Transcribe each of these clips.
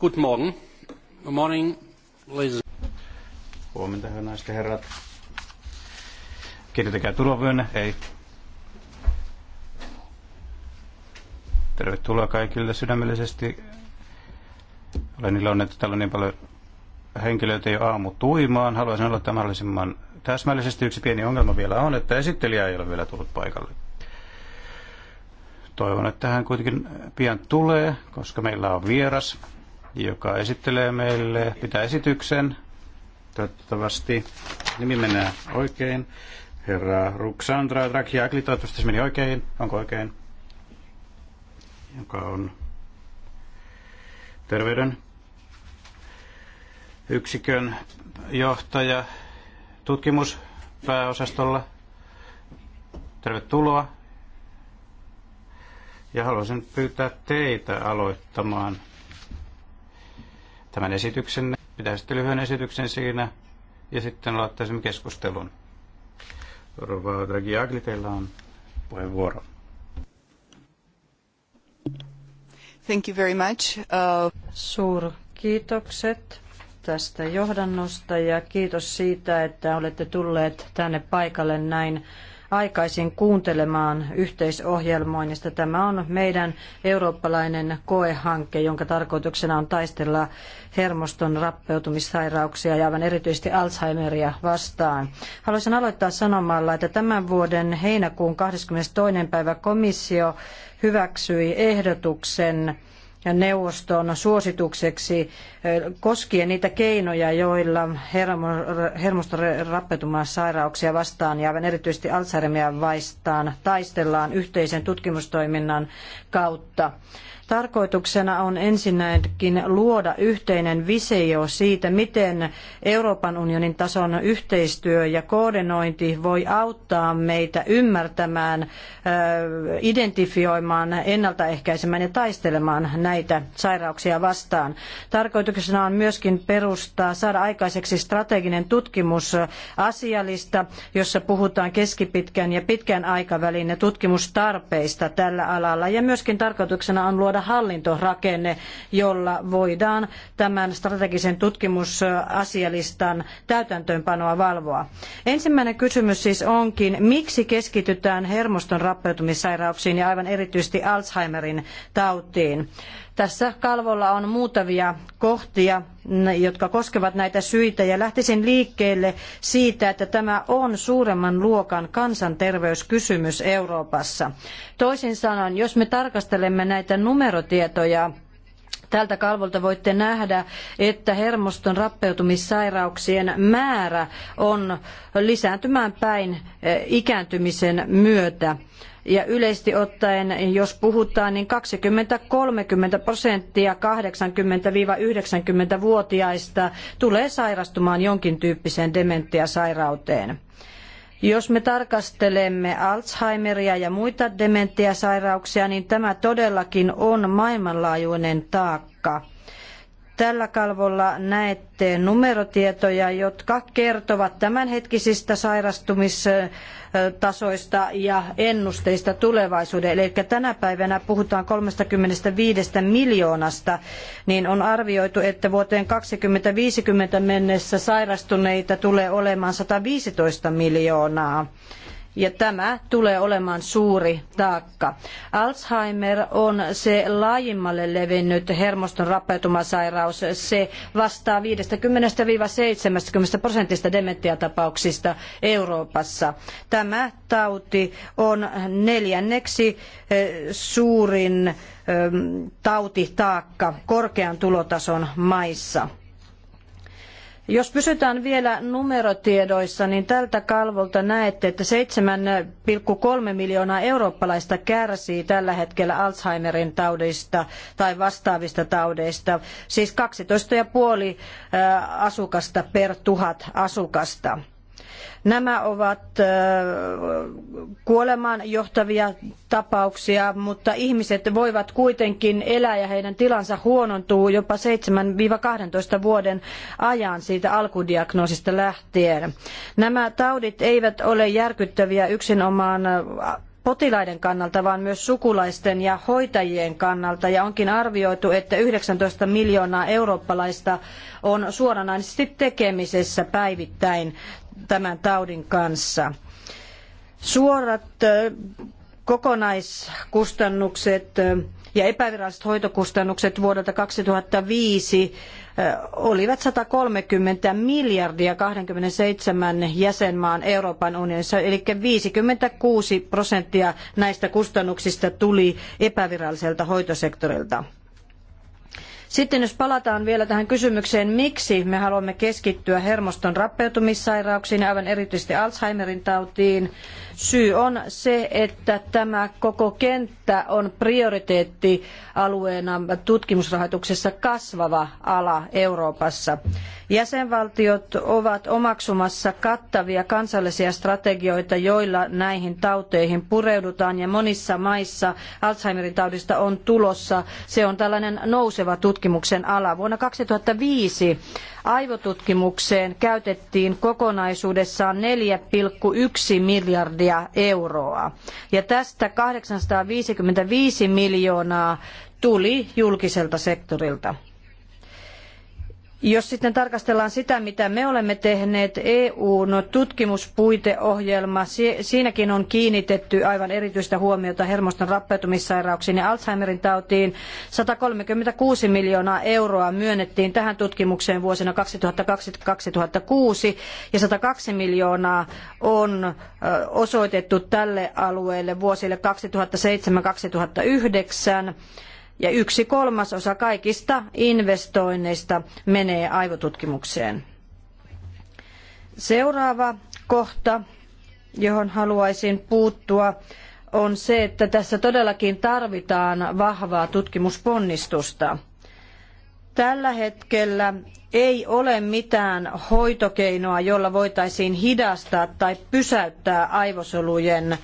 Good morning. Good morning, ladies. Huomenta, hyvät naiset ja herrat. Kiinnitäkää tulovyönne. Hei. Tervetuloa kaikille sydämellisesti. Olen iloinen, että täällä on niin paljon henkilöitä jo aamu tuimaan. Haluaisin olla mahdollisimman täsmällisesti. Yksi pieni ongelma vielä on, että esittelijä ei ole vielä tullut paikalle. Toivon, että hän kuitenkin pian tulee, koska meillä on vieras joka esittelee meille, pitää esityksen. Toivottavasti nimi menee oikein. Herra Ruxandra Drakiakli, toivottavasti se meni oikein. Onko oikein? Joka on terveyden yksikön johtaja tutkimuspääosastolla. Tervetuloa. Ja haluaisin pyytää teitä aloittamaan tämän esityksen. Pitäisitte lyhyen esityksen siinä ja sitten aloittaisimme keskustelun. Rova Dragiagli, teillä on puheenvuoro. Thank you very much. Uh... Suurkiitokset tästä johdannosta ja kiitos siitä, että olette tulleet tänne paikalle näin aikaisin kuuntelemaan yhteisohjelmoinnista. Tämä on meidän eurooppalainen koehanke, jonka tarkoituksena on taistella hermoston rappeutumissairauksia ja aivan erityisesti Alzheimeria vastaan. Haluaisin aloittaa sanomalla, että tämän vuoden heinäkuun 22. päivä komissio hyväksyi ehdotuksen neuvoston suositukseksi eh, koskien niitä keinoja, joilla hermoston sairauksia vastaan ja aivan erityisesti Alzheimeria vastaan taistellaan yhteisen tutkimustoiminnan kautta. Tarkoituksena on ensinnäkin luoda yhteinen visio siitä, miten Euroopan unionin tason yhteistyö ja koordinointi voi auttaa meitä ymmärtämään, identifioimaan, ennaltaehkäisemään ja taistelemaan näitä sairauksia vastaan. Tarkoituksena on myöskin perustaa, saada aikaiseksi strateginen tutkimus asialista, jossa puhutaan keskipitkän ja pitkän aikavälin tutkimustarpeista tällä alalla. Ja myöskin tarkoituksena on luoda luoda hallintorakenne, jolla voidaan tämän strategisen tutkimusasialistan täytäntöönpanoa valvoa. Ensimmäinen kysymys siis onkin, miksi keskitytään hermoston rappeutumissairauksiin ja aivan erityisesti Alzheimerin tautiin? Tässä kalvolla on muutamia kohtia, jotka koskevat näitä syitä ja lähtisin liikkeelle siitä, että tämä on suuremman luokan kansanterveyskysymys Euroopassa. Toisin sanoen, jos me tarkastelemme näitä numerotietoja, Tältä kalvolta voitte nähdä, että hermoston rappeutumissairauksien määrä on lisääntymään päin eh, ikääntymisen myötä. Ja yleisesti ottaen, jos puhutaan, niin 20-30 prosenttia 80-90-vuotiaista tulee sairastumaan jonkin tyyppiseen dementiasairauteen. Jos me tarkastelemme Alzheimeria ja muita dementiasairauksia, niin tämä todellakin on maailmanlaajuinen taakka. Tällä kalvolla näette numerotietoja, jotka kertovat tämänhetkisistä sairastumis- tasoista ja ennusteista tulevaisuudelle. Eli tänä päivänä puhutaan 35 miljoonasta, niin on arvioitu, että vuoteen 2050 mennessä sairastuneita tulee olemaan 115 miljoonaa ja tämä tulee olemaan suuri taakka. Alzheimer on se laajimmalle levinnyt hermoston rappeutumasairaus. Se vastaa 50-70 prosentista dementiatapauksista Euroopassa. Tämä tauti on neljänneksi eh, suurin eh, tautitaakka korkean tulotason maissa. Jos pysytään vielä numerotiedoissa, niin tältä kalvolta näette, että 7,3 miljoonaa eurooppalaista kärsii tällä hetkellä Alzheimerin taudista tai vastaavista taudeista, siis 12,5 asukasta per tuhat asukasta. Nämä ovat kuolemaan johtavia tapauksia, mutta ihmiset voivat kuitenkin elää ja heidän tilansa huonontuu jopa 7-12 vuoden ajan siitä alkudiagnoosista lähtien. Nämä taudit eivät ole järkyttäviä yksinomaan potilaiden kannalta, vaan myös sukulaisten ja hoitajien kannalta. Ja onkin arvioitu, että 19 miljoonaa eurooppalaista on suoranaisesti tekemisessä päivittäin tämän taudin kanssa. Suorat kokonaiskustannukset ja epäviralliset hoitokustannukset vuodelta 2005 olivat 130 miljardia 27 jäsenmaan Euroopan unionissa, eli 56 prosenttia näistä kustannuksista tuli epäviralliselta hoitosektorilta. Sitten jos palataan vielä tähän kysymykseen, miksi me haluamme keskittyä hermoston rappeutumissairauksiin ja aivan erityisesti Alzheimerin tautiin, syy on se, että tämä koko kenttä että on prioriteetti alueena tutkimusrahoituksessa kasvava ala Euroopassa. Jäsenvaltiot ovat omaksumassa kattavia kansallisia strategioita, joilla näihin tauteihin pureudutaan ja monissa maissa Alzheimerin taudista on tulossa. Se on tällainen nouseva tutkimuksen ala. Vuonna 2005 aivotutkimukseen käytettiin kokonaisuudessaan 4,1 miljardia euroa ja tästä 850 25 miljoonaa tuli julkiselta sektorilta. Jos sitten tarkastellaan sitä, mitä me olemme tehneet EU-tutkimuspuiteohjelma, siinäkin on kiinnitetty aivan erityistä huomiota hermoston rappeutumissairauksiin ja Alzheimerin tautiin. 136 miljoonaa euroa myönnettiin tähän tutkimukseen vuosina 2002-2006 ja 102 miljoonaa on osoitettu tälle alueelle vuosille 2007-2009 ja yksi kolmasosa kaikista investoinneista menee aivotutkimukseen. Seuraava kohta, johon haluaisin puuttua, on se, että tässä todellakin tarvitaan vahvaa tutkimusponnistusta. Tällä hetkellä ei ole mitään hoitokeinoa, jolla voitaisiin hidastaa tai pysäyttää aivosolujen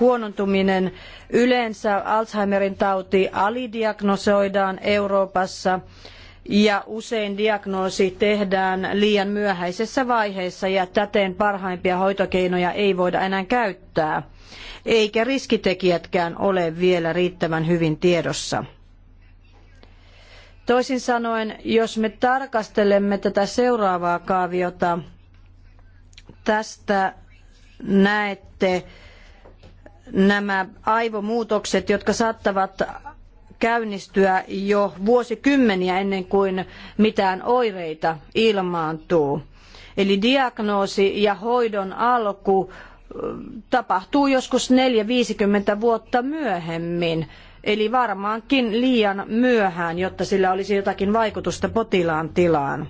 huonontuminen. Yleensä Alzheimerin tauti alidiagnosoidaan Euroopassa ja usein diagnoosi tehdään liian myöhäisessä vaiheessa ja täten parhaimpia hoitokeinoja ei voida enää käyttää, eikä riskitekijätkään ole vielä riittävän hyvin tiedossa. Toisin sanoen, jos me tarkastelemme tätä seuraavaa kaaviota, tästä näette nämä aivomuutokset, jotka saattavat käynnistyä jo vuosikymmeniä ennen kuin mitään oireita ilmaantuu. Eli diagnoosi ja hoidon alku tapahtuu joskus 4-50 vuotta myöhemmin, eli varmaankin liian myöhään, jotta sillä olisi jotakin vaikutusta potilaan tilaan.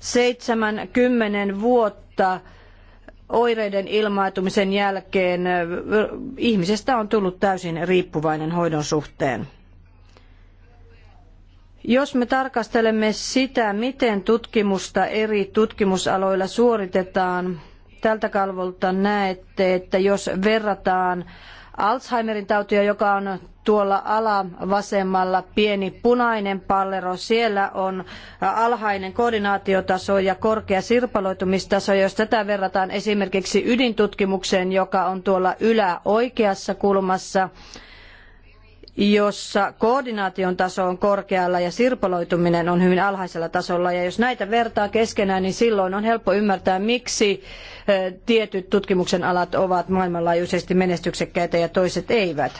Seitsemän kymmenen vuotta oireiden ilmaantumisen jälkeen ihmisestä on tullut täysin riippuvainen hoidon suhteen. Jos me tarkastelemme sitä, miten tutkimusta eri tutkimusaloilla suoritetaan, tältä kalvolta näette, että jos verrataan Alzheimerin tautia, joka on tuolla alavasemmalla pieni punainen pallero. Siellä on alhainen koordinaatiotaso ja korkea sirpaloitumistaso. Jos tätä verrataan esimerkiksi ydintutkimukseen, joka on tuolla yläoikeassa kulmassa, kulmassa, jossa koordinaation taso on korkealla ja sirpaloituminen on hyvin alhaisella tasolla. Ja jos näitä vertaa keskenään, niin silloin on helppo ymmärtää, miksi eh, tietyt tutkimuksen alat ovat maailmanlaajuisesti menestyksekkäitä ja toiset eivät.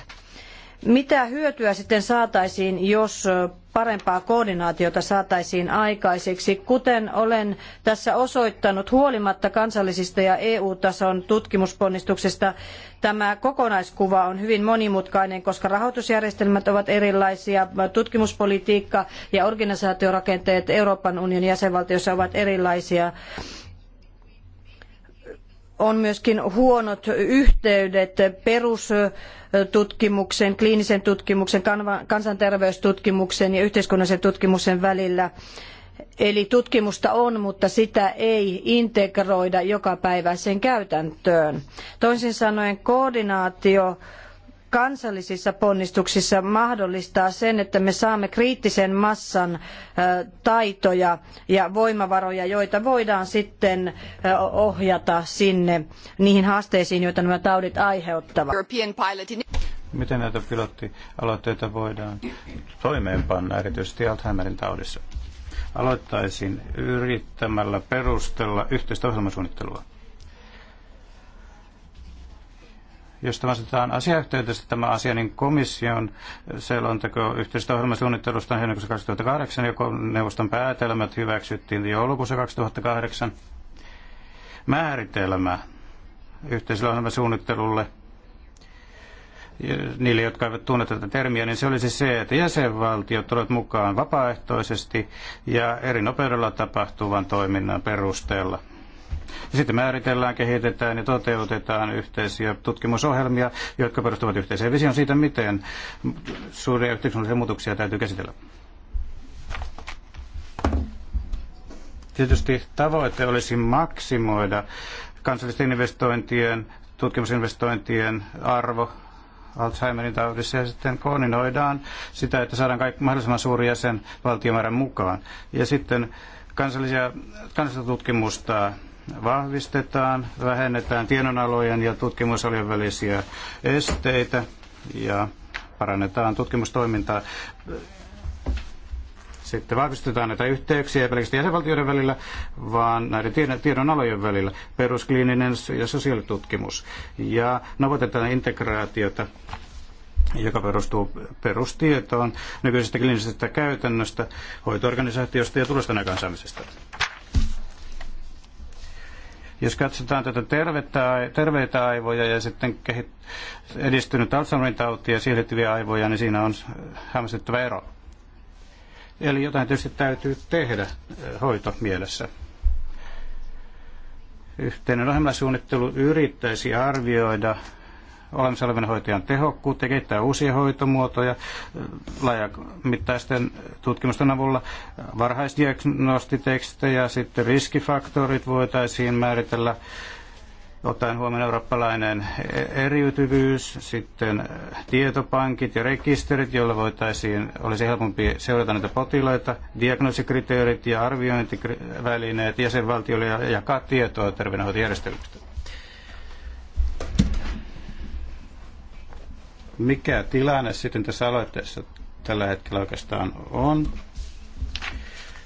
Mitä hyötyä sitten saataisiin, jos parempaa koordinaatiota saataisiin aikaiseksi? Kuten olen tässä osoittanut, huolimatta kansallisista ja EU-tason tutkimusponnistuksista, tämä kokonaiskuva on hyvin monimutkainen, koska rahoitusjärjestelmät ovat erilaisia, tutkimuspolitiikka ja organisaatiorakenteet Euroopan unionin jäsenvaltioissa ovat erilaisia on myöskin huonot yhteydet perustutkimuksen, kliinisen tutkimuksen, kansanterveystutkimuksen ja yhteiskunnallisen tutkimuksen välillä. Eli tutkimusta on, mutta sitä ei integroida jokapäiväiseen käytäntöön. Toisin sanoen koordinaatio kansallisissa ponnistuksissa mahdollistaa sen, että me saamme kriittisen massan taitoja ja voimavaroja, joita voidaan sitten ohjata sinne niihin haasteisiin, joita nämä taudit aiheuttavat. Miten näitä pilottialoitteita voidaan toimeenpanna erityisesti Alzheimerin taudissa? Aloittaisin yrittämällä perustella yhteistä ohjelmasuunnittelua jos tämä asetetaan asiayhteydessä tämä asia, niin komission selonteko yhteisestä ohjelmasuunnittelusta on heinäkuussa 2008, joko neuvoston päätelmät hyväksyttiin joulukuussa 2008. Määritelmä yhteisellä ohjelmasuunnittelulle niille, jotka eivät tunne tätä termiä, niin se olisi se, että jäsenvaltiot tulevat mukaan vapaaehtoisesti ja eri nopeudella tapahtuvan toiminnan perusteella. Sitten määritellään, kehitetään ja toteutetaan yhteisiä tutkimusohjelmia, jotka perustuvat yhteiseen visioon siitä, miten suuria yhteiskunnallisia muutoksia täytyy käsitellä. Tietysti tavoite olisi maksimoida kansallisten investointien, tutkimusinvestointien arvo Alzheimerin taudissa ja sitten koordinoidaan sitä, että saadaan kaikki mahdollisimman suuri jäsen valtiomäärän mukaan. Ja sitten kansallisia, kansallista tutkimusta vahvistetaan, vähennetään tiedonalojen ja tutkimusalojen välisiä esteitä ja parannetaan tutkimustoimintaa. Sitten vahvistetaan näitä yhteyksiä ei pelkästään jäsenvaltioiden välillä, vaan näiden tiedonalojen välillä, peruskliininen ja sosiaalitutkimus. Ja nopeutetaan integraatiota joka perustuu perustietoon nykyisestä klinisestä käytännöstä, hoitoorganisaatiosta ja tulosten aikaansaamisesta. Jos katsotaan tätä tervettä, terveitä aivoja ja sitten kehit, edistynyt Alzheimerin tautia ja siihen liittyviä aivoja, niin siinä on hämmästyttävä ero. Eli jotain tietysti täytyy tehdä hoito mielessä. Yhteinen ohjelmasuunnittelu yrittäisi arvioida olemassa olevan hoitajan tehokkuutta ja kehittää uusia hoitomuotoja äh, laajamittaisten tutkimusten avulla. Varhaisdiagnostitekstejä, sitten riskifaktorit voitaisiin määritellä ottaen huomioon eurooppalainen e- eriytyvyys, sitten äh, tietopankit ja rekisterit, joilla voitaisiin, olisi helpompi seurata näitä potilaita, diagnoosikriteerit ja arviointivälineet jäsenvaltioille ja jakaa tietoa terveydenhoitojärjestelmistä. mikä tilanne sitten tässä aloitteessa tällä hetkellä oikeastaan on.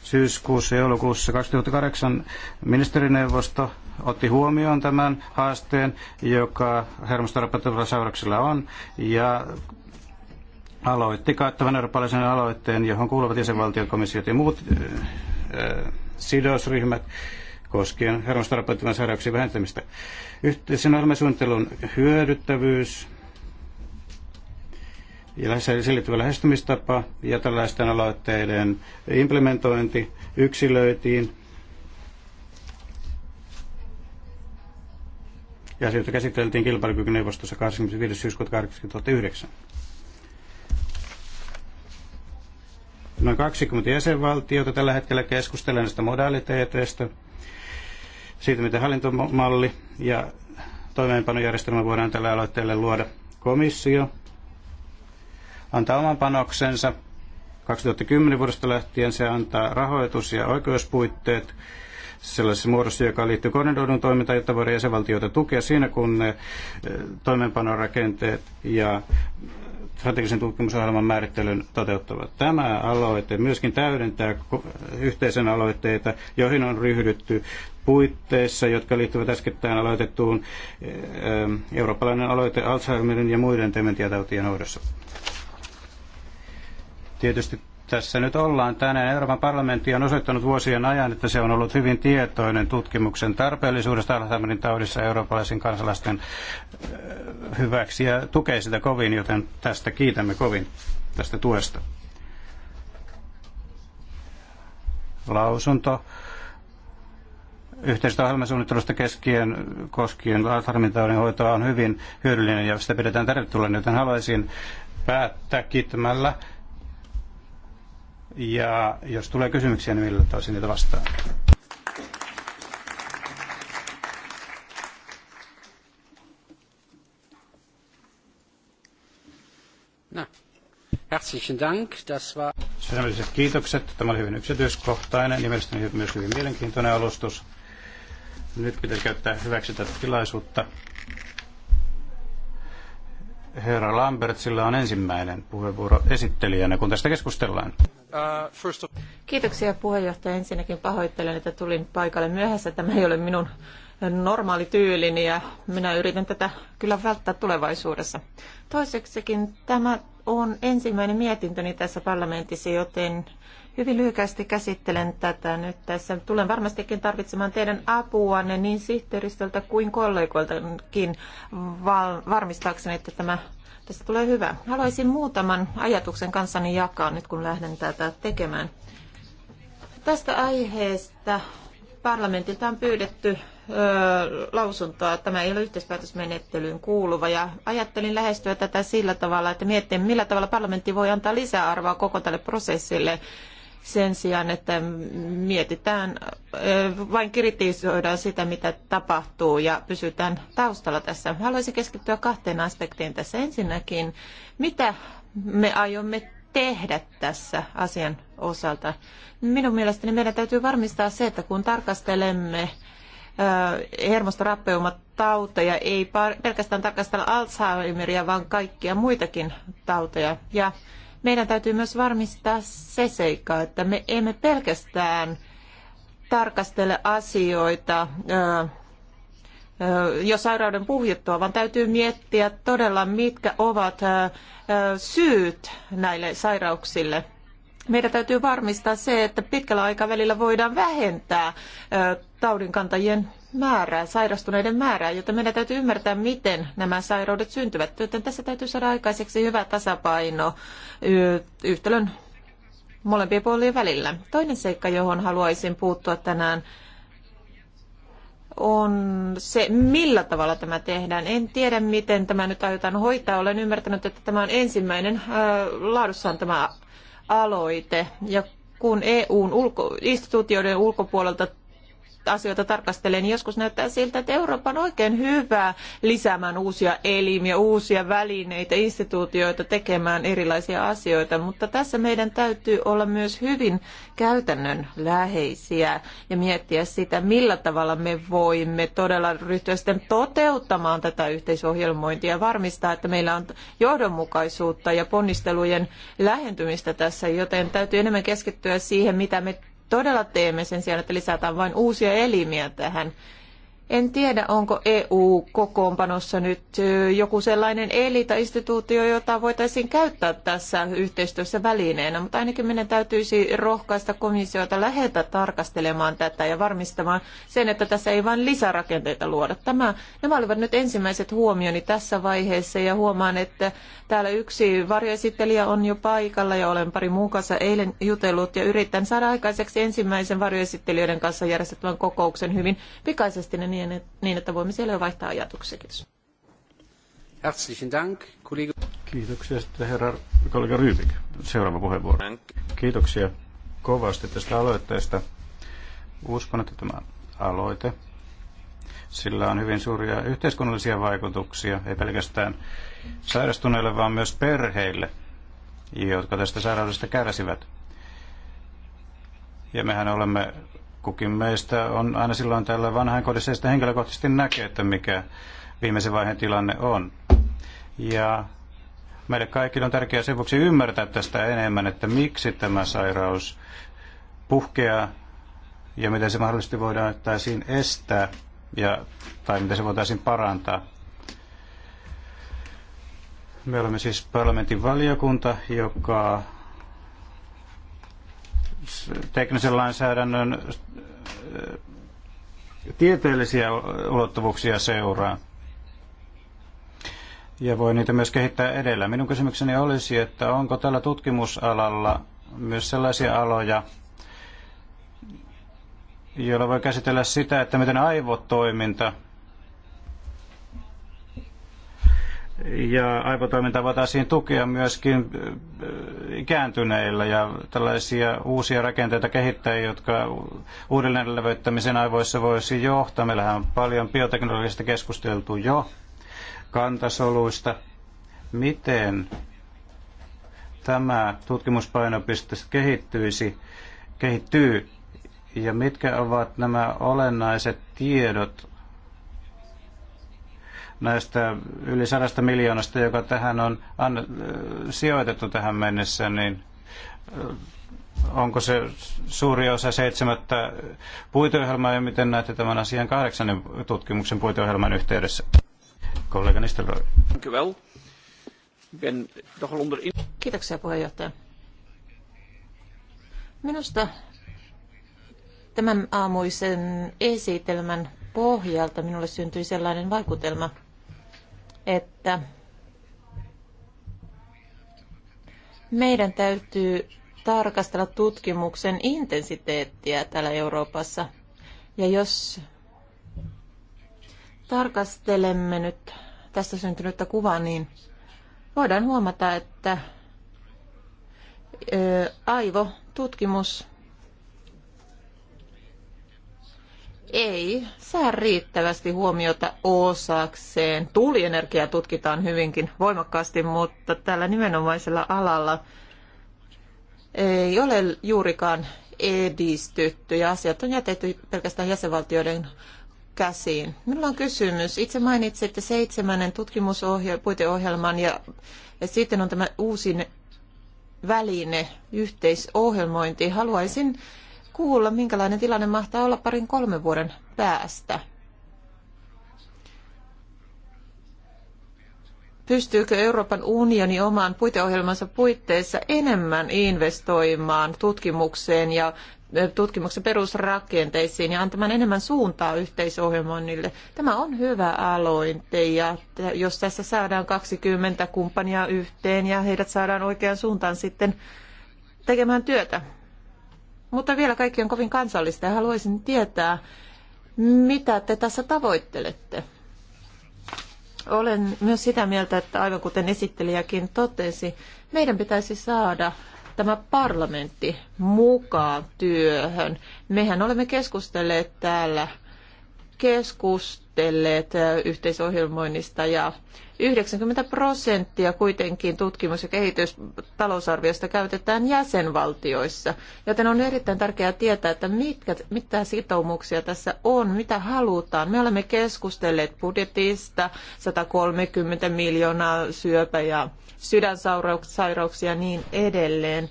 Syyskuussa joulukuussa 2008 ministerineuvosto otti huomioon tämän haasteen, joka hermostorapaturilla seurauksella on, ja aloitti kattavan eurooppalaisen aloitteen, johon kuuluvat jäsenvaltiot, komissiot ja muut äh, sidosryhmät koskien hermostorapaturilla seurauksien vähentämistä. Yhteisen ohjelmasuunnittelun hyödyttävyys ja lähestymistapa ja tällaisten aloitteiden implementointi yksilöitiin. Ja asioita käsiteltiin kilpailukykyneuvostossa 25. syyskuuta 2009. Noin 20 jäsenvaltiota tällä hetkellä keskustelee näistä modaliteeteista, siitä miten hallintomalli ja toimeenpanojärjestelmä voidaan tällä aloitteelle luoda. Komissio antaa oman panoksensa. 2010 vuodesta lähtien se antaa rahoitus- ja oikeuspuitteet sellaisessa muodossa, joka liittyy koordinoidun toimintaan, jotta voidaan jäsenvaltioita tukea siinä, kun ne eh, toimeenpanorakenteet ja strategisen tutkimusohjelman määrittelyn toteuttavat. Tämä aloite myöskin täydentää yhteisen aloitteita, joihin on ryhdytty puitteissa, jotka liittyvät äskettäin aloitettuun eh, eh, eurooppalainen aloite Alzheimerin ja muiden dementiatautien hoidossa. Tietysti tässä nyt ollaan tänään. Euroopan parlamentti on osoittanut vuosien ajan, että se on ollut hyvin tietoinen tutkimuksen tarpeellisuudesta Alzheimerin taudissa eurooppalaisen kansalaisten hyväksi ja tukee sitä kovin, joten tästä kiitämme kovin tästä tuesta. Lausunto yhteisestä ohjelmasuunnittelusta keskien koskien Alzheimerin taudin hoitoa on hyvin hyödyllinen ja sitä pidetään tervetulleen, joten haluaisin päättää kiittämällä ja jos tulee kysymyksiä, niin millä toisin niitä vastaan. No. Herzlichen Dank. Das war... Sydämelliset kiitokset. Tämä oli hyvin yksityiskohtainen ja mielestäni myös hyvin mielenkiintoinen alustus. Nyt pitäisi käyttää hyväksi tätä tilaisuutta. Herra Lambertsilla on ensimmäinen puheenvuoro esittelijänä, kun tästä keskustellaan. Kiitoksia puheenjohtaja. Ensinnäkin pahoittelen, että tulin paikalle myöhässä. Tämä ei ole minun normaali tyylini ja minä yritän tätä kyllä välttää tulevaisuudessa. Toiseksikin tämä on ensimmäinen mietintöni tässä parlamentissa, joten Hyvin lyhykästi käsittelen tätä nyt tässä. Tulen varmastikin tarvitsemaan teidän apuanne niin sihteeristöltä kuin kollegoiltakin val- varmistaakseni, että tämä tästä tulee hyvä. Haluaisin muutaman ajatuksen kanssani jakaa nyt, kun lähden tätä tekemään. Tästä aiheesta parlamentilta on pyydetty lausuntoa. Tämä ei ole yhteispäätösmenettelyyn kuuluva ja ajattelin lähestyä tätä sillä tavalla, että miettiä millä tavalla parlamentti voi antaa lisäarvoa koko tälle prosessille sen sijaan, että mietitään, vain kritisoidaan sitä, mitä tapahtuu ja pysytään taustalla tässä. Haluaisin keskittyä kahteen aspektiin tässä. Ensinnäkin, mitä me aiomme tehdä tässä asian osalta? Minun mielestäni meidän täytyy varmistaa se, että kun tarkastelemme hermostorappeumatauteja, ei pelkästään tarkastella Alzheimeria, vaan kaikkia muitakin tauteja. Ja meidän täytyy myös varmistaa se seikka, että me emme pelkästään tarkastele asioita jo sairauden puhjettua, vaan täytyy miettiä todella, mitkä ovat syyt näille sairauksille. Meidän täytyy varmistaa se, että pitkällä aikavälillä voidaan vähentää taudinkantajien määrää, sairastuneiden määrää, jotta meidän täytyy ymmärtää, miten nämä sairaudet syntyvät. Joten tässä täytyy saada aikaiseksi hyvä tasapaino yhtälön molempien puolien välillä. Toinen seikka, johon haluaisin puuttua tänään, on se, millä tavalla tämä tehdään. En tiedä, miten tämä nyt aiotaan hoitaa. Olen ymmärtänyt, että tämä on ensimmäinen äh, laadussaan tämä aloite. Ja kun EUn ulko, ulkopuolelta asioita tarkastelee, niin joskus näyttää siltä, että Eurooppa on oikein hyvä lisäämään uusia elimiä, uusia välineitä, instituutioita tekemään erilaisia asioita, mutta tässä meidän täytyy olla myös hyvin käytännön läheisiä ja miettiä sitä, millä tavalla me voimme todella ryhtyä sitten toteuttamaan tätä yhteisohjelmointia ja varmistaa, että meillä on johdonmukaisuutta ja ponnistelujen lähentymistä tässä, joten täytyy enemmän keskittyä siihen, mitä me todella teemme sen sijaan, että lisätään vain uusia elimiä tähän en tiedä, onko EU-kokoonpanossa nyt joku sellainen eli tai instituutio, jota voitaisiin käyttää tässä yhteistyössä välineenä, mutta ainakin meidän täytyisi rohkaista komissiota lähetä tarkastelemaan tätä ja varmistamaan sen, että tässä ei vain lisärakenteita luoda. Tämä, nämä olivat nyt ensimmäiset huomioni tässä vaiheessa ja huomaan, että täällä yksi varjoesittelijä on jo paikalla ja olen pari muun kanssa eilen jutellut ja yritän saada aikaiseksi ensimmäisen varjoesittelijöiden kanssa järjestettävän kokouksen hyvin pikaisesti, niin niin, niin että voimme siellä jo vaihtaa ajatuksia. Kiitos. Kiitoksia sitten herra kollega Rybik. Seuraava puheenvuoro. Kiitoksia kovasti tästä aloitteesta. Uskon, että tämä aloite, sillä on hyvin suuria yhteiskunnallisia vaikutuksia, ei pelkästään sairastuneille, vaan myös perheille, jotka tästä sairaudesta kärsivät. Ja mehän olemme kukin meistä on aina silloin täällä vanhainkodissa ja sitä henkilökohtaisesti näkee, että mikä viimeisen vaiheen tilanne on. Ja meille kaikille on tärkeää sen vuoksi ymmärtää tästä enemmän, että miksi tämä sairaus puhkeaa ja miten se mahdollisesti voidaan taisiin estää ja, tai miten se voitaisiin parantaa. Me olemme siis parlamentin valiokunta, joka teknisen lainsäädännön äh, tieteellisiä ulottuvuuksia seuraa. Ja voi niitä myös kehittää edellä. Minun kysymykseni olisi, että onko tällä tutkimusalalla myös sellaisia aloja, joilla voi käsitellä sitä, että miten aivotoiminta ja aivotoimintaa voitaisiin tukea myöskin äh, ikääntyneillä ja tällaisia uusia rakenteita kehittää, jotka uudelleenlevyttämisen aivoissa voisi johtaa. Meillähän on paljon bioteknologisesta keskusteltu jo kantasoluista. Miten tämä tutkimuspainopiste kehittyisi, kehittyy ja mitkä ovat nämä olennaiset tiedot näistä yli sadasta miljoonasta, joka tähän on äh, sijoitettu tähän mennessä, niin äh, onko se suuri osa seitsemättä puiteohjelmaa ja miten näette tämän asian kahdeksannen tutkimuksen puiteohjelman yhteydessä? Kollega Nistelrooy. Kiitoksia puheenjohtaja. Minusta tämän aamuisen esitelmän pohjalta minulle syntyi sellainen vaikutelma, että meidän täytyy tarkastella tutkimuksen intensiteettiä täällä Euroopassa. Ja jos tarkastelemme nyt tästä syntynyttä kuvaa, niin voidaan huomata, että aivotutkimus ei saa riittävästi huomiota osakseen. Tuulienergiaa tutkitaan hyvinkin voimakkaasti, mutta tällä nimenomaisella alalla ei ole juurikaan edistytty ja asiat on jätetty pelkästään jäsenvaltioiden käsiin. Minulla on kysymys. Itse mainitsitte seitsemännen tutkimuspuiteohjelman ja, ja sitten on tämä uusin väline, yhteisohjelmointi. Haluaisin kuulla, minkälainen tilanne mahtaa olla parin kolmen vuoden päästä. pystyykö Euroopan unioni omaan puiteohjelmansa puitteissa enemmän investoimaan tutkimukseen ja tutkimuksen perusrakenteisiin ja antamaan enemmän suuntaa yhteisohjelmoinnille. Tämä on hyvä aloite ja jos tässä saadaan 20 kumppania yhteen ja heidät saadaan oikeaan suuntaan sitten tekemään työtä mutta vielä kaikki on kovin kansallista ja haluaisin tietää, mitä te tässä tavoittelette. Olen myös sitä mieltä, että aivan kuten esittelijäkin totesi, meidän pitäisi saada tämä parlamentti mukaan työhön. Mehän olemme keskustelleet täällä keskustelleet yhteisohjelmoinnista ja 90 prosenttia kuitenkin tutkimus- ja kehitystalousarviosta käytetään jäsenvaltioissa, joten on erittäin tärkeää tietää, että mitkä, mitä sitoumuksia tässä on, mitä halutaan. Me olemme keskustelleet budjetista, 130 miljoonaa syöpä- ja sydänsairauksia ja niin edelleen.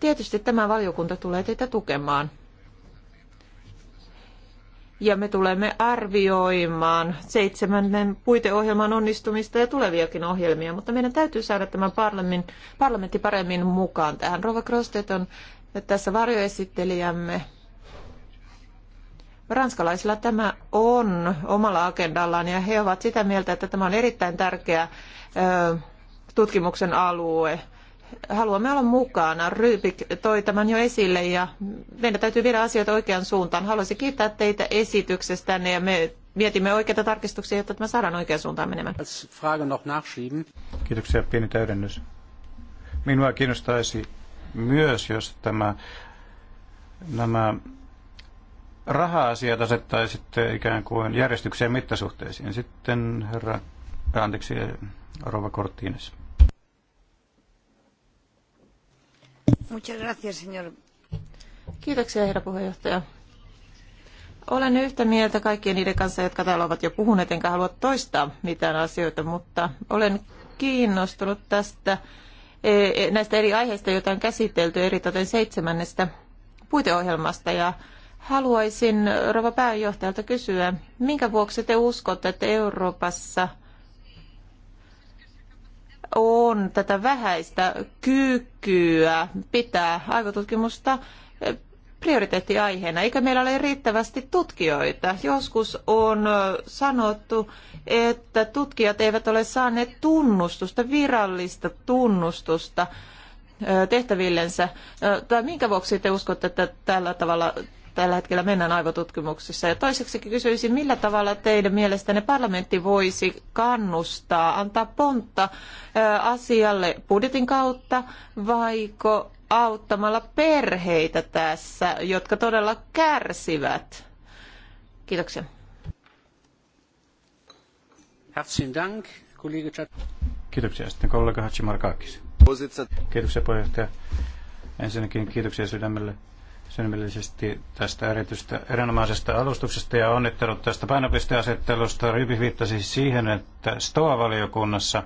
Tietysti tämä valiokunta tulee teitä tukemaan ja me tulemme arvioimaan seitsemännen puiteohjelman onnistumista ja tuleviakin ohjelmia, mutta meidän täytyy saada tämä parlamentti paremmin mukaan tähän. Rova Krostet on tässä varjoesittelijämme. Ranskalaisilla tämä on omalla agendallaan ja he ovat sitä mieltä, että tämä on erittäin tärkeä tutkimuksen alue haluamme olla mukana. Ryypik toi tämän jo esille ja meidän täytyy viedä asioita oikeaan suuntaan. Haluaisin kiittää teitä esityksestänne ja me mietimme oikeita tarkistuksia, jotta tämä saadaan oikeaan suuntaan menemään. Kiitoksia, pieni täydennys. Minua kiinnostaisi myös, jos tämä, nämä raha-asiat asettaisitte ikään kuin järjestykseen mittasuhteisiin. Sitten herra, anteeksi, rouva Korttiines. Kiitoksia, herra puheenjohtaja. Olen yhtä mieltä kaikkien niiden kanssa, jotka täällä ovat jo puhuneet, enkä halua toistaa mitään asioita, mutta olen kiinnostunut tästä e, e, näistä eri aiheista, joita on käsitelty eritoten seitsemännestä puiteohjelmasta ja haluaisin rouva pääjohtajalta kysyä, minkä vuoksi te uskotte, että Euroopassa – on tätä vähäistä kykyä pitää aivotutkimusta eh, prioriteettiaiheena. Eikö meillä ole riittävästi tutkijoita? Joskus on eh, sanottu, että tutkijat eivät ole saaneet tunnustusta, virallista tunnustusta eh, tehtävillensä. Tai minkä vuoksi te uskotte, että tällä tavalla tällä hetkellä mennään aivotutkimuksissa. Ja toiseksi kysyisin, millä tavalla teidän mielestänne parlamentti voisi kannustaa, antaa pontta asialle budjetin kautta, vaiko auttamalla perheitä tässä, jotka todella kärsivät? Kiitoksia. Kiitoksia. Sitten kollega Hachimarkakis. Kiitoksia puheenjohtaja. Ensinnäkin kiitoksia sydämelle sydämellisesti tästä erityistä, erinomaisesta alustuksesta ja onnittelut tästä painopisteasettelusta. Ryby viittasi siihen, että STOA-valiokunnassa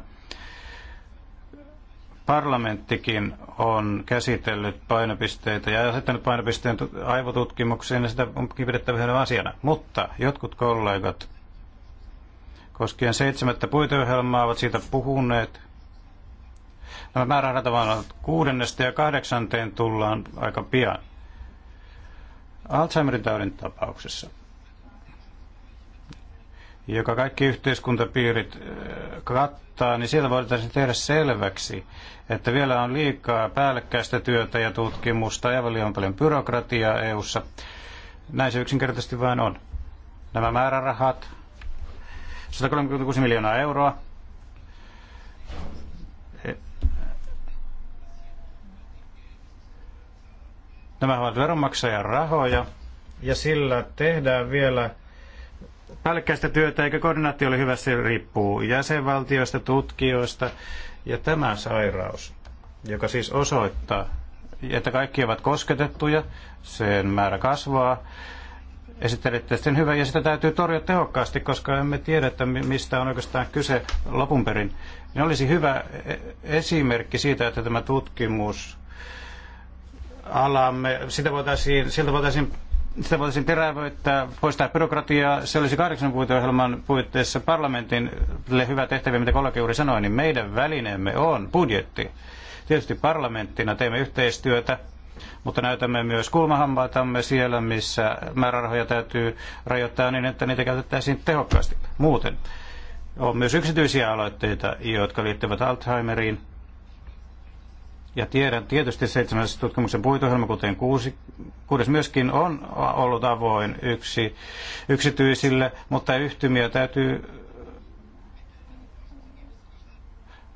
parlamenttikin on käsitellyt painopisteitä ja asettanut painopisteen aivotutkimukseen ja sitä onkin pidettävä hyvänä asiana. Mutta jotkut kollegat koskien seitsemättä puiteohjelmaa ovat siitä puhuneet. Nämä määrärahat ovat kuudennesta ja kahdeksanteen tullaan aika pian. Alzheimerin taudin tapauksessa, joka kaikki yhteiskuntapiirit kattaa, niin siellä voitaisiin tehdä selväksi, että vielä on liikaa päällekkäistä työtä ja tutkimusta ja liian paljon byrokratiaa EU:ssa. Näin se yksinkertaisesti vain on. Nämä määrärahat, 136 miljoonaa euroa, Nämä ovat veronmaksajan rahoja ja sillä tehdään vielä pälkkäistä työtä, eikä koordinaatio ole hyvä, se riippuu jäsenvaltioista, tutkijoista ja tämä sairaus, joka siis osoittaa, että kaikki ovat kosketettuja, sen määrä kasvaa. Esittelitte sen hyvä ja sitä täytyy torjua tehokkaasti, koska emme tiedä, että mistä on oikeastaan kyse lopun perin. Niin olisi hyvä e-, esimerkki siitä, että tämä tutkimus alamme, sitä voitaisiin, siltä voitaisiin sitä voitaisiin terävöittää, poistaa byrokratiaa. Se olisi kahdeksan puitteohjelman puitteissa parlamentille hyvä tehtävä, mitä kollega juuri sanoi, niin meidän välineemme on budjetti. Tietysti parlamenttina teemme yhteistyötä, mutta näytämme myös kulmahampaitamme siellä, missä määrärahoja täytyy rajoittaa niin, että niitä käytettäisiin tehokkaasti. Muuten on myös yksityisiä aloitteita, jotka liittyvät Alzheimeriin, ja tiedän tietysti seitsemäs tutkimuksen puitohjelma, kuten kuusi, kuudes myöskin on ollut avoin yksi, yksityisille, mutta yhtymiä täytyy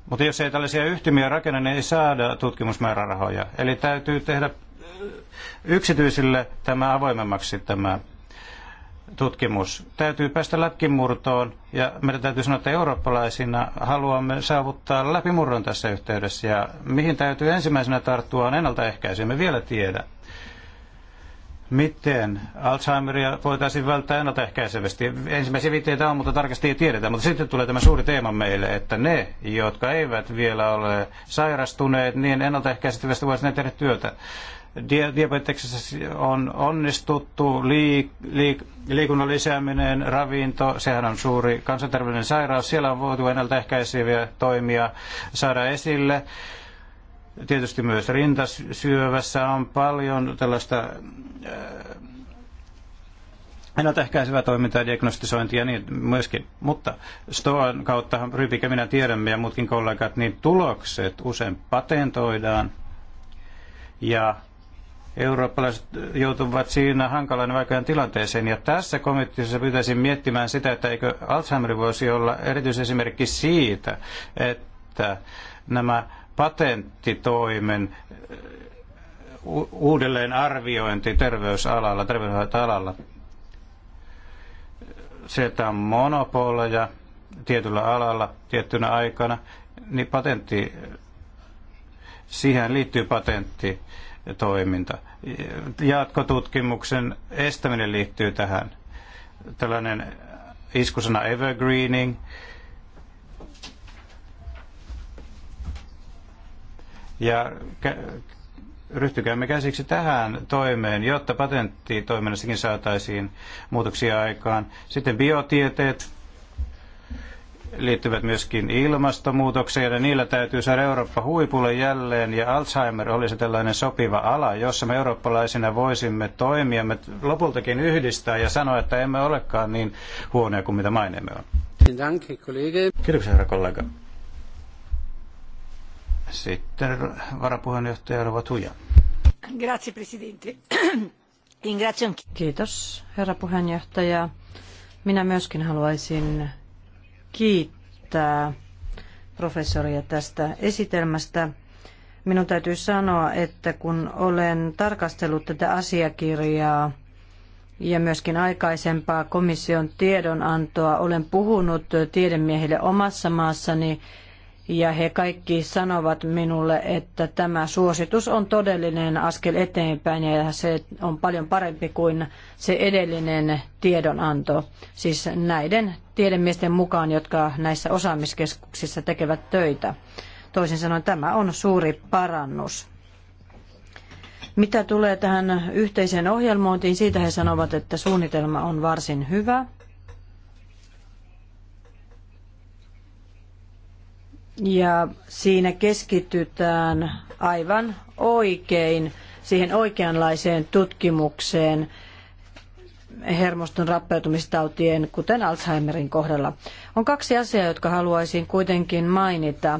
mutta jos ei tällaisia yhtymiä rakenna, niin ei saada tutkimusmäärärahoja. Eli täytyy tehdä yksityisille tämä avoimemmaksi tämä tutkimus. Täytyy päästä läpimurtoon ja meidän täytyy sanoa, että eurooppalaisina haluamme saavuttaa läpimurron tässä yhteydessä ja mihin täytyy ensimmäisenä tarttua on ennaltaehkäisy. Me vielä tiedä, miten Alzheimeria voitaisiin välttää ennaltaehkäisevästi. Ensimmäisiä viitteitä on, mutta tarkasti ei tiedetä, mutta sitten tulee tämä suuri teema meille, että ne, jotka eivät vielä ole sairastuneet, niin ennaltaehkäisevästi voisivat tehdä työtä diabeteksessä on onnistuttu, liik, liik, liikunnan lisääminen, ravinto, sehän on suuri kansanterveyden sairaus. Siellä on voitu ennaltaehkäiseviä toimia saada esille. Tietysti myös rintasyövässä on paljon tällaista äh, ennaltaehkäisevää toimintaa, diagnostisointia ja niin myöskin. Mutta Stoan kautta Rypikä minä tiedämme ja muutkin kollegat, niin tulokset usein patentoidaan ja eurooppalaiset joutuvat siinä hankalan vaikean tilanteeseen. Ja tässä komiteassa pyytäisin miettimään sitä, että eikö Alzheimer voisi olla erityisesimerkki siitä, että nämä patenttitoimen uudelleen arviointi terveysalalla, terveysalalla, se, että on monopoleja tietyllä alalla tiettynä aikana, niin patentti, siihen liittyy patentti toiminta. Jatkotutkimuksen estäminen liittyy tähän. Tällainen iskusana evergreening. Ja ryhtykäämme käsiksi tähän toimeen, jotta patenttitoiminnassakin saataisiin muutoksia aikaan. Sitten biotieteet, liittyvät myöskin ilmastonmuutokseen ja niillä täytyy saada Eurooppa huipulle jälleen ja Alzheimer olisi tällainen sopiva ala, jossa me eurooppalaisina voisimme toimia, me lopultakin yhdistää ja sanoa, että emme olekaan niin huonoja kuin mitä maineemme on. Kiitoksia herra kollega. Sitten varapuheenjohtaja Rova Grazie presidente. Kiitos herra puheenjohtaja. Minä myöskin haluaisin kiittää professoria tästä esitelmästä. Minun täytyy sanoa, että kun olen tarkastellut tätä asiakirjaa ja myöskin aikaisempaa komission tiedonantoa, olen puhunut tiedemiehille omassa maassani ja he kaikki sanovat minulle, että tämä suositus on todellinen askel eteenpäin ja se on paljon parempi kuin se edellinen tiedonanto. Siis näiden tiedemiesten mukaan, jotka näissä osaamiskeskuksissa tekevät töitä. Toisin sanoen tämä on suuri parannus. Mitä tulee tähän yhteiseen ohjelmointiin, siitä he sanovat, että suunnitelma on varsin hyvä – Ja siinä keskitytään aivan oikein siihen oikeanlaiseen tutkimukseen hermoston rappeutumistautien, kuten Alzheimerin kohdalla. On kaksi asiaa, jotka haluaisin kuitenkin mainita.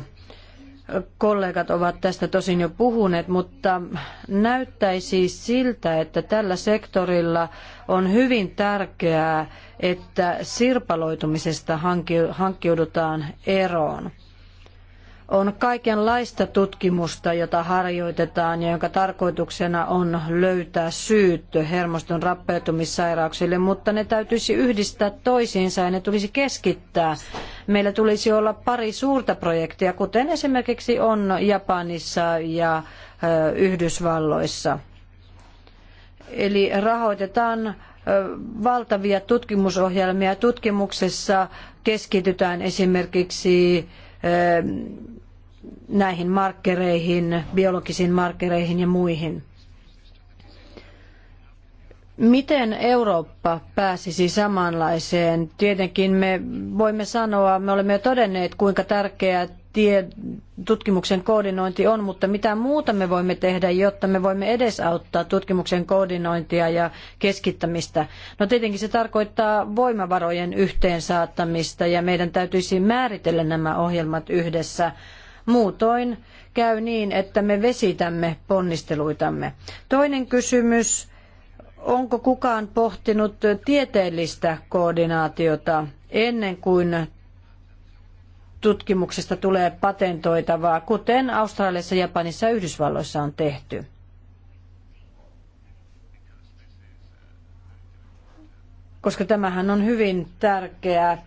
Kollegat ovat tästä tosin jo puhuneet, mutta näyttäisi siltä, että tällä sektorilla on hyvin tärkeää, että sirpaloitumisesta hankkiudutaan eroon on kaikenlaista tutkimusta, jota harjoitetaan ja jonka tarkoituksena on löytää syyt hermoston rappeutumissairauksille, mutta ne täytyisi yhdistää toisiinsa ja ne tulisi keskittää. Meillä tulisi olla pari suurta projektia, kuten esimerkiksi on Japanissa ja Yhdysvalloissa. Eli rahoitetaan valtavia tutkimusohjelmia. Tutkimuksessa keskitytään esimerkiksi näihin markkereihin, biologisiin markkereihin ja muihin. Miten Eurooppa pääsisi samanlaiseen? Tietenkin me voimme sanoa, me olemme jo todenneet, kuinka tärkeää tie, tutkimuksen koordinointi on, mutta mitä muuta me voimme tehdä, jotta me voimme edesauttaa tutkimuksen koordinointia ja keskittämistä? No tietenkin se tarkoittaa voimavarojen yhteensaattamista ja meidän täytyisi määritellä nämä ohjelmat yhdessä Muutoin käy niin, että me vesitämme ponnisteluitamme. Toinen kysymys, onko kukaan pohtinut tieteellistä koordinaatiota ennen kuin tutkimuksesta tulee patentoitavaa, kuten Australiassa, Japanissa ja Yhdysvalloissa on tehty. Koska tämähän on hyvin tärkeää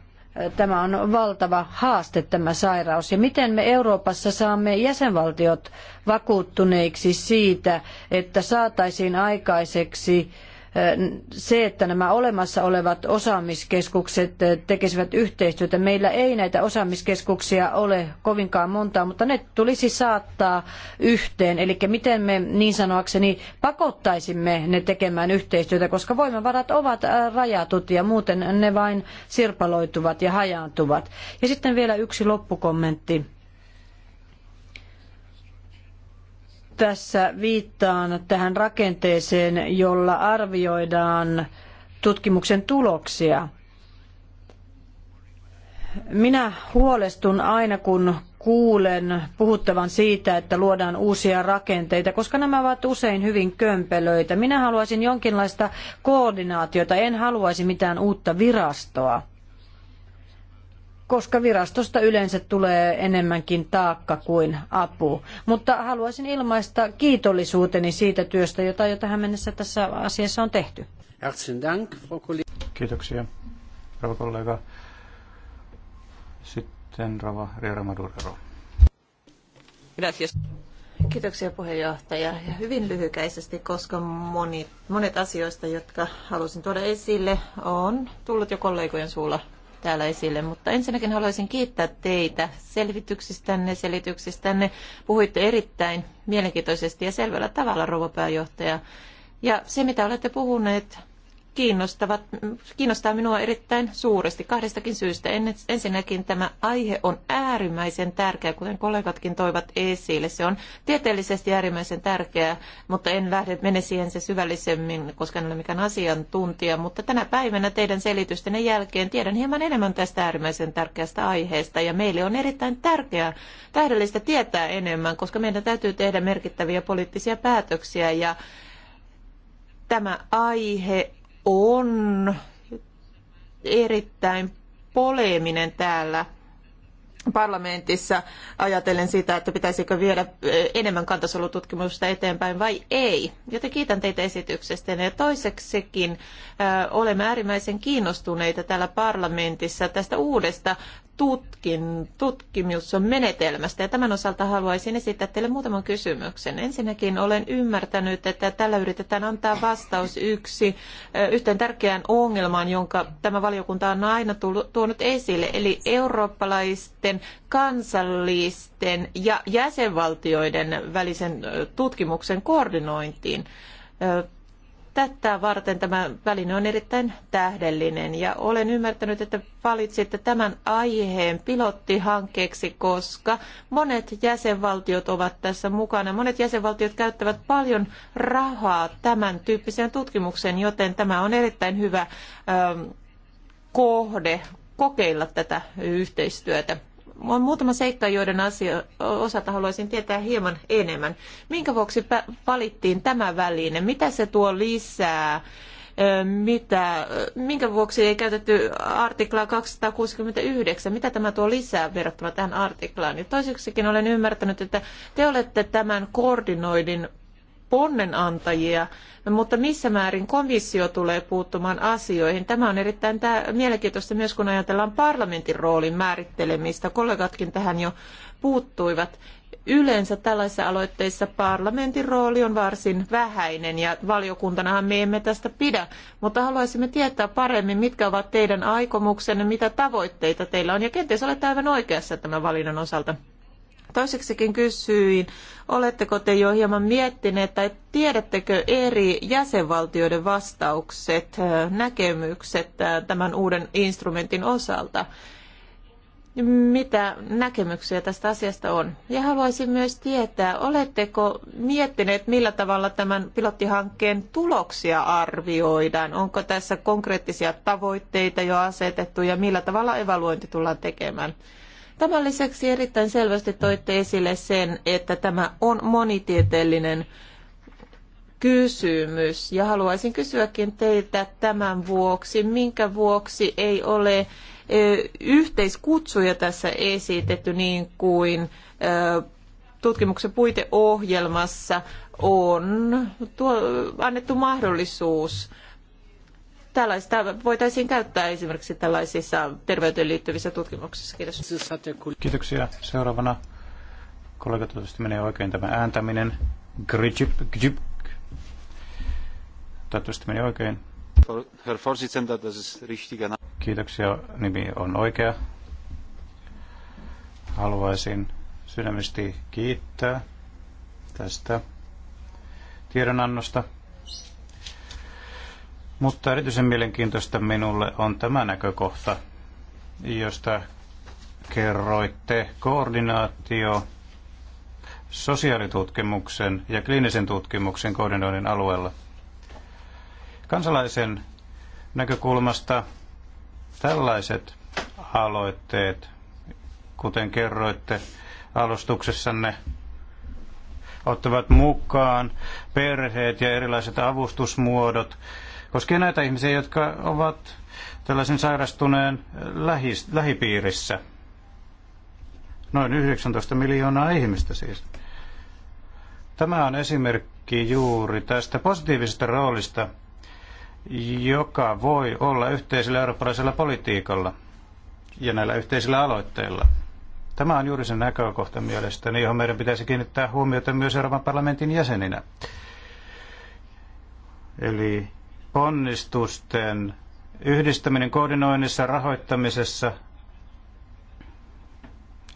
Tämä on valtava haaste tämä sairaus. Ja miten me Euroopassa saamme jäsenvaltiot vakuuttuneiksi siitä, että saataisiin aikaiseksi äh, se, että nämä olemassa olevat osaamiskeskukset tekisivät yhteistyötä. Meillä ei näitä osaamiskeskuksia ole kovinkaan montaa, mutta ne tulisi saattaa yhteen. Eli miten me niin sanoakseni pakottaisimme ne tekemään yhteistyötä, koska voimavarat ovat rajatut ja muuten ne vain sirpaloituvat ja hajaantuvat. Ja sitten vielä yksi loppukommentti Tässä viittaan tähän rakenteeseen, jolla arvioidaan tutkimuksen tuloksia. Minä huolestun aina, kun kuulen puhuttavan siitä, että luodaan uusia rakenteita, koska nämä ovat usein hyvin kömpelöitä. Minä haluaisin jonkinlaista koordinaatiota, en haluaisi mitään uutta virastoa koska virastosta yleensä tulee enemmänkin taakka kuin apu. Mutta haluaisin ilmaista kiitollisuuteni siitä työstä, jota jo tähän mennessä tässä asiassa on tehty. Kiitoksia, rouva kollega. Sitten rouva Riera Madurero. Kiitoksia puheenjohtaja. Ja hyvin lyhykäisesti, koska moni, monet asioista, jotka halusin tuoda esille, on tullut jo kollegojen suulla täällä esille, mutta ensinnäkin haluaisin kiittää teitä selvityksistänne, selityksistänne. Puhuitte erittäin mielenkiintoisesti ja selvällä tavalla, rouva pääjohtaja. Ja se, mitä olette puhuneet, kiinnostavat, kiinnostaa minua erittäin suuresti kahdestakin syystä. Ensinnäkin tämä aihe on äärimmäisen tärkeä, kuten kollegatkin toivat esille. Se on tieteellisesti äärimmäisen tärkeä, mutta en lähde mene siihen se syvällisemmin, koska en ole mikään asiantuntija. Mutta tänä päivänä teidän selitystenne jälkeen tiedän hieman enemmän tästä äärimmäisen tärkeästä aiheesta. Ja meille on erittäin tärkeää, tähdellistä tietää enemmän, koska meidän täytyy tehdä merkittäviä poliittisia päätöksiä. Ja tämä aihe on erittäin poleeminen täällä parlamentissa ajatellen sitä, että pitäisikö viedä eh, enemmän kantasolututkimusta eteenpäin vai ei. Joten kiitän teitä esityksestä. Ja toiseksikin eh, olemme äärimmäisen kiinnostuneita täällä parlamentissa tästä uudesta tutkin, tutkimusmenetelmästä ja tämän osalta haluaisin esittää teille muutaman kysymyksen. Ensinnäkin olen ymmärtänyt, että tällä yritetään antaa vastaus yksi yhteen tärkeään ongelmaan, jonka tämä valiokunta on aina tullut, tuonut esille, eli eurooppalaisten, kansallisten ja jäsenvaltioiden välisen tutkimuksen koordinointiin tätä varten tämä väline on erittäin tähdellinen ja olen ymmärtänyt, että valitsitte tämän aiheen pilottihankkeeksi, koska monet jäsenvaltiot ovat tässä mukana. Monet jäsenvaltiot käyttävät paljon rahaa tämän tyyppiseen tutkimukseen, joten tämä on erittäin hyvä kohde kokeilla tätä yhteistyötä on muutama seikka, joiden asio, osalta haluaisin tietää hieman enemmän. Minkä vuoksi valittiin tämä väline? Mitä se tuo lisää? Mitä, minkä vuoksi ei käytetty artiklaa 269? Mitä tämä tuo lisää verrattuna tähän artiklaan? Ja toiseksikin olen ymmärtänyt, että te olette tämän koordinoidin ponnenantajia, mutta missä määrin komissio tulee puuttumaan asioihin. Tämä on erittäin mielenkiintoista myös, kun ajatellaan parlamentin roolin määrittelemistä. Kollegatkin tähän jo puuttuivat. Yleensä tällaisissa aloitteissa parlamentin rooli on varsin vähäinen ja valiokuntanahan me emme tästä pidä, mutta haluaisimme tietää paremmin, mitkä ovat teidän aikomuksenne, mitä tavoitteita teillä on ja kenties olette aivan oikeassa tämän valinnan osalta. Toiseksikin kysyin, oletteko te jo hieman miettineet tai tiedättekö eri jäsenvaltioiden vastaukset, näkemykset tämän uuden instrumentin osalta? mitä näkemyksiä tästä asiasta on. Ja haluaisin myös tietää, oletteko miettineet, millä tavalla tämän pilottihankkeen tuloksia arvioidaan? Onko tässä konkreettisia tavoitteita jo asetettu ja millä tavalla evaluointi tullaan tekemään? Tämän lisäksi erittäin selvästi toitte esille sen, että tämä on monitieteellinen kysymys ja haluaisin kysyäkin teiltä tämän vuoksi, minkä vuoksi ei ole yhteiskutsuja tässä esitetty niin kuin tutkimuksen puiteohjelmassa on tuo, annettu mahdollisuus tällaista voitaisiin käyttää esimerkiksi tällaisissa terveyteen liittyvissä tutkimuksissa. Kiitos. Kiitoksia. Seuraavana kollega toivottavasti menee oikein tämä ääntäminen. Grijip, grijip. Toivottavasti menee oikein. Herr Vorsitzender, das Kiitoksia, nimi on oikea. Haluaisin sydämesti kiittää tästä tiedonannosta. Mutta erityisen mielenkiintoista minulle on tämä näkökohta, josta kerroitte koordinaatio sosiaalitutkimuksen ja kliinisen tutkimuksen koordinoinnin alueella. Kansalaisen näkökulmasta tällaiset aloitteet, kuten kerroitte alustuksessanne, ottavat mukaan perheet ja erilaiset avustusmuodot koskee näitä ihmisiä, jotka ovat tällaisen sairastuneen lähipiirissä. Noin 19 miljoonaa ihmistä siis. Tämä on esimerkki juuri tästä positiivisesta roolista, joka voi olla yhteisellä eurooppalaisella politiikalla ja näillä yhteisillä aloitteilla. Tämä on juuri se näkökohta mielestäni, johon meidän pitäisi kiinnittää huomiota myös Euroopan parlamentin jäseninä. Eli ponnistusten yhdistäminen koordinoinnissa, rahoittamisessa,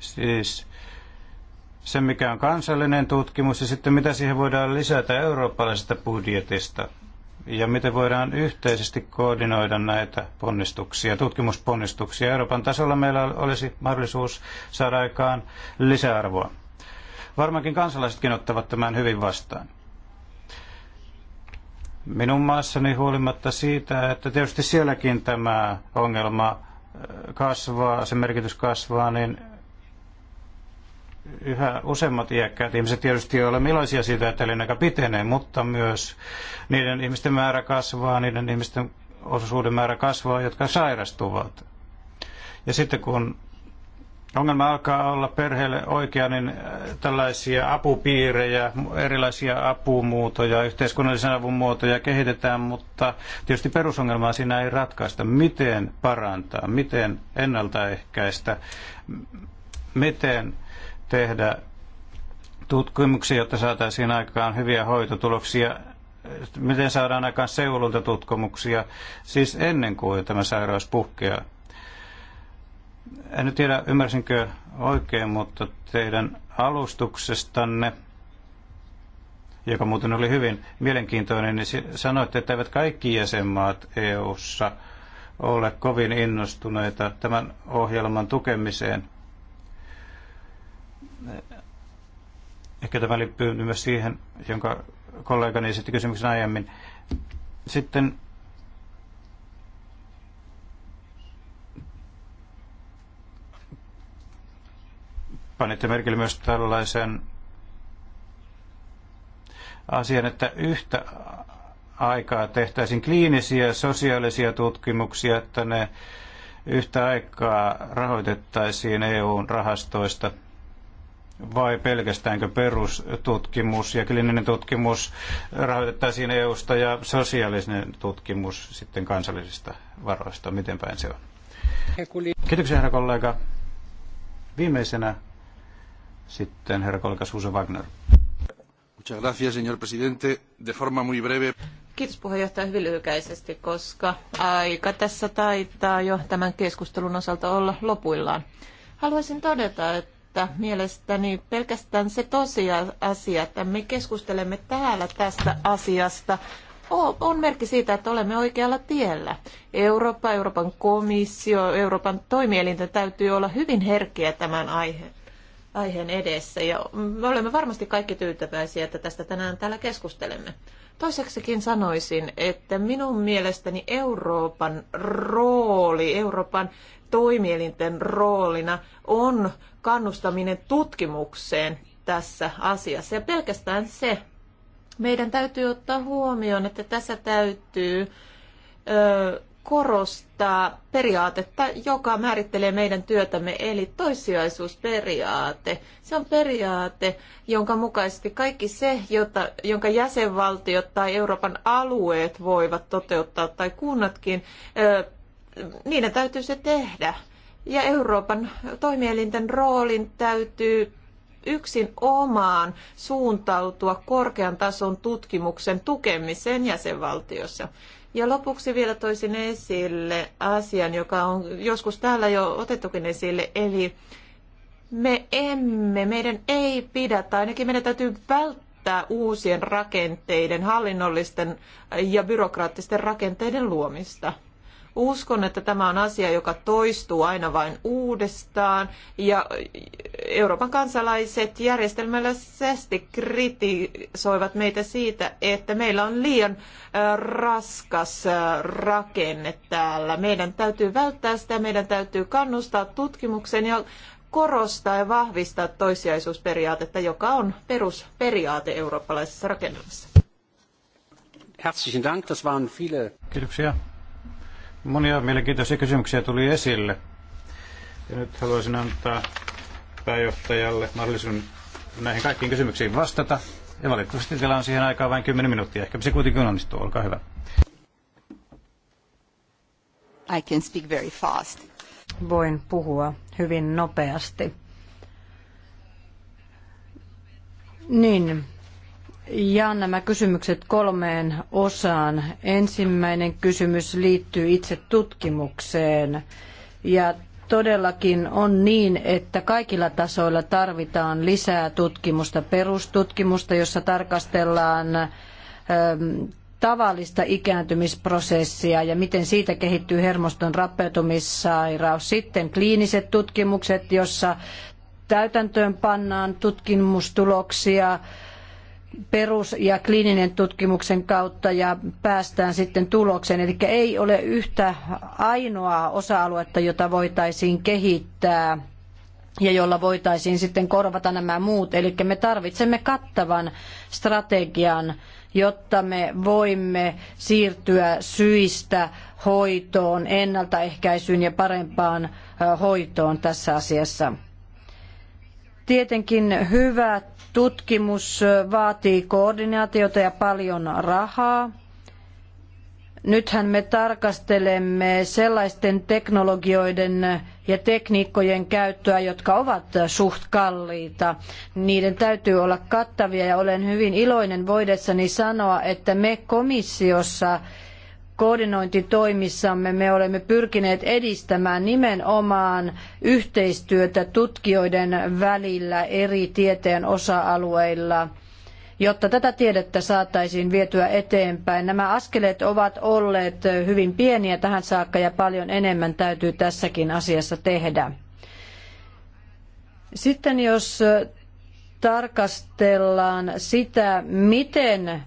siis se mikä on kansallinen tutkimus ja sitten mitä siihen voidaan lisätä eurooppalaisesta budjetista ja miten voidaan yhteisesti koordinoida näitä ponnistuksia, tutkimusponnistuksia. Euroopan tasolla meillä olisi mahdollisuus saada aikaan lisäarvoa. Varmaankin kansalaisetkin ottavat tämän hyvin vastaan. Minun maassani huolimatta siitä, että tietysti sielläkin tämä ongelma äh, kasvaa, sen merkitys kasvaa, niin yhä useammat iäkkäät ihmiset tietysti olemme iloisia siitä, että elinaika pitenee, mutta myös niiden ihmisten määrä kasvaa, niiden ihmisten osuuden määrä kasvaa, jotka sairastuvat. Ja sitten kun Ongelma alkaa olla perheelle oikea, niin äh, tällaisia apupiirejä, erilaisia apumuotoja, yhteiskunnallisen avun muotoja kehitetään, mutta tietysti perusongelmaa siinä ei ratkaista. Miten parantaa, miten ennaltaehkäistä, miten tehdä tutkimuksia, jotta saataisiin aikaan hyviä hoitotuloksia, miten saadaan aikaan seulontatutkimuksia, siis ennen kuin tämä sairaus puhkeaa en nyt tiedä, ymmärsinkö oikein, mutta teidän alustuksestanne, joka muuten oli hyvin mielenkiintoinen, niin sanoitte, että eivät kaikki jäsenmaat EU:ssa ole kovin innostuneita tämän ohjelman tukemiseen. Ehkä tämä liittyy myös siihen, jonka kollegani esitti kysymyksen aiemmin. Sitten Panitte merkille myös tällaisen asian, että yhtä aikaa tehtäisiin kliinisiä sosiaalisia tutkimuksia, että ne yhtä aikaa rahoitettaisiin EUn rahastoista vai pelkästäänkö perustutkimus ja kliininen tutkimus rahoitettaisiin EUsta ja sosiaalinen tutkimus sitten kansallisista varoista? Miten päin se on? Kiitoksia herra kollega. Viimeisenä sitten herra kollega Wagner. Muchas gracias, señor presidente. De forma muy breve. Kiitos puheenjohtaja hyvin lyhykäisesti, koska aika tässä taitaa jo tämän keskustelun osalta olla lopuillaan. Haluaisin todeta, että mielestäni pelkästään se tosiasia, että me keskustelemme täällä tästä asiasta, on merkki siitä, että olemme oikealla tiellä. Eurooppa, Euroopan komissio, Euroopan toimielinten täytyy olla hyvin herkkiä tämän aiheen aiheen edessä ja me olemme varmasti kaikki tyytyväisiä, että tästä tänään täällä keskustelemme. Toiseksikin sanoisin, että minun mielestäni Euroopan rooli, Euroopan toimielinten roolina on kannustaminen tutkimukseen tässä asiassa. Ja pelkästään se, meidän täytyy ottaa huomioon, että tässä täytyy ö, korostaa periaatetta, joka määrittelee meidän työtämme, eli toissijaisuusperiaate. Se on periaate, jonka mukaisesti kaikki se, jota, jonka jäsenvaltiot tai Euroopan alueet voivat toteuttaa tai kunnatkin, niiden täytyy se tehdä. Ja Euroopan toimielinten roolin täytyy yksin omaan suuntautua korkean tason tutkimuksen tukemiseen jäsenvaltiossa. Ja lopuksi vielä toisin esille asian, joka on joskus täällä jo otettukin esille, eli me emme, meidän ei pidä, tai ainakin meidän täytyy välttää uusien rakenteiden, hallinnollisten ja byrokraattisten rakenteiden luomista. Uskon, että tämä on asia, joka toistuu aina vain uudestaan ja Euroopan kansalaiset järjestelmällisesti kritisoivat meitä siitä, että meillä on liian raskas rakenne täällä. Meidän täytyy välttää sitä, meidän täytyy kannustaa tutkimukseen ja korostaa ja vahvistaa toissijaisuusperiaatetta, joka on perusperiaate eurooppalaisessa rakennelmassa. Herzlichen Dank, das waren viele... Kiitoksia. Monia mielenkiintoisia kysymyksiä tuli esille. Ja nyt haluaisin antaa pääjohtajalle mahdollisuuden näihin kaikkiin kysymyksiin vastata. Ja valitettavasti teillä on siihen aikaa vain 10 minuuttia. Ehkä se kuitenkin onnistuu. Olkaa hyvä. I can speak very fast. Voin puhua hyvin nopeasti. Niin, jaan nämä kysymykset kolmeen osaan. Ensimmäinen kysymys liittyy itse tutkimukseen. Ja todellakin on niin, että kaikilla tasoilla tarvitaan lisää tutkimusta, perustutkimusta, jossa tarkastellaan ähm, tavallista ikääntymisprosessia ja miten siitä kehittyy hermoston rappeutumissairaus. Sitten kliiniset tutkimukset, jossa täytäntöön pannaan tutkimustuloksia perus- ja kliininen tutkimuksen kautta ja päästään sitten tulokseen. Eli ei ole yhtä ainoaa osa-aluetta, jota voitaisiin kehittää ja jolla voitaisiin sitten korvata nämä muut. Eli me tarvitsemme kattavan strategian, jotta me voimme siirtyä syistä hoitoon, ennaltaehkäisyyn ja parempaan hoitoon tässä asiassa. Tietenkin hyvät tutkimus vaatii koordinaatiota ja paljon rahaa. Nythän me tarkastelemme sellaisten teknologioiden ja tekniikkojen käyttöä, jotka ovat suht kalliita. Niiden täytyy olla kattavia ja olen hyvin iloinen voidessani sanoa, että me komissiossa koordinointitoimissamme me olemme pyrkineet edistämään nimenomaan yhteistyötä tutkijoiden välillä eri tieteen osa-alueilla jotta tätä tiedettä saataisiin vietyä eteenpäin. Nämä askeleet ovat olleet hyvin pieniä tähän saakka ja paljon enemmän täytyy tässäkin asiassa tehdä. Sitten jos tarkastellaan sitä, miten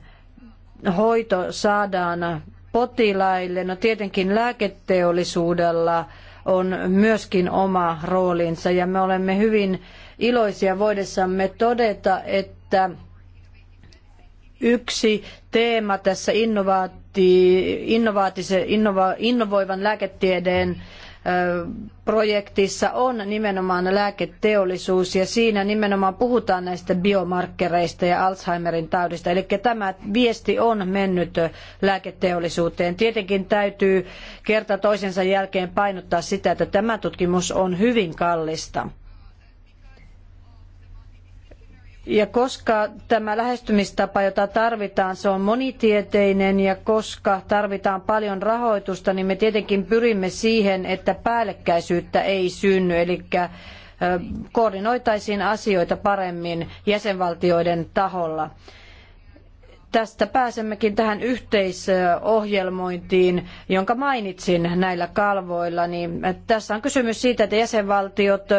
hoito saadaan potilaille. No tietenkin lääketeollisuudella on myöskin oma roolinsa ja me olemme hyvin iloisia voidessamme todeta, että yksi teema tässä innovaati, innovoivan lääketieteen projektissa on nimenomaan lääketeollisuus ja siinä nimenomaan puhutaan näistä biomarkkereista ja Alzheimerin taudista. Eli tämä viesti on mennyt lääketeollisuuteen. Tietenkin täytyy kerta toisensa jälkeen painottaa sitä, että tämä tutkimus on hyvin kallista. Ja koska tämä lähestymistapa, jota tarvitaan, se on monitieteinen ja koska tarvitaan paljon rahoitusta, niin me tietenkin pyrimme siihen, että päällekkäisyyttä ei synny, eli koordinoitaisiin asioita paremmin jäsenvaltioiden taholla. Tästä pääsemmekin tähän yhteisohjelmointiin, jonka mainitsin näillä kalvoilla. Niin äh, tässä on kysymys siitä, että jäsenvaltiot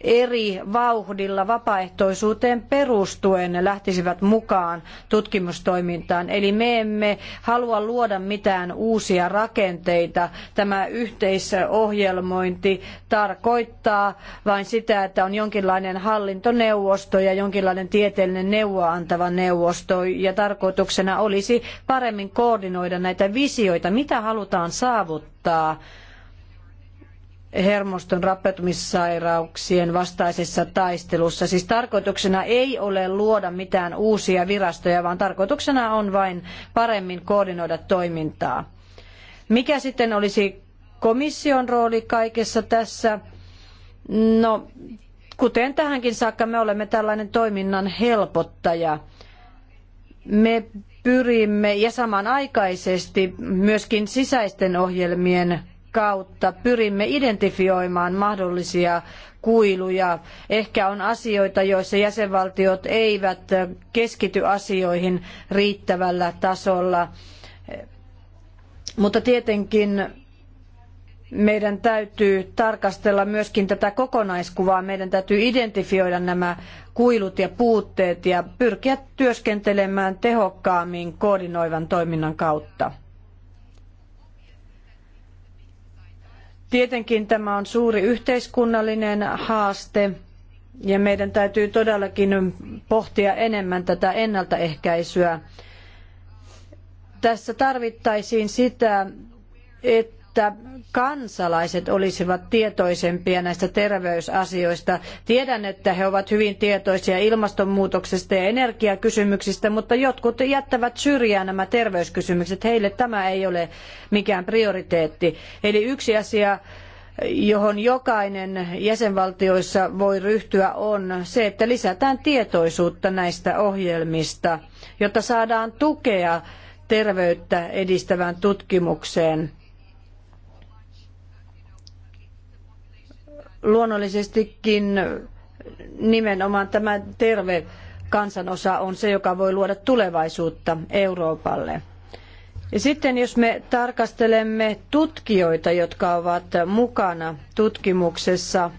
eri vauhdilla vapaaehtoisuuteen perustuen lähtisivät mukaan tutkimustoimintaan. Eli me emme halua luoda mitään uusia rakenteita. Tämä yhteisohjelmointi tarkoittaa vain sitä, että on jonkinlainen hallintoneuvosto ja jonkinlainen tieteellinen neuvoa antava neuvosto ja tarkoitus tarkoituksena olisi paremmin koordinoida näitä visioita, mitä halutaan saavuttaa hermoston rappeutumissairauksien vastaisessa taistelussa. Siis tarkoituksena ei ole luoda mitään uusia virastoja, vaan tarkoituksena on vain paremmin koordinoida toimintaa. Mikä sitten olisi komission rooli kaikessa tässä? No, kuten tähänkin saakka me olemme tällainen toiminnan helpottaja – me pyrimme ja samanaikaisesti myöskin sisäisten ohjelmien kautta pyrimme identifioimaan mahdollisia kuiluja. Ehkä on asioita, joissa jäsenvaltiot eivät keskity asioihin riittävällä tasolla. Mutta tietenkin meidän täytyy tarkastella myöskin tätä kokonaiskuvaa. Meidän täytyy identifioida nämä kuilut ja puutteet ja pyrkiä työskentelemään tehokkaammin koordinoivan toiminnan kautta. Tietenkin tämä on suuri yhteiskunnallinen haaste ja meidän täytyy todellakin pohtia enemmän tätä ennaltaehkäisyä. Tässä tarvittaisiin sitä, että että kansalaiset olisivat tietoisempia näistä terveysasioista. Tiedän, että he ovat hyvin tietoisia ilmastonmuutoksesta ja energiakysymyksistä, mutta jotkut jättävät syrjään nämä terveyskysymykset. Heille tämä ei ole mikään prioriteetti. Eli yksi asia, johon jokainen jäsenvaltioissa voi ryhtyä on se, että lisätään tietoisuutta näistä ohjelmista, jotta saadaan tukea terveyttä edistävään tutkimukseen. Luonnollisestikin nimenomaan tämä terve kansanosa on se, joka voi luoda tulevaisuutta Euroopalle. Ja sitten jos me tarkastelemme tutkijoita, jotka ovat mukana tutkimuksessa –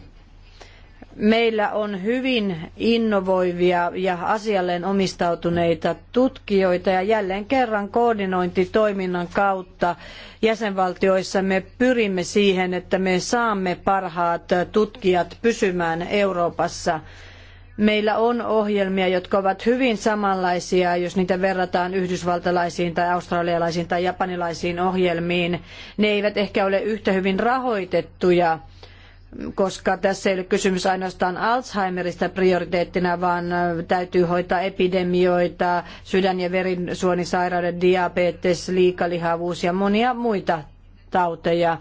Meillä on hyvin innovoivia ja asialleen omistautuneita tutkijoita ja jälleen kerran koordinointitoiminnan kautta jäsenvaltioissa me pyrimme siihen, että me saamme parhaat tutkijat pysymään Euroopassa. Meillä on ohjelmia, jotka ovat hyvin samanlaisia, jos niitä verrataan yhdysvaltalaisiin tai australialaisiin tai japanilaisiin ohjelmiin. Ne eivät ehkä ole yhtä hyvin rahoitettuja koska tässä ei ole kysymys ainoastaan Alzheimerista prioriteettina, vaan täytyy hoitaa epidemioita, sydän- ja verisuonisairaudet, diabetes, liikalihavuus ja monia muita tauteja.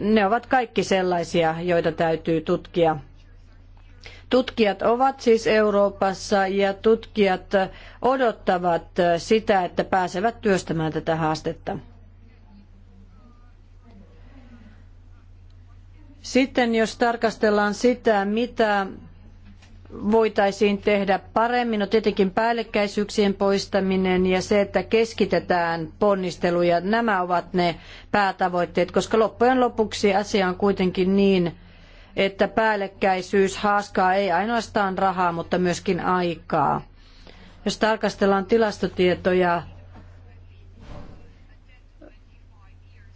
Ne ovat kaikki sellaisia, joita täytyy tutkia. Tutkijat ovat siis Euroopassa ja tutkijat odottavat sitä, että pääsevät työstämään tätä haastetta. Sitten jos tarkastellaan sitä, mitä voitaisiin tehdä paremmin, no tietenkin päällekkäisyyksien poistaminen ja se, että keskitetään ponnisteluja, nämä ovat ne päätavoitteet, koska loppujen lopuksi asia on kuitenkin niin, että päällekkäisyys haaskaa ei ainoastaan rahaa, mutta myöskin aikaa. Jos tarkastellaan tilastotietoja,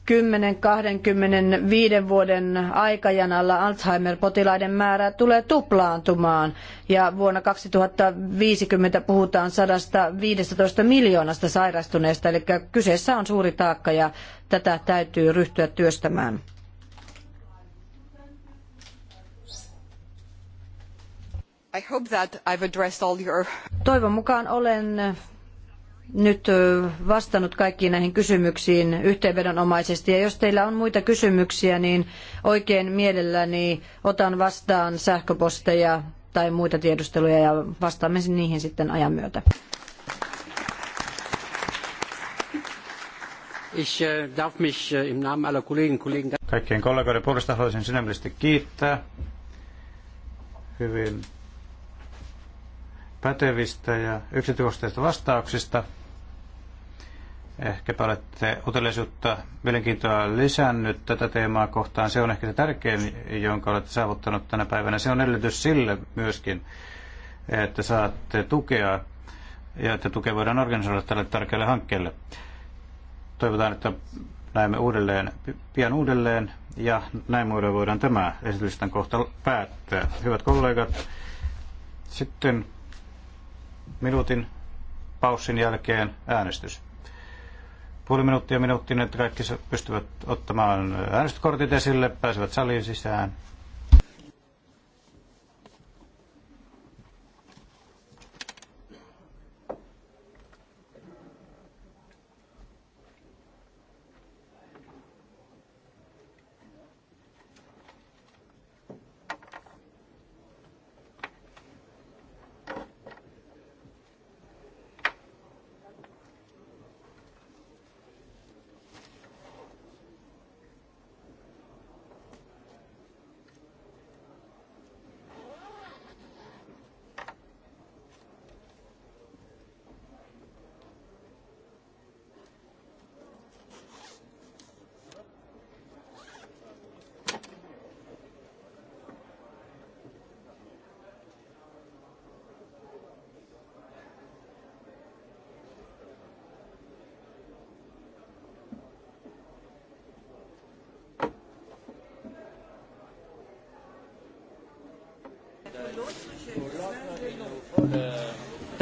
10-25 vuoden aikajanalla Alzheimer-potilaiden määrä tulee tuplaantumaan ja vuonna 2050 puhutaan 115 miljoonasta sairastuneesta, eli kyseessä on suuri taakka ja tätä täytyy ryhtyä työstämään. Toivon mukaan olen nyt vastannut kaikkiin näihin kysymyksiin yhteenvedonomaisesti. Ja jos teillä on muita kysymyksiä, niin oikein mielelläni otan vastaan sähköposteja tai muita tiedusteluja ja vastaamme niihin sitten ajan myötä. Äh, äh, Kaikkien kollegoiden puolesta haluaisin sydämellisesti kiittää hyvin pätevistä ja yksityiskohtaisista vastauksista. Ehkäpä olette uteliaisuutta mielenkiintoa lisännyt tätä teemaa kohtaan. Se on ehkä se tärkein, jonka olette saavuttanut tänä päivänä. Se on edellytys sille myöskin, että saatte tukea ja että tukea voidaan organisoida tälle tärkeälle hankkeelle. Toivotaan, että näemme uudelleen, pian uudelleen ja näin muodoin voidaan tämä esitysten kohta päättää. Hyvät kollegat, sitten minuutin paussin jälkeen äänestys puoli minuuttia minuuttiin, niin että kaikki pystyvät ottamaan äänestyskortit esille, pääsevät saliin sisään.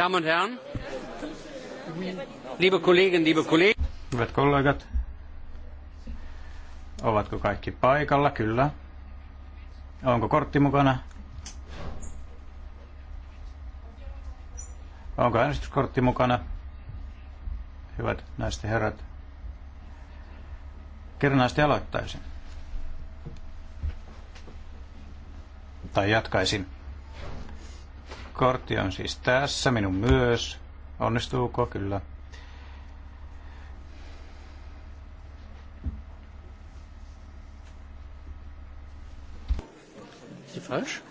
Damen und Herren, liebe Kolleginnen, liebe Kollegen. Hyvät kollegat, ovatko kaikki paikalla? Kyllä. Onko kortti mukana? Onko äänestyskortti mukana? Hyvät naiset ja herrat. Kernaasti aloittaisin. Tai jatkaisin. Kortti on siis tässä, minun myös. Onnistuuko? Kyllä. Sie falsch?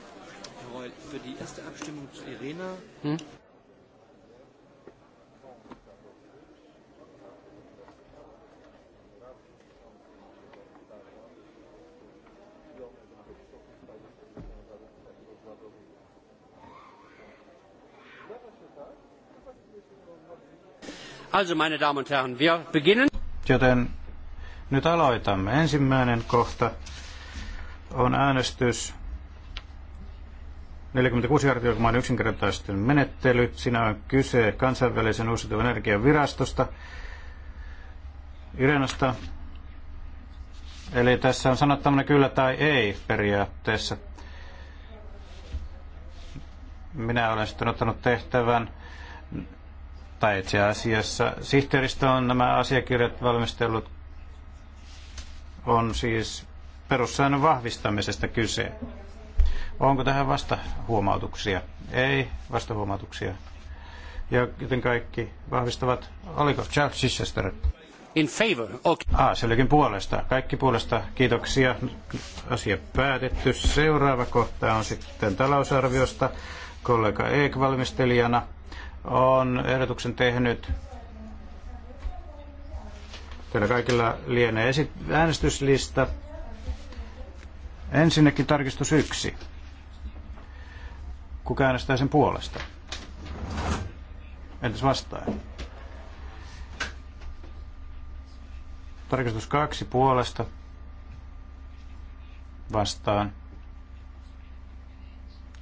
Also, meine Damen und Herren, wir beginnen. Joten nyt aloitamme. Ensimmäinen kohta on äänestys 46 artiklan yksinkertaisten menettelyt. Siinä on kyse kansainvälisen uusiutuvan energian virastosta, Irenasta. Eli tässä on sanottavana kyllä tai ei periaatteessa. Minä olen sitten ottanut tehtävän tai itse asiassa sihteeristö on nämä asiakirjat valmistellut, on siis perussäännön vahvistamisesta kyse. Onko tähän vasta huomautuksia? Ei vasta huomautuksia Ja joten kaikki vahvistavat, oliko Charles Chichester? In favor. Okay. Ah, se olikin puolesta. Kaikki puolesta. Kiitoksia. Asia päätetty. Seuraava kohta on sitten talousarviosta. Kollega Eek valmistelijana on ehdotuksen tehnyt. Teillä kaikilla lienee esi- äänestyslista. Ensinnäkin tarkistus yksi. Kuka äänestää sen puolesta? Entäs vastaan? Tarkistus kaksi puolesta vastaan.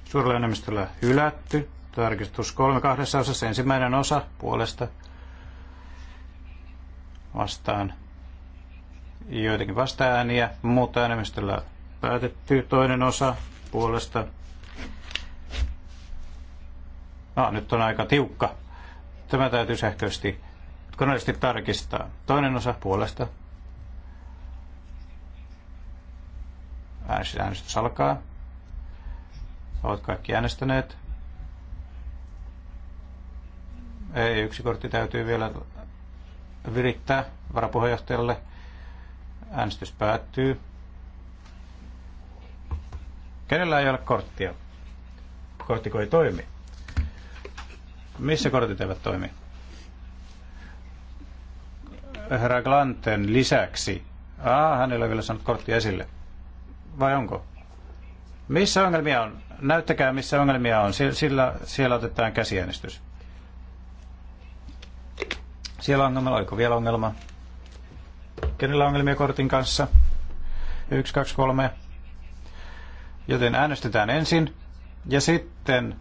Suurella enemmistöllä hylätty. Tarkistus kolme kahdessa osassa. Ensimmäinen osa puolesta vastaan joitakin vasta-ääniä, Muuta enemmistöllä päätetty. Toinen osa puolesta. No, nyt on aika tiukka. Tämä täytyy sähköisesti koneellisesti tarkistaa. Toinen osa puolesta. Äänestys, äänestys alkaa. Olet kaikki äänestäneet. Ei, yksi kortti täytyy vielä virittää varapuheenjohtajalle. Äänestys päättyy. Kenellä ei ole korttia? Korttiko ei toimi? Missä kortit eivät toimi? Herra Glanten lisäksi. Ah, hän ei vielä saanut korttia esille. Vai onko? Missä ongelmia on? Näyttäkää, missä ongelmia on. Sillä, siellä otetaan käsiäänestys. Siellä ongelmalla, oliko vielä ongelma? Kenellä ongelmia kortin kanssa? 1, 2, 3. Joten äänestetään ensin ja sitten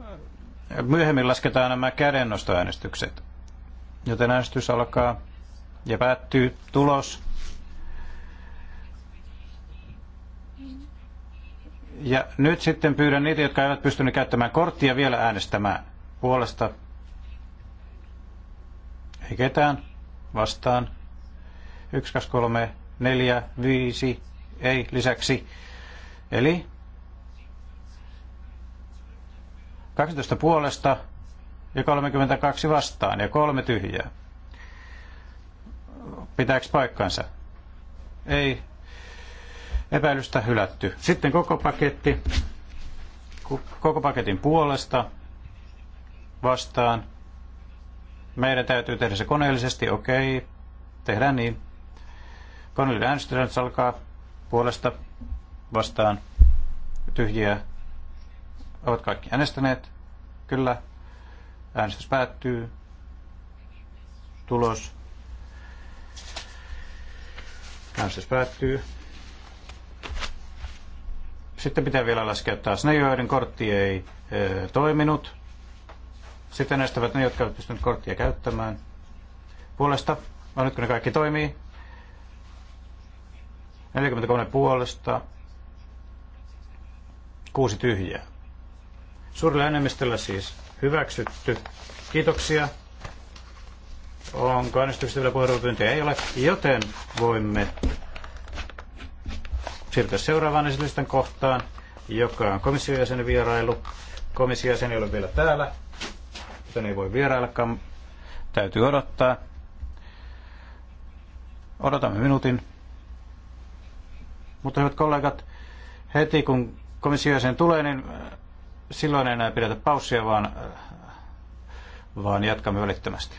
äh, myöhemmin lasketaan nämä kädennostoäänestykset. Joten äänestys alkaa ja päättyy tulos. Ja nyt sitten pyydän niitä, jotka eivät pystyneet käyttämään korttia vielä äänestämään puolesta ei ketään. Vastaan. 1, 2, 3, 4, 5. Ei lisäksi. Eli 12 puolesta ja 32 vastaan ja kolme tyhjää. Pitääkö paikkansa? Ei. Epäilystä hylätty. Sitten koko paketti. Koko paketin puolesta vastaan meidän täytyy tehdä se koneellisesti, okei, okay. tehdään niin. Koneellinen äänestys alkaa puolesta vastaan tyhjiä. Ovat kaikki äänestäneet? Kyllä. Äänestys päättyy. Tulos. Äänestys päättyy. Sitten pitää vielä laskea taas ne, joiden kortti ei e, toiminut. Sitten estävät ne, jotka ovat pystyneet korttia käyttämään. Puolesta, vaan nyt kun ne kaikki toimii, 43 puolesta, kuusi tyhjää. Suurella enemmistöllä siis hyväksytty. Kiitoksia. Onko äänestyksestä vielä puheenvuoropyyntöjä? Ei ole, joten voimme siirtyä seuraavaan esitysten kohtaan, joka on komissiojäsenen vierailu. Komission ei ole vielä täällä sen ei voi vieraillakaan, täytyy odottaa. Odotamme minuutin. Mutta hyvät kollegat, heti kun komissio sen tulee, niin äh, silloin ei enää pidetä paussia, vaan, äh, vaan jatkamme välittömästi.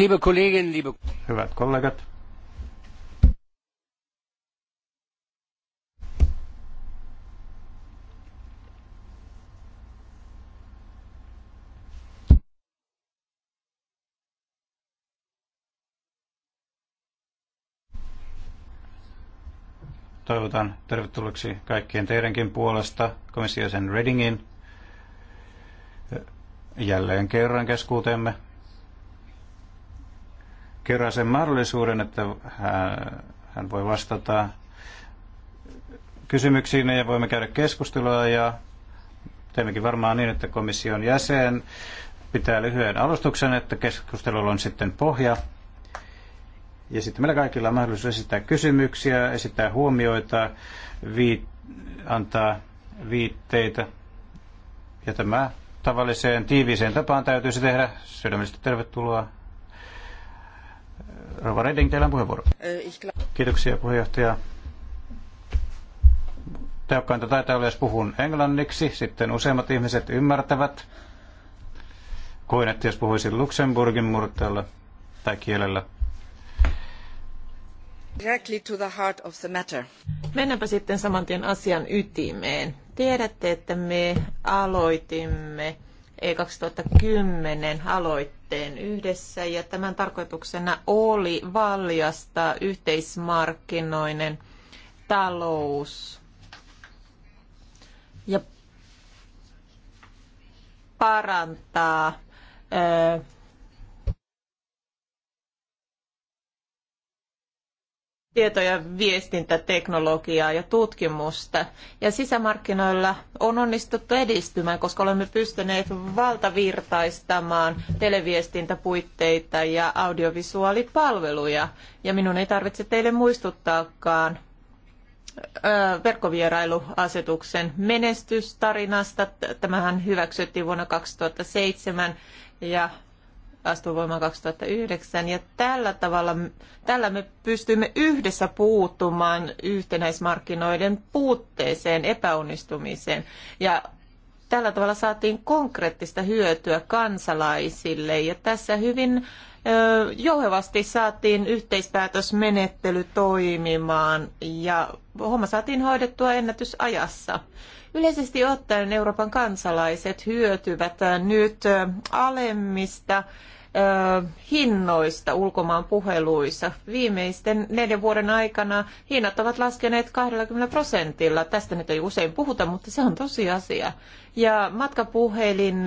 Liebe Kolleginnen, liebe... Hyvät kollegat. Toivotan tervetulleeksi kaikkien teidänkin puolesta komissiosen Redingin jälleen kerran keskuuteemme kerran sen mahdollisuuden, että hän, hän voi vastata kysymyksiin ja voimme käydä keskustelua ja teemmekin varmaan niin, että komission jäsen pitää lyhyen alustuksen, että keskustelulla on sitten pohja. Ja sitten meillä kaikilla on mahdollisuus esittää kysymyksiä, esittää huomioita, viit, antaa viitteitä. Ja tämä tavalliseen tiiviiseen tapaan täytyisi tehdä. Sydämellisesti tervetuloa Rova Redding, teillä on puheenvuoro. Kiitoksia puheenjohtaja. Tehokkainta taitaa olla, jos puhun englanniksi, sitten useimmat ihmiset ymmärtävät, kuin että jos puhuisin Luxemburgin murteella tai kielellä. Directly to the heart of the matter. Mennäänpä sitten samantien asian ytimeen. Tiedätte, että me aloitimme 2010 e aloitteen yhdessä ja tämän tarkoituksena oli valjastaa yhteismarkkinoinen talous ja parantaa tieto- ja viestintäteknologiaa ja tutkimusta. Ja sisämarkkinoilla on onnistuttu edistymään, koska olemme pystyneet valtavirtaistamaan televiestintäpuitteita ja audiovisuaalipalveluja. Ja minun ei tarvitse teille muistuttaakaan verkkovierailuasetuksen menestystarinasta. Tämähän hyväksyttiin vuonna 2007 ja astui voimaan 2009 ja tällä tavalla tällä me pystymme yhdessä puuttumaan yhtenäismarkkinoiden puutteeseen, epäonnistumiseen ja tällä tavalla saatiin konkreettista hyötyä kansalaisille ja tässä hyvin jouhevasti saatiin yhteispäätösmenettely toimimaan ja homma saatiin hoidettua ennätysajassa. Yleisesti ottaen Euroopan kansalaiset hyötyvät nyt alemmista hinnoista ulkomaan puheluissa. Viimeisten neljän vuoden aikana hinnat ovat laskeneet 20 prosentilla. Tästä nyt ei usein puhuta, mutta se on tosiasia. Ja matkapuhelin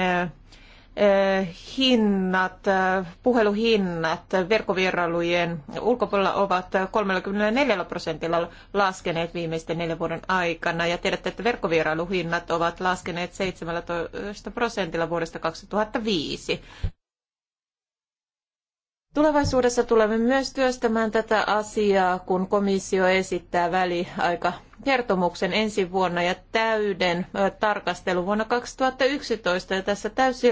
Eh, hinnat, eh, puheluhinnat verkkovierailujen ulkopuolella ovat 34 prosentilla laskeneet viimeisten neljän vuoden aikana. Ja tiedätte, että verkkovierailuhinnat ovat laskeneet 17 prosentilla vuodesta 2005. Tulevaisuudessa tulemme myös työstämään tätä asiaa, kun komissio esittää väliaika kertomuksen ensi vuonna ja täyden tarkastelun vuonna 2011. Ja tässä täysi,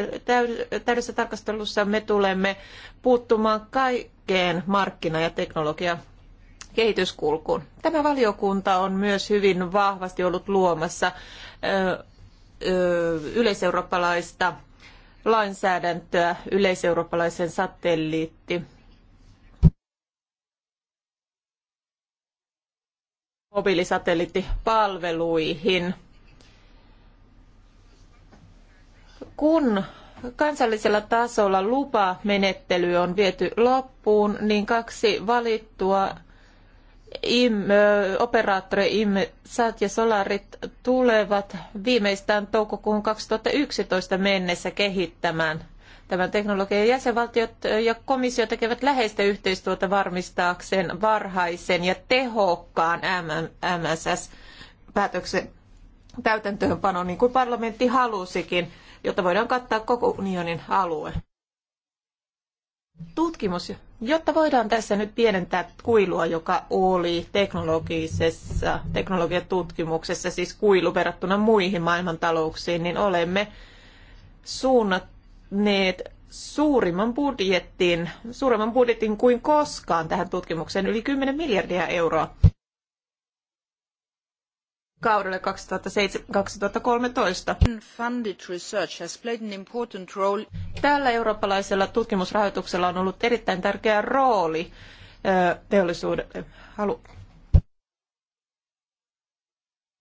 täydessä tarkastelussa me tulemme puuttumaan kaikkeen markkina- ja teknologia kehityskulkuun. Tämä valiokunta on myös hyvin vahvasti ollut luomassa yleiseurooppalaista lainsäädäntöä yleiseurooppalaisen satelliitti mobiilisatelliittipalveluihin. Kun kansallisella tasolla lupamenettely on viety loppuun, niin kaksi valittua im, operaattori im, ja Solarit tulevat viimeistään toukokuun 2011 mennessä kehittämään tämän teknologian. Jäsenvaltiot ja komissio tekevät läheistä yhteistyötä varmistaakseen varhaisen ja tehokkaan MSS-päätöksen täytäntöönpanon, niin kuin parlamentti halusikin, jotta voidaan kattaa koko unionin alue. Tutkimus Jotta voidaan tässä nyt pienentää kuilua, joka oli teknologisessa, teknologiatutkimuksessa, siis kuilu verrattuna muihin maailmantalouksiin, niin olemme suunnanneet suurimman budjetin, suuremman budjetin kuin koskaan tähän tutkimukseen, yli 10 miljardia euroa kaudelle 2007-2013. Funded research has played an important role. Tällä eurooppalaisella tutkimusrahoituksella on ollut erittäin tärkeä rooli teollisuudelle. Halu...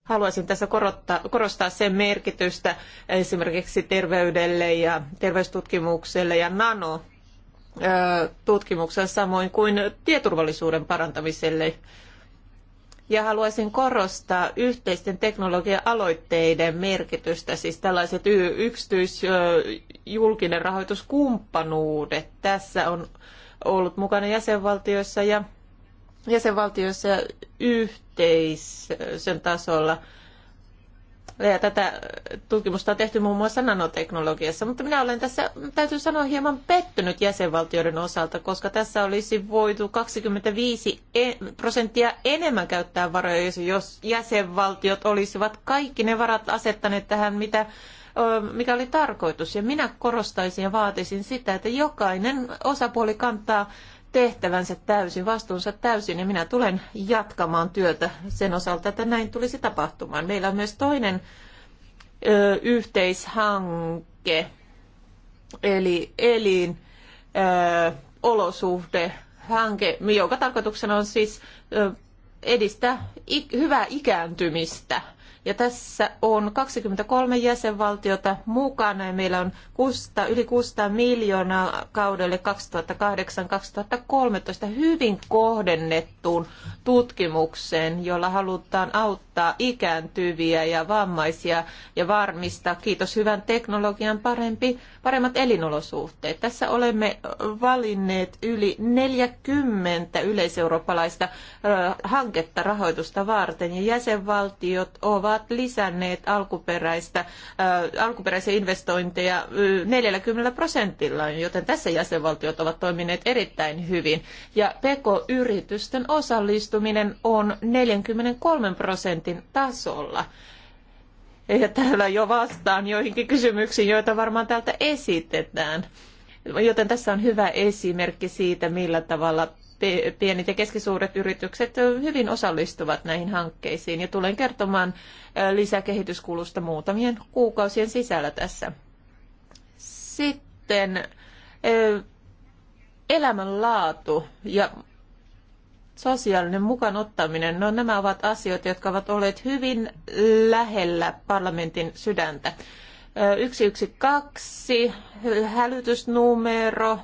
Haluaisin tässä korottaa, korostaa sen merkitystä esimerkiksi terveydelle ja terveystutkimukselle ja nano samoin kuin tieturvallisuuden parantamiselle ja haluaisin korostaa yhteisten teknologia-aloitteiden merkitystä, siis tällaiset yksityisjulkinen rahoituskumppanuudet. Tässä on ollut mukana jäsenvaltioissa ja jäsenvaltioissa yhteisön tasolla – ja tätä tutkimusta on tehty muun muassa nanoteknologiassa, mutta minä olen tässä, täytyy sanoa, hieman pettynyt jäsenvaltioiden osalta, koska tässä olisi voitu 25 e- prosenttia enemmän käyttää varoja, jos jäsenvaltiot olisivat kaikki ne varat asettaneet tähän, mitä mikä oli tarkoitus. Ja minä korostaisin ja vaatisin sitä, että jokainen osapuoli kantaa tehtävänsä täysin, vastuunsa täysin ja minä tulen jatkamaan työtä sen osalta, että näin tulisi tapahtumaan. Meillä on myös toinen ö, yhteishanke, eli elin ö, olosuhde hanke, jonka tarkoituksena on siis ö, edistää ik- hyvää ikääntymistä – ja tässä on 23 jäsenvaltiota mukana ja meillä on 600, yli 600 miljoonaa kaudelle 2008-2013 hyvin kohdennettuun tutkimukseen, jolla halutaan auttaa ikääntyviä ja vammaisia ja varmistaa, kiitos hyvän teknologian, parempi, paremmat elinolosuhteet. Tässä olemme valinneet yli 40 yleiseurooppalaista hanketta rahoitusta varten ja jäsenvaltiot ovat ovat lisänneet alkuperäistä, äh, alkuperäisiä investointeja 40 äh, prosentilla, joten tässä jäsenvaltiot ovat toimineet erittäin hyvin. Ja PK-yritysten osallistuminen on 43 prosentin tasolla. Ja täällä jo vastaan joihinkin kysymyksiin, joita varmaan täältä esitetään. Joten tässä on hyvä esimerkki siitä, millä tavalla pienet ja keskisuuret yritykset hyvin osallistuvat näihin hankkeisiin ja tulen kertomaan lisäkehityskulusta muutamien kuukausien sisällä tässä. Sitten elämänlaatu ja sosiaalinen mukaan ottaminen, no nämä ovat asioita, jotka ovat olleet hyvin lähellä parlamentin sydäntä. 112, hälytysnumero,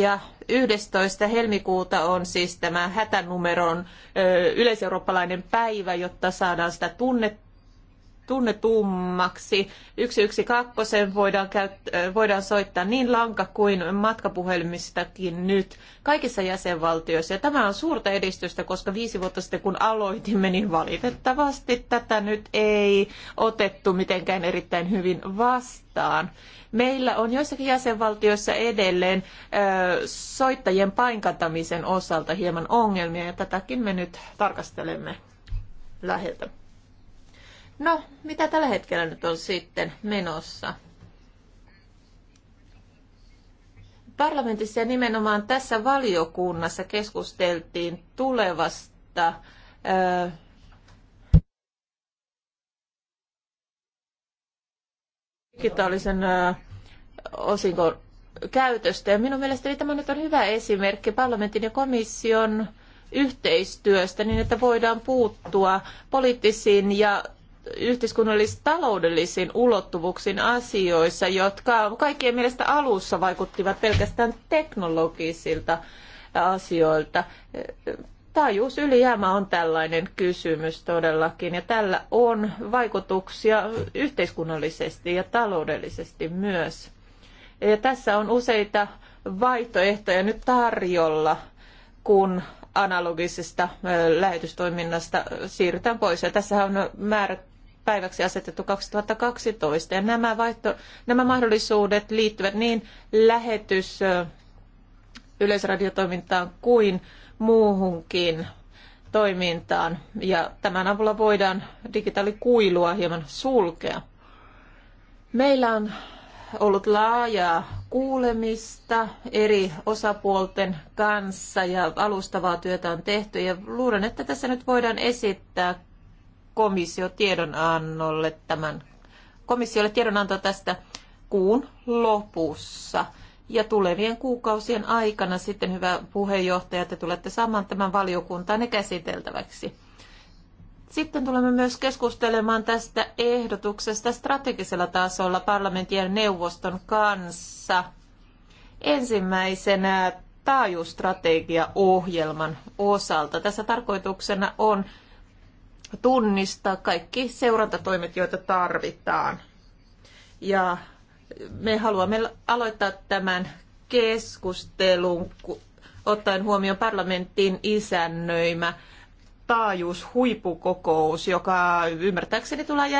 ja 11. helmikuuta on siis tämä hätänumeron yleiseurooppalainen päivä, jotta saadaan sitä tunnettua tunnetummaksi. 112 voidaan, käyt- äh, voidaan soittaa niin lanka kuin matkapuhelimistakin nyt kaikissa jäsenvaltioissa. Ja tämä on suurta edistystä, koska viisi vuotta sitten kun aloitimme, niin valitettavasti tätä nyt ei otettu mitenkään erittäin hyvin vastaan. Meillä on joissakin jäsenvaltioissa edelleen ö, äh, soittajien painkantamisen osalta hieman ongelmia ja tätäkin me nyt tarkastelemme läheltä. No, mitä tällä hetkellä nyt on sitten menossa? Parlamentissa ja nimenomaan tässä valiokunnassa keskusteltiin tulevasta ää, digitaalisen ää, osinkon käytöstä. Ja minun mielestäni tämä nyt on hyvä esimerkki parlamentin ja komission yhteistyöstä niin, että voidaan puuttua poliittisiin ja yhteiskunnallis-taloudellisiin ulottuvuuksiin asioissa, jotka kaikkien mielestä alussa vaikuttivat pelkästään teknologisilta asioilta. Taajuus ylijäämä on tällainen kysymys todellakin, ja tällä on vaikutuksia yhteiskunnallisesti ja taloudellisesti myös. Ja tässä on useita vaihtoehtoja nyt tarjolla, kun analogisesta lähetystoiminnasta siirrytään pois. Ja tässähän on määrät, päiväksi asetettu 2012. Ja nämä, vaihto, nämä mahdollisuudet liittyvät niin lähetys yleisradiotoimintaan kuin muuhunkin toimintaan. Ja tämän avulla voidaan digitaalikuilua hieman sulkea. Meillä on ollut laajaa kuulemista eri osapuolten kanssa ja alustavaa työtä on tehty. Ja luulen, että tässä nyt voidaan esittää komissio tiedonannolle tämän, komissiolle tiedonanto tästä kuun lopussa. Ja tulevien kuukausien aikana sitten, hyvä puheenjohtaja, te tulette saamaan tämän valiokuntaan käsiteltäväksi. Sitten tulemme myös keskustelemaan tästä ehdotuksesta strategisella tasolla parlamentin ja neuvoston kanssa. Ensimmäisenä taajuusstrategiaohjelman osalta. Tässä tarkoituksena on tunnistaa kaikki seurantatoimet, joita tarvitaan. Ja me haluamme aloittaa tämän keskustelun ottaen huomioon parlamentin isännöimä taajuushuipukokous, joka ymmärtääkseni tullaan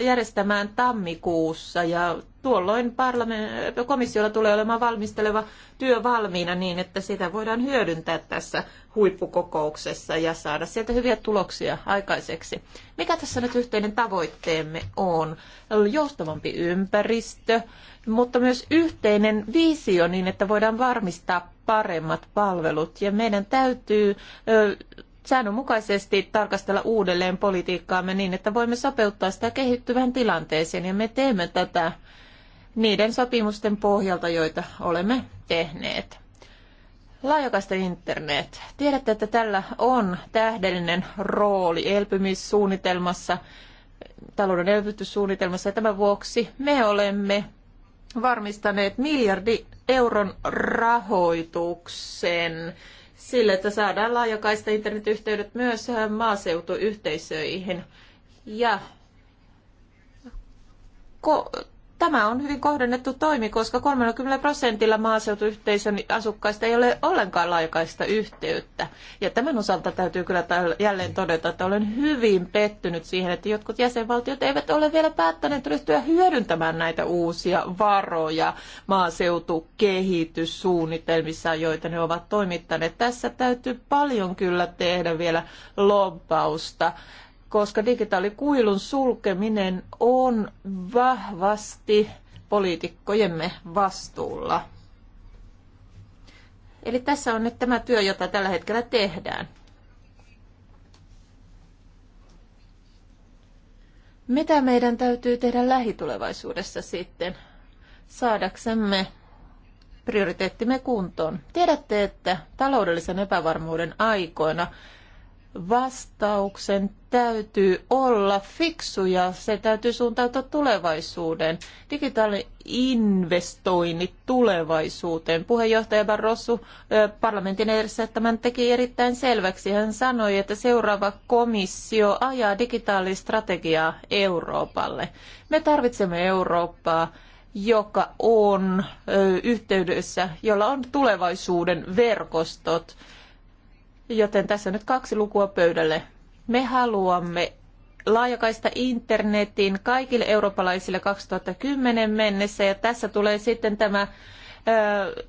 järjestämään tammikuussa ja tuolloin parlament- komissiolla tulee olemaan valmisteleva työ valmiina niin, että sitä voidaan hyödyntää tässä huippukokouksessa ja saada sieltä hyviä tuloksia aikaiseksi. Mikä tässä nyt yhteinen tavoitteemme on? Joustavampi ympäristö, mutta myös yhteinen visio niin, että voidaan varmistaa paremmat palvelut ja meidän täytyy säännönmukaisesti tarkastella uudelleen politiikkaamme niin, että voimme sopeuttaa sitä kehittyvään tilanteeseen ja me teemme tätä niiden sopimusten pohjalta, joita olemme tehneet. Laajakaista internet. Tiedätte, että tällä on tähdellinen rooli elpymissuunnitelmassa, talouden elvytyssuunnitelmassa ja tämän vuoksi me olemme varmistaneet miljardi euron rahoituksen sille, että saadaan laajakaista internetyhteydet myös äh, maaseutuyhteisöihin. Ja Tämä on hyvin kohdennettu toimi, koska 30 prosentilla maaseutuyhteisön asukkaista ei ole ollenkaan laajakaista yhteyttä. Ja tämän osalta täytyy kyllä jälleen todeta, että olen hyvin pettynyt siihen, että jotkut jäsenvaltiot eivät ole vielä päättäneet ryhtyä hyödyntämään näitä uusia varoja maaseutukehityssuunnitelmissa, joita ne ovat toimittaneet. Tässä täytyy paljon kyllä tehdä vielä lobbausta koska digitaalikuilun sulkeminen on vahvasti poliitikkojemme vastuulla. Eli tässä on nyt tämä työ, jota tällä hetkellä tehdään. Mitä meidän täytyy tehdä lähitulevaisuudessa sitten saadaksemme prioriteettimme kuntoon? Tiedätte, että taloudellisen epävarmuuden aikoina vastauksen täytyy olla fiksu ja se täytyy suuntautua tulevaisuuteen. Digitaalinen investoinnit tulevaisuuteen. Puheenjohtaja Barroso parlamentin edessä tämän teki erittäin selväksi. Hän sanoi, että seuraava komissio ajaa digitaalistrategiaa Euroopalle. Me tarvitsemme Eurooppaa, joka on yhteydessä, jolla on tulevaisuuden verkostot Joten tässä on nyt kaksi lukua pöydälle. Me haluamme laajakaista internetin kaikille eurooppalaisille 2010 mennessä ja tässä tulee sitten tämä ö,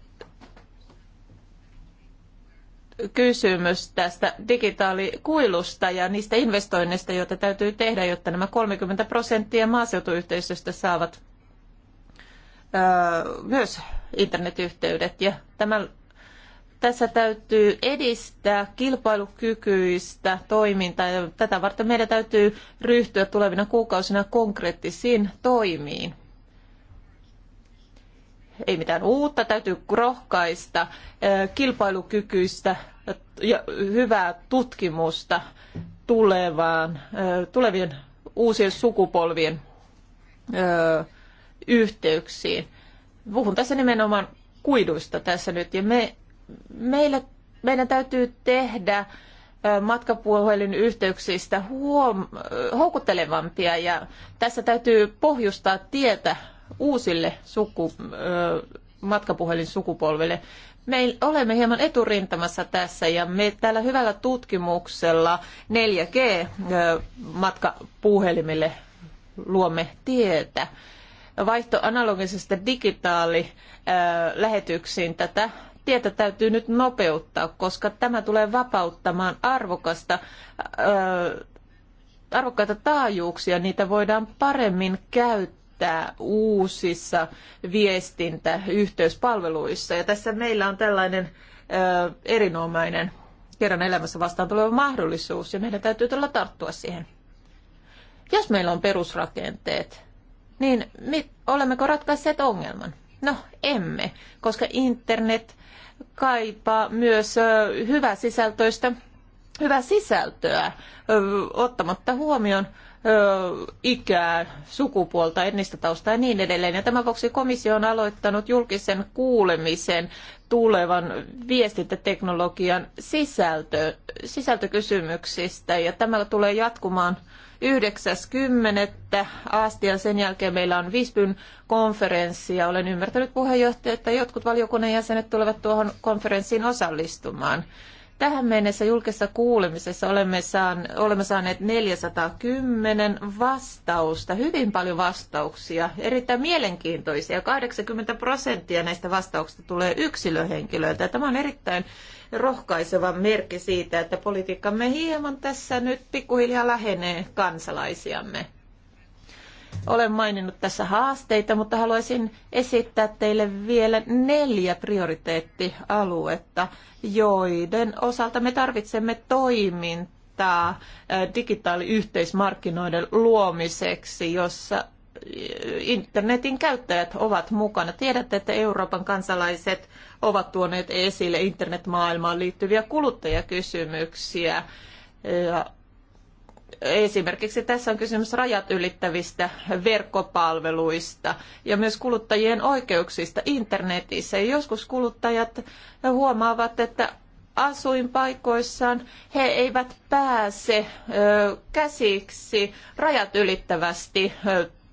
kysymys tästä digitaalikuilusta ja niistä investoinneista, joita täytyy tehdä, jotta nämä 30 prosenttia maaseutuyhteisöstä saavat ö, myös internetyhteydet ja tämä tässä täytyy edistää kilpailukykyistä toimintaa ja tätä varten meidän täytyy ryhtyä tulevina kuukausina konkreettisiin toimiin. Ei mitään uutta, täytyy rohkaista kilpailukykyistä ja hyvää tutkimusta tulevaan, tulevien uusien sukupolvien yhteyksiin. Puhun tässä nimenomaan kuiduista tässä nyt ja me meillä, meidän täytyy tehdä matkapuhelin yhteyksistä huom- houkuttelevampia ja tässä täytyy pohjustaa tietä uusille suku, matkapuhelin sukupolville. Me olemme hieman eturintamassa tässä ja me täällä hyvällä tutkimuksella 4G-matkapuhelimille luomme tietä. Vaihto analogisesta digitaali lähetyksiin tätä tietä täytyy nyt nopeuttaa, koska tämä tulee vapauttamaan arvokasta, ää, arvokkaita taajuuksia. Niitä voidaan paremmin käyttää uusissa viestintäyhteyspalveluissa. Ja tässä meillä on tällainen ö, erinomainen kerran elämässä vastaan tuleva mahdollisuus ja meidän täytyy tulla tarttua siihen. Jos meillä on perusrakenteet, niin mit, olemmeko ratkaisseet ongelman? No emme, koska internet kaipaa myös hyvää sisältöistä, hyvää sisältöä ottamatta huomioon ikää, sukupuolta, etnistä taustaa ja niin edelleen. Ja tämän vuoksi komissio on aloittanut julkisen kuulemisen tulevan viestintäteknologian sisältö, sisältökysymyksistä. Ja tämä tulee jatkumaan 9.10. asti ja sen jälkeen meillä on Visbyn konferenssi ja olen ymmärtänyt puheenjohtaja, että jotkut valiokunnan jäsenet tulevat tuohon konferenssiin osallistumaan. Tähän mennessä julkisessa kuulemisessa olemme, saan, olemme saaneet 410 vastausta, hyvin paljon vastauksia, erittäin mielenkiintoisia. 80 prosenttia näistä vastauksista tulee yksilöhenkilöiltä. Tämä on erittäin rohkaiseva merkki siitä, että politiikkamme hieman tässä nyt pikkuhiljaa lähenee kansalaisiamme. Olen maininnut tässä haasteita, mutta haluaisin esittää teille vielä neljä prioriteettialuetta, joiden osalta me tarvitsemme toimintaa digitaaliyhteismarkkinoiden luomiseksi, jossa internetin käyttäjät ovat mukana. Tiedätte, että Euroopan kansalaiset ovat tuoneet esille internetmaailmaan liittyviä kuluttajakysymyksiä. Ja esimerkiksi tässä on kysymys rajat ylittävistä verkkopalveluista ja myös kuluttajien oikeuksista internetissä. Ja joskus kuluttajat huomaavat, että asuinpaikoissaan he eivät pääse käsiksi rajat ylittävästi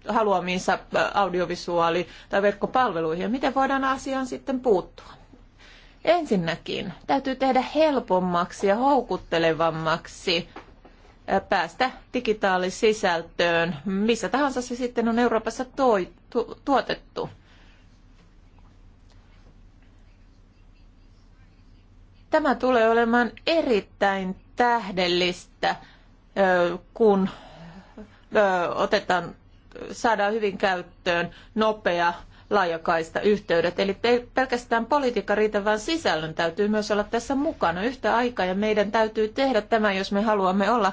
haluamiinsa audiovisuaali- tai verkkopalveluihin ja miten voidaan asiaan sitten puuttua. Ensinnäkin täytyy tehdä helpommaksi ja houkuttelevammaksi päästä digitaalisisältöön, missä tahansa se sitten on Euroopassa toi, tu, tuotettu. Tämä tulee olemaan erittäin tähdellistä, kun otetaan saadaan hyvin käyttöön nopea laajakaista yhteydet. Eli ei pelkästään politiikka riitä, vaan sisällön täytyy myös olla tässä mukana yhtä aikaa ja meidän täytyy tehdä tämä, jos me haluamme olla ö,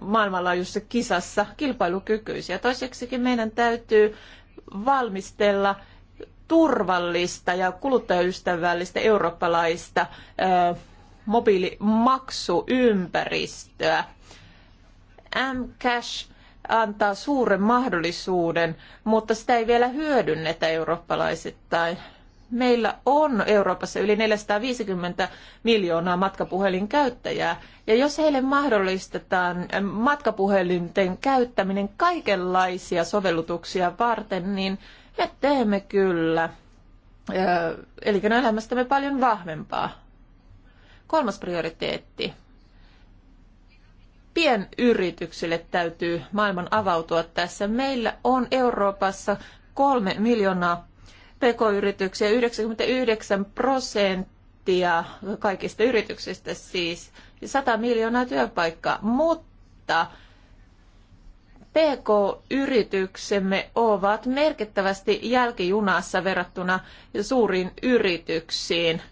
maailmanlaajuisessa kisassa kilpailukykyisiä. Toiseksikin meidän täytyy valmistella turvallista ja kuluttajaystävällistä eurooppalaista ö, mobiilimaksuympäristöä. M-Cash antaa suuren mahdollisuuden, mutta sitä ei vielä hyödynnetä eurooppalaisittain. Meillä on Euroopassa yli 450 miljoonaa matkapuhelin käyttäjää, ja jos heille mahdollistetaan ähm, matkapuhelinten käyttäminen kaikenlaisia sovellutuksia varten, niin me teemme kyllä äh, elinkeinoelämästämme paljon vahvempaa. Kolmas prioriteetti pienyrityksille täytyy maailman avautua tässä. Meillä on Euroopassa kolme miljoonaa pk-yrityksiä, 99 prosenttia kaikista yrityksistä siis, ja 100 miljoonaa työpaikkaa, mutta PK-yrityksemme ovat merkittävästi jälkijunassa verrattuna suuriin yrityksiin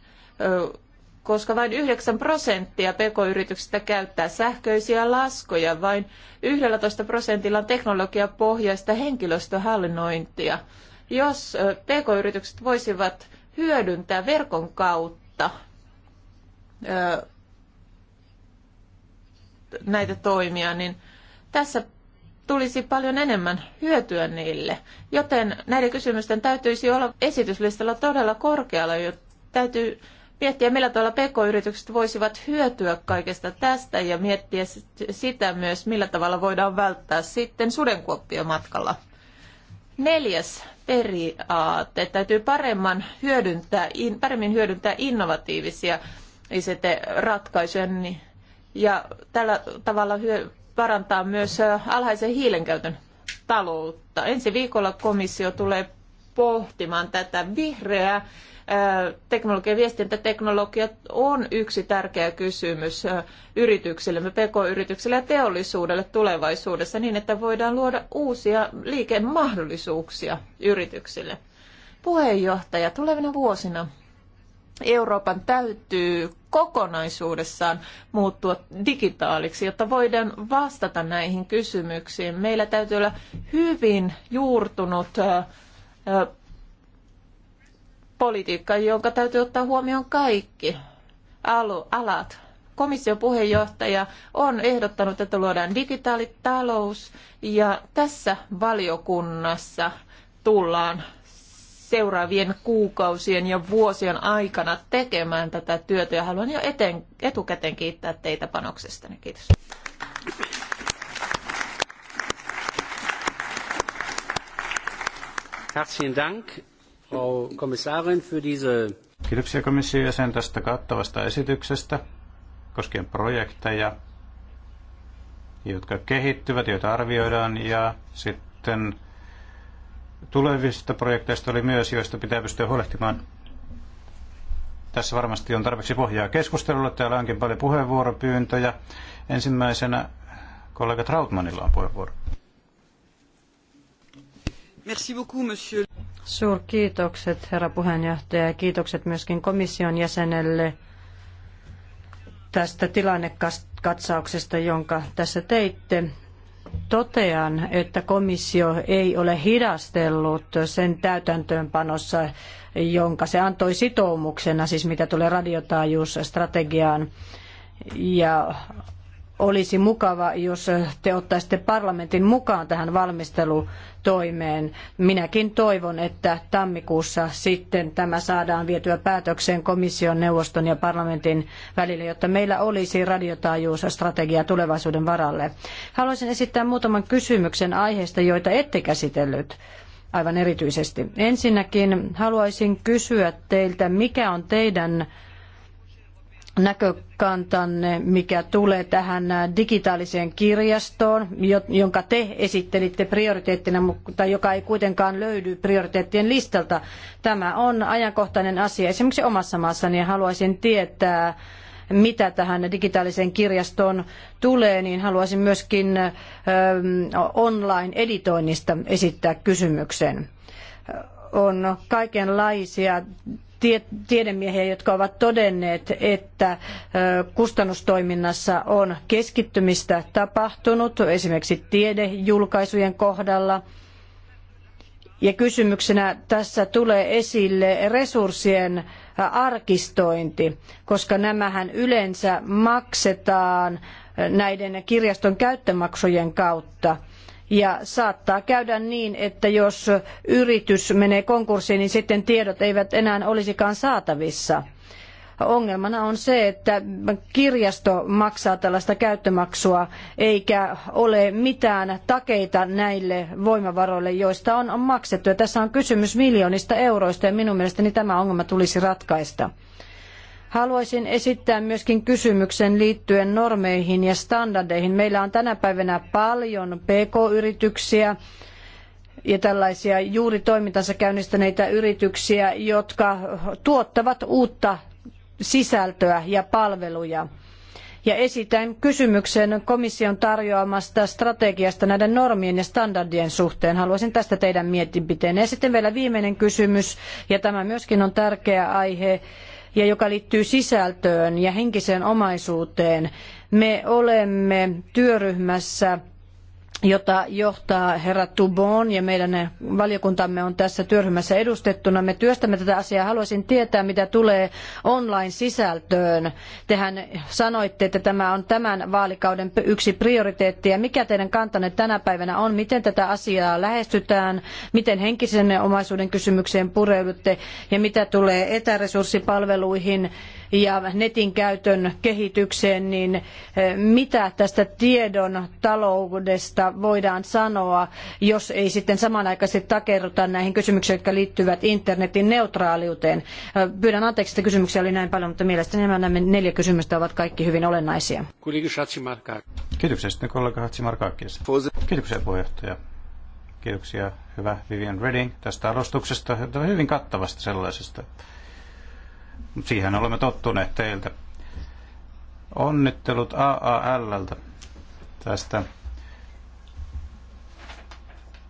koska vain 9 prosenttia pk-yrityksistä käyttää sähköisiä laskuja, vain 11 prosentilla on teknologiapohjaista henkilöstöhallinnointia. Jos pk-yritykset voisivat hyödyntää verkon kautta näitä toimia, niin tässä tulisi paljon enemmän hyötyä niille. Joten näiden kysymysten täytyisi olla esityslistalla todella korkealla, jo täytyy miettiä, millä tavalla pk-yritykset voisivat hyötyä kaikesta tästä ja miettiä sitä myös, millä tavalla voidaan välttää sitten sudenkuoppia matkalla. Neljäs periaate. Täytyy paremman hyödyntää, paremmin hyödyntää innovatiivisia ICT-ratkaisuja niin- ja tällä tavalla parantaa myös alhaisen hiilenkäytön taloutta. Ensi viikolla komissio tulee pohtimaan tätä vihreää teknologia- ja viestintäteknologia on yksi tärkeä kysymys yrityksillemme, pk-yrityksille ja teollisuudelle tulevaisuudessa niin, että voidaan luoda uusia liikemahdollisuuksia yrityksille. Puheenjohtaja, tulevina vuosina Euroopan täytyy kokonaisuudessaan muuttua digitaaliksi, jotta voidaan vastata näihin kysymyksiin. Meillä täytyy olla hyvin juurtunut politiikka, jonka täytyy ottaa huomioon kaikki alat. Komission puheenjohtaja on ehdottanut, että luodaan digitaalitalous ja tässä valiokunnassa tullaan seuraavien kuukausien ja vuosien aikana tekemään tätä työtä ja haluan jo eten, etukäteen kiittää teitä panoksestanne. Kiitos. Herzlichen Dank. Frau Kommissarin, für diese... Kiitoksia komission jäsen tästä kattavasta esityksestä koskien projekteja, jotka kehittyvät, joita arvioidaan ja sitten tulevista projekteista oli myös, joista pitää pystyä huolehtimaan. Tässä varmasti on tarpeeksi pohjaa keskustelulle. Täällä onkin paljon puheenvuoropyyntöjä. Ensimmäisenä kollega Trautmanilla on puheenvuoro. Merci beaucoup, monsieur. Suurkiitokset, herra puheenjohtaja, ja kiitokset myöskin komission jäsenelle tästä tilannekatsauksesta, jonka tässä teitte. Totean, että komissio ei ole hidastellut sen täytäntöönpanossa, jonka se antoi sitoumuksena, siis mitä tulee radiotaajuusstrategiaan. Ja olisi mukava, jos te ottaisitte parlamentin mukaan tähän valmistelutoimeen. Minäkin toivon, että tammikuussa sitten tämä saadaan vietyä päätökseen komission, neuvoston ja parlamentin välillä, jotta meillä olisi radiotaajuusstrategia tulevaisuuden varalle. Haluaisin esittää muutaman kysymyksen aiheesta, joita ette käsitellyt aivan erityisesti. Ensinnäkin haluaisin kysyä teiltä, mikä on teidän näkökantanne, mikä tulee tähän digitaaliseen kirjastoon, jonka te esittelitte prioriteettina, mutta joka ei kuitenkaan löydy prioriteettien listalta. Tämä on ajankohtainen asia esimerkiksi omassa maassani ja haluaisin tietää, mitä tähän digitaaliseen kirjastoon tulee, niin haluaisin myöskin online-editoinnista esittää kysymyksen on kaikenlaisia tiedemiehiä, jotka ovat todenneet, että kustannustoiminnassa on keskittymistä tapahtunut, esimerkiksi tiedejulkaisujen kohdalla. Ja kysymyksenä tässä tulee esille resurssien arkistointi, koska nämähän yleensä maksetaan näiden kirjaston käyttömaksujen kautta – ja saattaa käydä niin, että jos yritys menee konkurssiin, niin sitten tiedot eivät enää olisikaan saatavissa. Ongelmana on se, että kirjasto maksaa tällaista käyttömaksua eikä ole mitään takeita näille voimavaroille, joista on maksettu. Ja tässä on kysymys miljoonista euroista ja minun mielestäni tämä ongelma tulisi ratkaista. Haluaisin esittää myöskin kysymyksen liittyen normeihin ja standardeihin. Meillä on tänä päivänä paljon pk-yrityksiä ja tällaisia juuri toimintansa käynnistäneitä yrityksiä, jotka tuottavat uutta sisältöä ja palveluja ja esitän kysymyksen komission tarjoamasta strategiasta näiden normien ja standardien suhteen. Haluaisin tästä teidän mielipiteenne. Ja sitten vielä viimeinen kysymys, ja tämä myöskin on tärkeä aihe ja joka liittyy sisältöön ja henkiseen omaisuuteen. Me olemme työryhmässä jota johtaa herra Tubon ja meidän valiokuntamme on tässä työryhmässä edustettuna. Me työstämme tätä asiaa. Haluaisin tietää, mitä tulee online-sisältöön. Tehän sanoitte, että tämä on tämän vaalikauden yksi prioriteetti. Ja mikä teidän kantanne tänä päivänä on? Miten tätä asiaa lähestytään? Miten henkisen omaisuuden kysymykseen pureudutte? Ja mitä tulee etäresurssipalveluihin? ja netin käytön kehitykseen, niin eh, mitä tästä tiedon taloudesta voidaan sanoa, jos ei sitten samanaikaisesti takerruta näihin kysymyksiin, jotka liittyvät internetin neutraaliuteen? Eh, pyydän anteeksi, että kysymyksiä oli näin paljon, mutta mielestäni nämä neljä kysymystä ovat kaikki hyvin olennaisia. Kiitoksia sitten kollega Hatsimarkakis. Kiitoksia puheenjohtaja. Kiitoksia hyvä Vivian Redding tästä alustuksesta, hyvin kattavasta sellaisesta. Siihen olemme tottuneet teiltä. Onnittelut AALltä tästä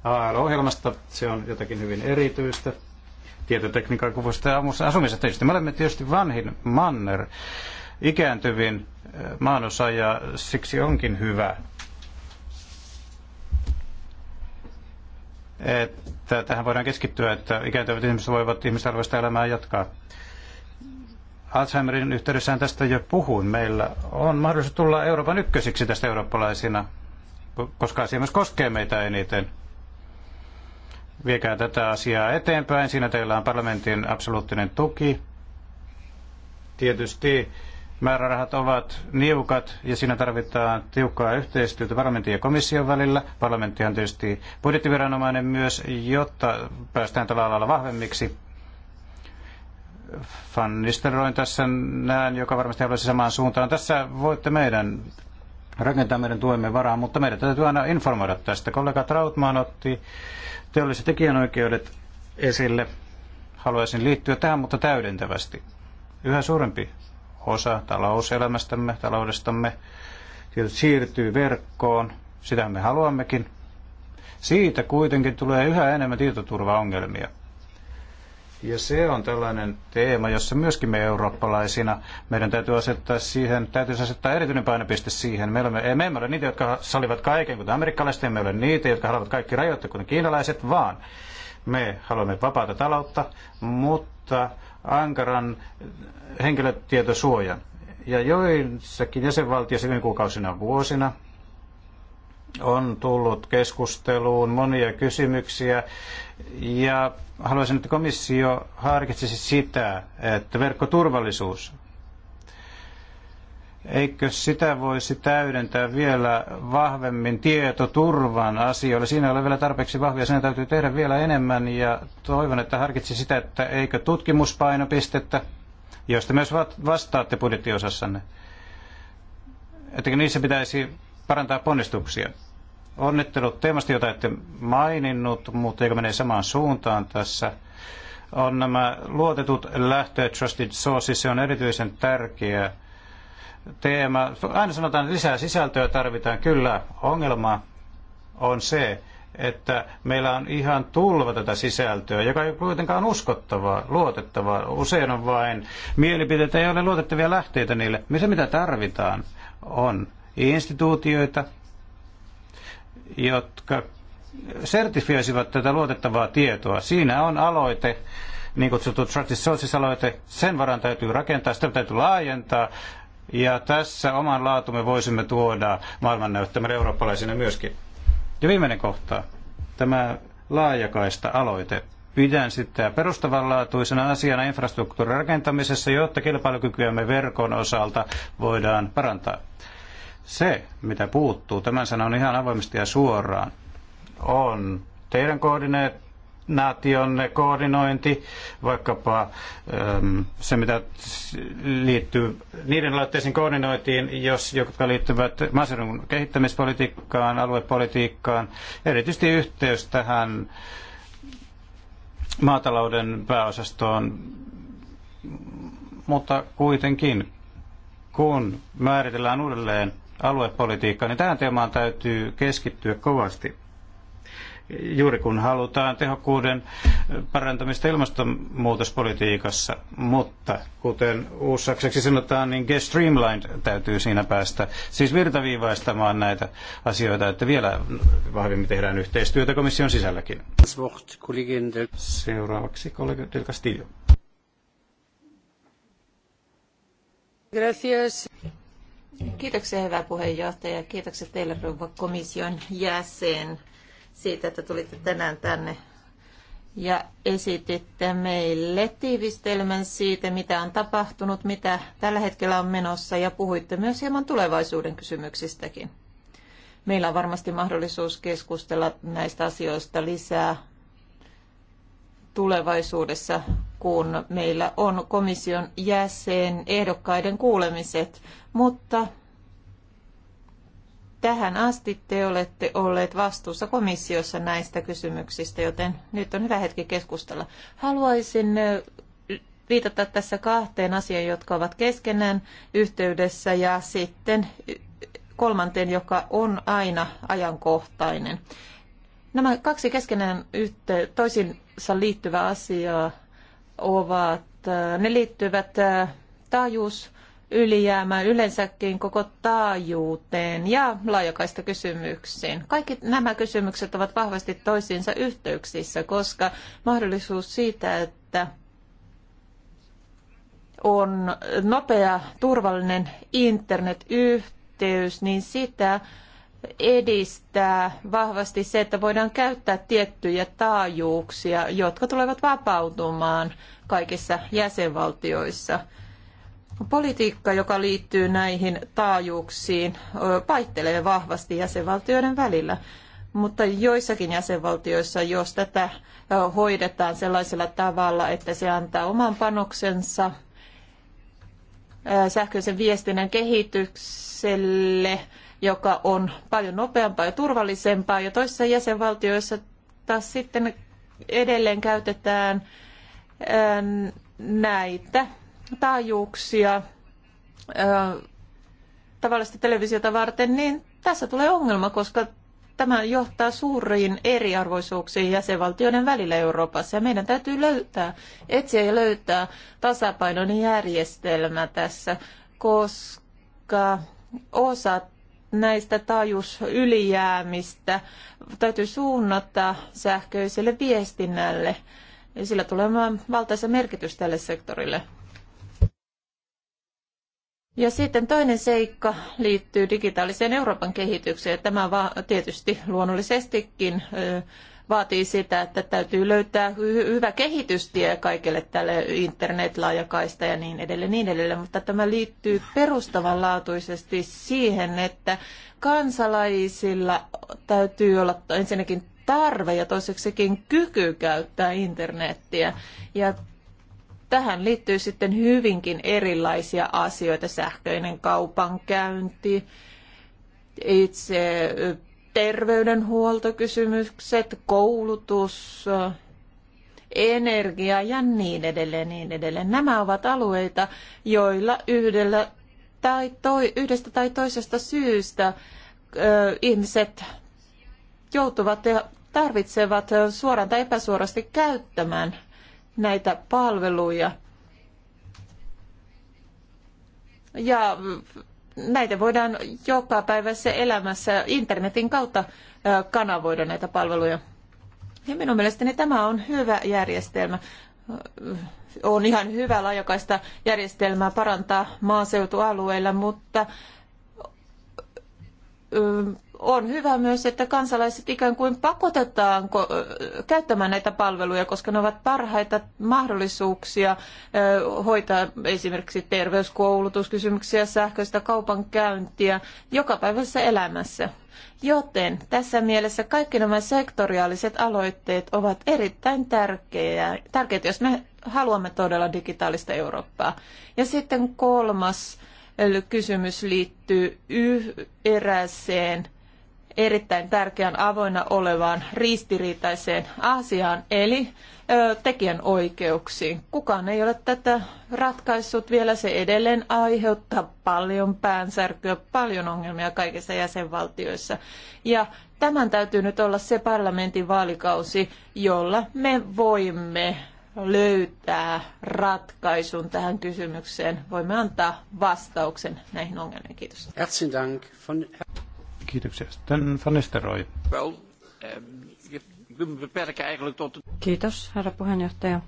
aal ohjelmasta Se on jotakin hyvin erityistä. Tietotekniikan kuvusta ja asumisesta. Tietysti me olemme tietysti vanhin manner, ikääntyvin eh, maanosa ja siksi onkin hyvä, että tähän voidaan keskittyä, että ikääntyvät ihmiset voivat ihmisarvoista elämää jatkaa. Alzheimerin yhteydessään tästä jo puhuin. Meillä on mahdollisuus tulla Euroopan ykkösiksi tästä eurooppalaisina, koska asia myös koskee meitä eniten. Viekää tätä asiaa eteenpäin. Siinä teillä on parlamentin absoluuttinen tuki. Tietysti määrärahat ovat niukat ja siinä tarvitaan tiukkaa yhteistyötä parlamentin ja komission välillä. Parlamentti on tietysti budjettiviranomainen myös, jotta päästään tällä alalla vahvemmiksi Van Nistelrooyn tässä näen, joka varmasti haluaisi samaan suuntaan. Tässä voitte meidän rakentaa meidän tuemme varaan, mutta meidän täytyy aina informoida tästä. Kollega Trautman otti teolliset tekijänoikeudet esille. Haluaisin liittyä tähän, mutta täydentävästi. Yhä suurempi osa talouselämästämme, taloudestamme siirtyy verkkoon. Sitä me haluammekin. Siitä kuitenkin tulee yhä enemmän tietoturvaongelmia. Ja se on tällainen teema, jossa myöskin me eurooppalaisina, meidän täytyy asettaa siihen, täytyy asettaa erityinen painopiste siihen. Me, olemme, me emme ole niitä, jotka salivat kaiken, kuten amerikkalaiset, emme ole niitä, jotka haluavat kaikki rajoittaa, kuten kiinalaiset, vaan me haluamme vapaata taloutta, mutta ankaran henkilötietosuojan. Ja joissakin jäsenvaltioissa viime kuukausina vuosina, on tullut keskusteluun monia kysymyksiä ja haluaisin, että komissio harkitsisi sitä, että verkkoturvallisuus, eikö sitä voisi täydentää vielä vahvemmin tietoturvan asioilla? Siinä ei ole vielä tarpeeksi vahvia, sen täytyy tehdä vielä enemmän ja toivon, että harkitsisi sitä, että eikö tutkimuspainopistettä, josta myös vastaatte budjettiosassanne, että niissä pitäisi parantaa ponnistuksia. Onnittelut teemasta, jota ette maininnut, mutta joka menee samaan suuntaan tässä, on nämä luotetut lähteet, trusted sources, se on erityisen tärkeä teema. Aina sanotaan, että lisää sisältöä tarvitaan. Kyllä, ongelma on se, että meillä on ihan tulva tätä sisältöä, joka ei kuitenkaan uskottavaa, luotettavaa. Usein on vain mielipiteitä, ei ole luotettavia lähteitä niille. Se, mitä tarvitaan, on instituutioita, jotka sertifioisivat tätä luotettavaa tietoa. Siinä on aloite, niin kutsuttu Trusted Sources-aloite, sen varan täytyy rakentaa, sitä täytyy laajentaa, ja tässä oman laatumme voisimme tuoda maailmannäyttämään eurooppalaisina myöskin. Ja viimeinen kohta, tämä laajakaista aloite. Pidän sitä perustavanlaatuisena asiana infrastruktuurin rakentamisessa, jotta kilpailukykyämme verkon osalta voidaan parantaa. Se, mitä puuttuu, tämän sanon ihan avoimesti ja suoraan, on teidän koordinaationne koordinointi, vaikkapa ähm, se, mitä liittyy niiden laitteisiin koordinointiin, jos, jotka liittyvät maaseudun kehittämispolitiikkaan, aluepolitiikkaan, erityisesti yhteys tähän maatalouden pääosastoon, mutta kuitenkin kun määritellään uudelleen aluepolitiikkaa, niin tähän teemaan täytyy keskittyä kovasti. Juuri kun halutaan tehokkuuden parantamista ilmastonmuutospolitiikassa, mutta kuten uusakseksi sanotaan, niin get streamlined täytyy siinä päästä. Siis virtaviivaistamaan näitä asioita, että vielä vahvemmin tehdään yhteistyötä komission sisälläkin. Seuraavaksi kollega Del Castillo. Gracias. Kiitoksia hyvä puheenjohtaja. Kiitoksia teille rouva komission jäsen siitä, että tulitte tänään tänne ja esititte meille tiivistelmän siitä, mitä on tapahtunut, mitä tällä hetkellä on menossa ja puhuitte myös hieman tulevaisuuden kysymyksistäkin. Meillä on varmasti mahdollisuus keskustella näistä asioista lisää tulevaisuudessa, kun meillä on komission jäsen ehdokkaiden kuulemiset, mutta tähän asti te olette olleet vastuussa komissiossa näistä kysymyksistä, joten nyt on hyvä hetki keskustella. Haluaisin viitata tässä kahteen asiaan, jotka ovat keskenään yhteydessä ja sitten kolmanteen, joka on aina ajankohtainen. Nämä kaksi keskenään yhteen, toisinsa liittyvää asiaa ovat, äh, ne liittyvät äh, taajuus ylijäämään yleensäkin koko taajuuteen ja laajakaista kysymyksiin. Kaikki nämä kysymykset ovat vahvasti toisiinsa yhteyksissä, koska mahdollisuus siitä, että on nopea, turvallinen internetyhteys, niin sitä edistää vahvasti se, että voidaan käyttää tiettyjä taajuuksia, jotka tulevat vapautumaan kaikissa jäsenvaltioissa. Politiikka, joka liittyy näihin taajuuksiin, vaihtelee vahvasti jäsenvaltioiden välillä. Mutta joissakin jäsenvaltioissa, jos tätä hoidetaan sellaisella tavalla, että se antaa oman panoksensa sähköisen viestinnän kehitykselle, joka on paljon nopeampaa ja turvallisempaa. Ja toisissa jäsenvaltioissa taas sitten edelleen käytetään ähm, näitä taajuuksia äh, tavallista televisiota varten, niin tässä tulee ongelma, koska tämä johtaa suuriin eriarvoisuuksiin jäsenvaltioiden välillä Euroopassa. Ja meidän täytyy löytää, etsiä ja löytää tasapainoinen järjestelmä tässä, koska osa näistä taajuusylijäämistä täytyy suunnata sähköiselle viestinnälle. Sillä tulee olemaan valtaisa merkitys tälle sektorille. Ja sitten toinen seikka liittyy digitaaliseen Euroopan kehitykseen. Tämä va- tietysti luonnollisestikin vaatii sitä, että täytyy löytää hyvä kehitystie kaikelle tälle internetlaajakaistalle ja niin edelleen, niin edelleen, mutta tämä liittyy perustavanlaatuisesti siihen, että kansalaisilla täytyy olla ensinnäkin tarve ja toiseksikin kyky käyttää internettiä. Ja tähän liittyy sitten hyvinkin erilaisia asioita, sähköinen kaupankäynti, itse terveydenhuoltokysymykset, koulutus, energia ja niin edelleen, niin edelleen. Nämä ovat alueita, joilla yhdellä tai toi, yhdestä tai toisesta syystä ö, ihmiset joutuvat ja tarvitsevat suoraan tai epäsuorasti käyttämään näitä palveluja. Ja näitä voidaan jokapäiväisessä elämässä internetin kautta kanavoida näitä palveluja. Ja minun mielestäni tämä on hyvä järjestelmä. On ihan hyvä laajakaista järjestelmää parantaa maaseutualueilla, mutta on hyvä myös, että kansalaiset ikään kuin pakotetaan käyttämään näitä palveluja, koska ne ovat parhaita mahdollisuuksia hoitaa esimerkiksi terveyskoulutuskysymyksiä, sähköistä kaupankäyntiä jokapäiväisessä elämässä. Joten tässä mielessä kaikki nämä sektoriaaliset aloitteet ovat erittäin tärkeitä, tärkeitä jos me haluamme todella digitaalista Eurooppaa. Ja sitten kolmas kysymys liittyy erääseen erittäin tärkeään avoinna olevaan ristiriitaiseen asiaan, eli tekijän tekijänoikeuksiin. Kukaan ei ole tätä ratkaissut vielä. Se edelleen aiheuttaa paljon päänsärkyä, paljon ongelmia kaikissa jäsenvaltioissa. Ja tämän täytyy nyt olla se parlamentin vaalikausi, jolla me voimme löytää ratkaisun tähän kysymykseen. Voimme antaa vastauksen näihin ongelmiin. Kiitos. Herzlichen Dank Kiitoksia. Sitten Fanisteroi. Ehm, Kiitos, herra puheenjohtaja.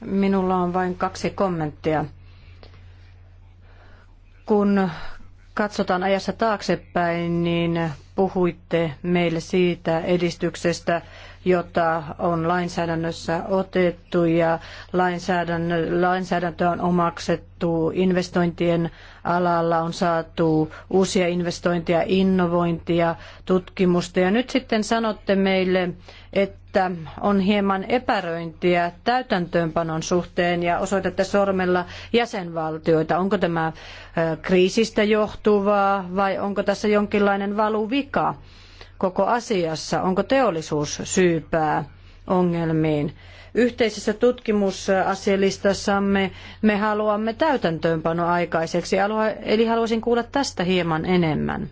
Minulla on vain kaksi kommenttia. Kun katsotaan ajassa taaksepäin, niin puhuitte meille siitä edistyksestä, jota on lainsäädännössä otettu ja lainsäädännö, lainsäädäntö on omaksettu investointien alalla, on saatu uusia investointeja, innovointia, tutkimusta ja nyt sitten sanotte meille, että on hieman epäröintiä täytäntöönpanon suhteen ja osoitatte sormella jäsenvaltioita. Onko tämä kriisistä johtuvaa vai onko tässä jonkinlainen valuvika? koko asiassa? Onko teollisuus syypää ongelmiin? Yhteisessä tutkimusasialistassamme me haluamme täytäntöönpano aikaiseksi, eli haluaisin kuulla tästä hieman enemmän.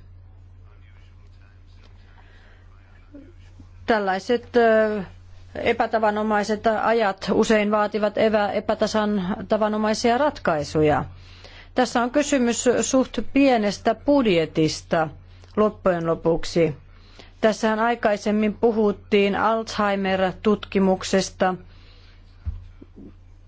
Tällaiset epätavanomaiset ajat usein vaativat epätavanomaisia ratkaisuja. Tässä on kysymys suht pienestä budjetista loppujen lopuksi. Tässähän aikaisemmin puhuttiin Alzheimer-tutkimuksesta.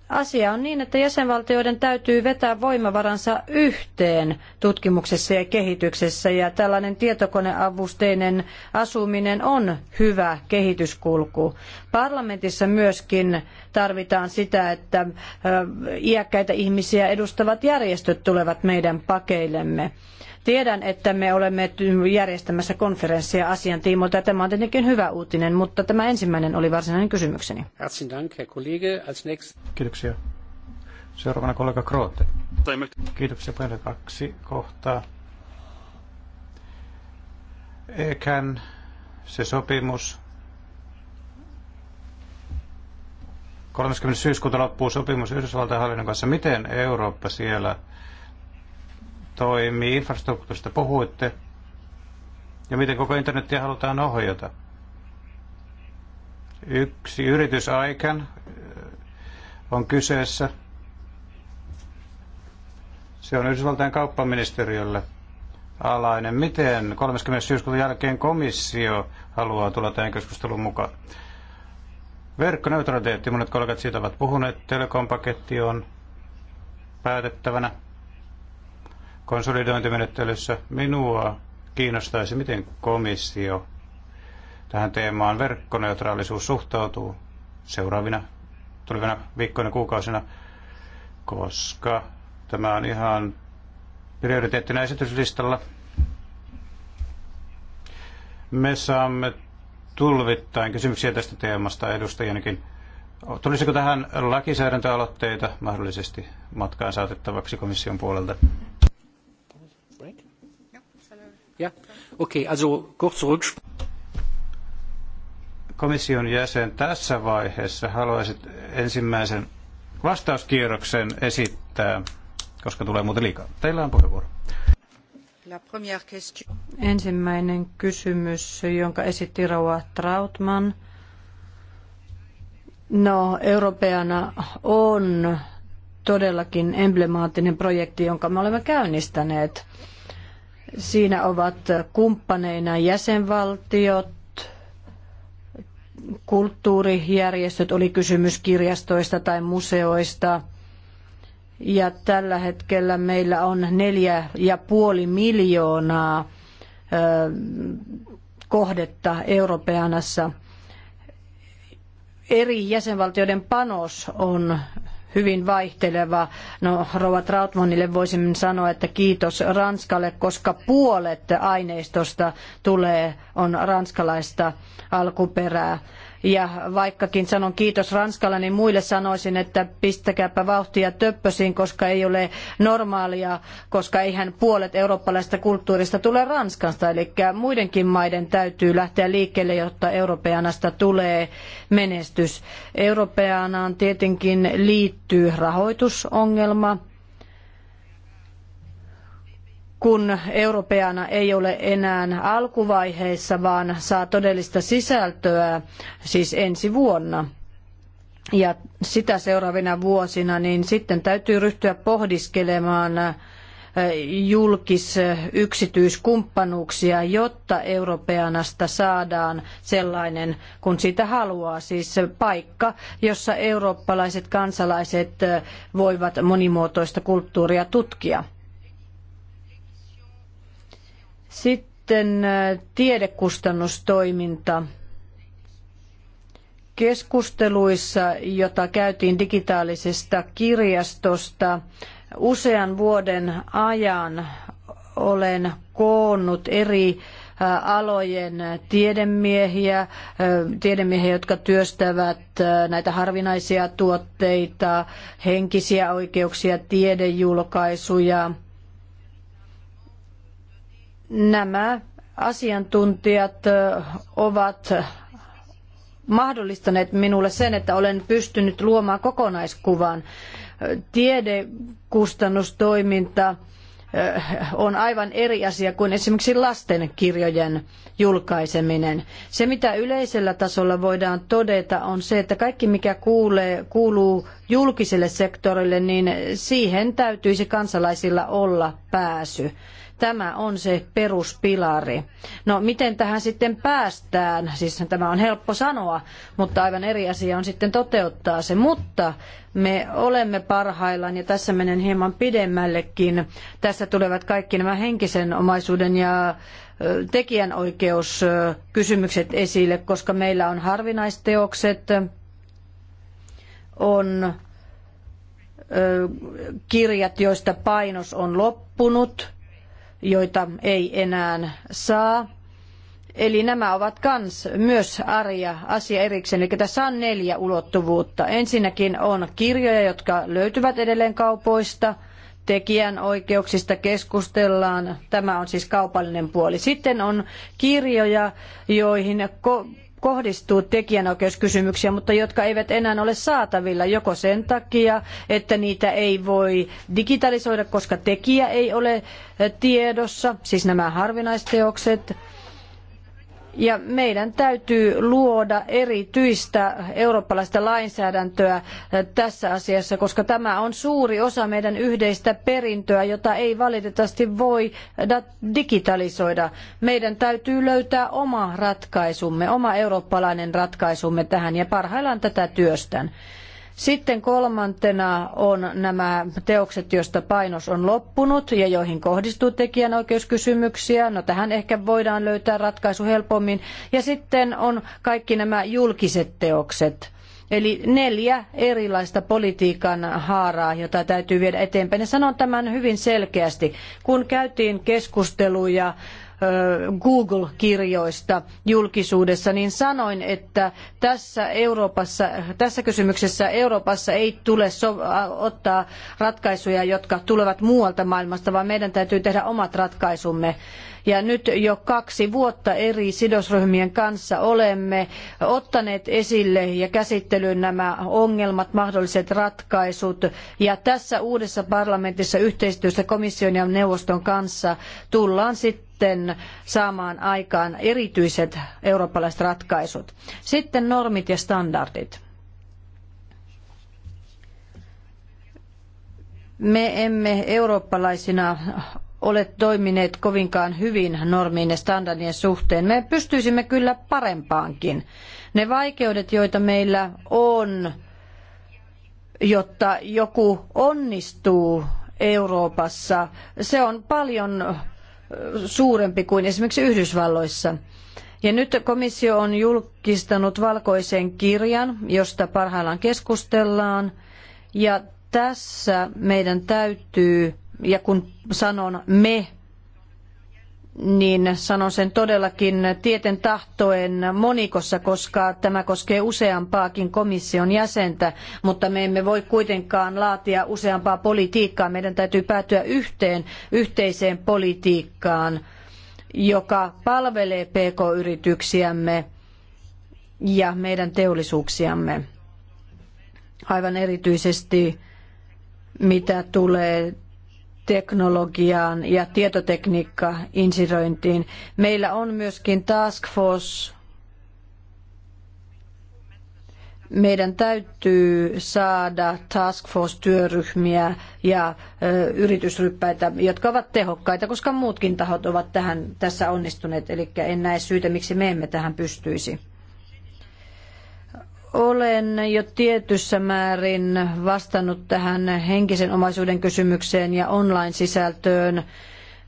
Asia on niin, että jäsenvaltioiden täytyy vetää voimavaransa yhteen tutkimuksessa ja kehityksessä, ja tällainen tietokoneavusteinen asuminen on hyvä kehityskulku. Parlamentissa myöskin tarvitaan sitä, että iäkkäitä ihmisiä edustavat järjestöt tulevat meidän pakeillemme. Tiedän, että me olemme järjestämässä konferenssia asian tiimoilta ja tämä on tietenkin hyvä uutinen, mutta tämä ensimmäinen oli varsinainen kysymykseni. Kiitoksia. Seuraavana kollega Kroote. Kiitoksia paljon kaksi kohtaa. Eihän se sopimus 30. syyskuuta loppuu sopimus Yhdysvaltain hallinnon kanssa. Miten Eurooppa siellä toimii, infrastruktuurista puhuitte, ja miten koko internetiä halutaan ohjata. Yksi yritys äh, on kyseessä. Se on Yhdysvaltain kauppaministeriölle alainen. Miten 30. syyskuuta jälkeen komissio haluaa tulla tähän keskusteluun mukaan? Verkkoneutraliteetti, monet kollegat siitä ovat puhuneet, telekompaketti on päätettävänä konsolidointimenettelyssä minua kiinnostaisi, miten komissio tähän teemaan verkkoneutraalisuus suhtautuu seuraavina tulevina viikkoina kuukausina, koska tämä on ihan prioriteettina esityslistalla. Me saamme tulvittain kysymyksiä tästä teemasta edustajienkin. Tulisiko tähän lakisäädäntöaloitteita mahdollisesti matkaan saatettavaksi komission puolelta? Komission jäsen tässä vaiheessa haluaisit ensimmäisen vastauskierroksen esittää, koska tulee muuten liikaa. Teillä on puheenvuoro. Ensimmäinen kysymys, jonka esitti Rauha Trautman. No, Europeana on todellakin emblemaattinen projekti, jonka me olemme käynnistäneet – Siinä ovat kumppaneina jäsenvaltiot, kulttuurijärjestöt, oli kysymys kirjastoista tai museoista. Ja tällä hetkellä meillä on neljä ja puoli miljoonaa kohdetta Europeanassa. Eri jäsenvaltioiden panos on hyvin vaihteleva. No, Rova Trautmanille voisimme sanoa, että kiitos Ranskalle, koska puolet aineistosta tulee, on ranskalaista alkuperää. Ja vaikkakin sanon kiitos Ranskalle, niin muille sanoisin, että pistäkääpä vauhtia töppösiin, koska ei ole normaalia, koska eihän puolet eurooppalaisesta kulttuurista tule Ranskasta. Eli muidenkin maiden täytyy lähteä liikkeelle, jotta europeanasta tulee menestys. Europeanaan tietenkin liittyy rahoitusongelma kun europeana ei ole enää alkuvaiheessa, vaan saa todellista sisältöä siis ensi vuonna ja sitä seuraavina vuosina, niin sitten täytyy ryhtyä pohdiskelemaan eh, julkis-yksityiskumppanuuksia, jotta Europeanasta saadaan sellainen, kun sitä haluaa, siis paikka, jossa eurooppalaiset kansalaiset eh, voivat monimuotoista kulttuuria tutkia. Sitten äh, tiedekustannustoiminta. Keskusteluissa, jota käytiin digitaalisesta kirjastosta, usean vuoden ajan olen koonnut eri äh, alojen tiedemiehiä, äh, tiedemiehiä, jotka työstävät näitä harvinaisia tuotteita, henkisiä oikeuksia, tiedejulkaisuja – nämä asiantuntijat ovat mahdollistaneet minulle sen, että olen pystynyt luomaan kokonaiskuvan. Tiedekustannustoiminta on aivan eri asia kuin esimerkiksi lastenkirjojen julkaiseminen. Se, mitä yleisellä tasolla voidaan todeta, on se, että kaikki mikä kuulee, kuuluu julkiselle sektorille, niin siihen täytyisi kansalaisilla olla pääsy. Tämä on se peruspilari. No miten tähän sitten päästään? Siis tämä on helppo sanoa, mutta aivan eri asia on sitten toteuttaa se. Mutta me olemme parhaillaan, ja tässä menen hieman pidemmällekin. Tässä tulevat kaikki nämä henkisen omaisuuden ja tekijänoikeuskysymykset esille, koska meillä on harvinaisteokset, on kirjat, joista painos on loppunut, joita ei enää saa. Eli nämä ovat kans, myös arja asia erikseen. Eli tässä on neljä ulottuvuutta. Ensinnäkin on kirjoja, jotka löytyvät edelleen kaupoista. Tekijänoikeuksista keskustellaan. Tämä on siis kaupallinen puoli. Sitten on kirjoja, joihin kohdistuu tekijänoikeuskysymyksiä, mutta jotka eivät enää ole saatavilla joko sen takia, että niitä ei voi digitalisoida, koska tekijä ei ole tiedossa, siis nämä harvinaisteokset, ja meidän täytyy luoda erityistä eurooppalaista lainsäädäntöä eh, tässä asiassa, koska tämä on suuri osa meidän yhteistä perintöä, jota ei valitettavasti voi eh, digitalisoida. Meidän täytyy löytää oma ratkaisumme, oma eurooppalainen ratkaisumme tähän ja parhaillaan tätä työstän. Sitten kolmantena on nämä teokset, joista painos on loppunut ja joihin kohdistuu tekijänoikeuskysymyksiä. No tähän ehkä voidaan löytää ratkaisu helpommin. Ja sitten on kaikki nämä julkiset teokset. Eli neljä erilaista politiikan haaraa, jota täytyy viedä eteenpäin. Ja sanon tämän hyvin selkeästi. Kun käytiin keskusteluja Google-kirjoista julkisuudessa, niin sanoin, että tässä, Euroopassa, tässä kysymyksessä Euroopassa ei tule ottaa ratkaisuja, jotka tulevat muualta maailmasta, vaan meidän täytyy tehdä omat ratkaisumme. Ja nyt jo kaksi vuotta eri sidosryhmien kanssa olemme ottaneet esille ja käsittelyyn nämä ongelmat, mahdolliset ratkaisut. Ja tässä uudessa parlamentissa yhteistyössä komission ja neuvoston kanssa tullaan sitten sitten saamaan aikaan erityiset eurooppalaiset ratkaisut. Sitten normit ja standardit. Me emme eurooppalaisina ole toimineet kovinkaan hyvin normien ja standardien suhteen. Me pystyisimme kyllä parempaankin. Ne vaikeudet, joita meillä on, jotta joku onnistuu Euroopassa, se on paljon suurempi kuin esimerkiksi Yhdysvalloissa. Ja nyt komissio on julkistanut valkoisen kirjan, josta parhaillaan keskustellaan. Ja tässä meidän täytyy ja kun sanon me, niin sanon sen todellakin tieten tahtoen monikossa, koska tämä koskee useampaakin komission jäsentä, mutta me emme voi kuitenkaan laatia useampaa politiikkaa. Meidän täytyy päätyä yhteen yhteiseen politiikkaan, joka palvelee pk-yrityksiämme ja meidän teollisuuksiamme. Aivan erityisesti mitä tulee teknologiaan ja tietotekniikka-insirointiin. Meillä on myöskin task force. Meidän täytyy saada task force-työryhmiä ja ö, yritysryppäitä, jotka ovat tehokkaita, koska muutkin tahot ovat tähän, tässä onnistuneet. Eli en näe syytä, miksi me emme tähän pystyisi. Olen jo tietyssä määrin vastannut tähän henkisen omaisuuden kysymykseen ja online-sisältöön,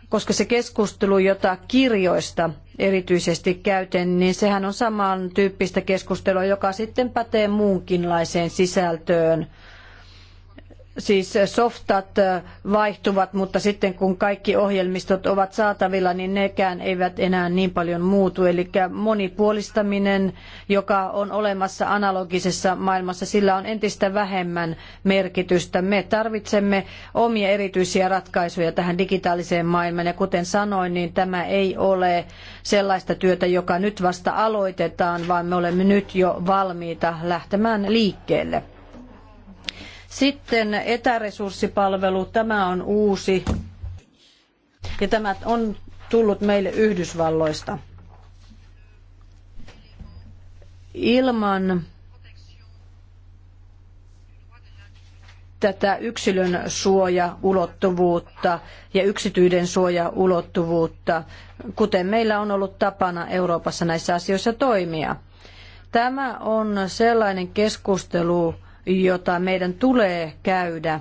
koska se keskustelu, jota kirjoista erityisesti käytän, niin sehän on samantyyppistä keskustelua, joka sitten pätee muunkinlaiseen sisältöön – siis softat äh, vaihtuvat, mutta sitten kun kaikki ohjelmistot ovat saatavilla, niin nekään eivät enää niin paljon muutu. Eli monipuolistaminen, joka on olemassa analogisessa maailmassa, sillä on entistä vähemmän merkitystä. Me tarvitsemme omia erityisiä ratkaisuja tähän digitaaliseen maailmaan. Ja kuten sanoin, niin tämä ei ole sellaista työtä, joka nyt vasta aloitetaan, vaan me olemme nyt jo valmiita lähtemään liikkeelle. Sitten etäresurssipalvelu, tämä on uusi ja tämä on tullut meille Yhdysvalloista. Ilman tätä yksilön suojaulottuvuutta ja yksityiden suojaulottuvuutta, kuten meillä on ollut tapana Euroopassa näissä asioissa toimia. Tämä on sellainen keskustelu, jota meidän tulee käydä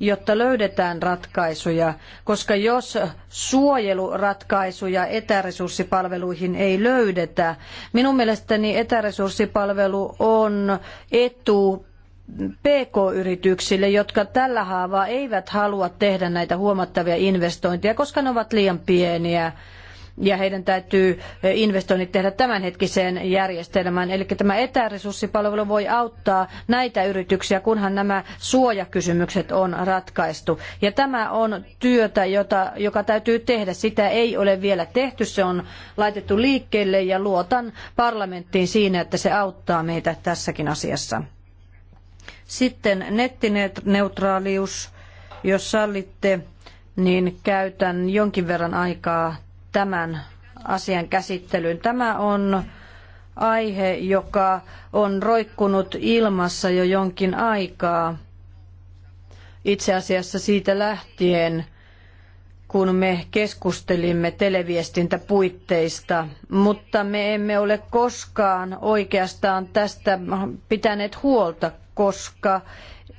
jotta löydetään ratkaisuja, koska jos suojeluratkaisuja etäresurssipalveluihin ei löydetä, minun mielestäni etäresurssipalvelu on etu PK-yrityksille, jotka tällä haavaa eivät halua tehdä näitä huomattavia investointeja, koska ne ovat liian pieniä ja heidän täytyy eh, investoinnit tehdä tämänhetkiseen järjestelmään. Eli tämä etäresurssipalvelu voi auttaa näitä yrityksiä, kunhan nämä suojakysymykset on ratkaistu. Ja tämä on työtä, jota, joka täytyy tehdä. Sitä ei ole vielä tehty, se on laitettu liikkeelle ja luotan parlamenttiin siinä, että se auttaa meitä tässäkin asiassa. Sitten nettineutraalius, jos sallitte, niin käytän jonkin verran aikaa tämän asian käsittelyyn. Tämä on aihe, joka on roikkunut ilmassa jo jonkin aikaa. Itse asiassa siitä lähtien, kun me keskustelimme televiestintäpuitteista, mutta me emme ole koskaan oikeastaan tästä pitäneet huolta, koska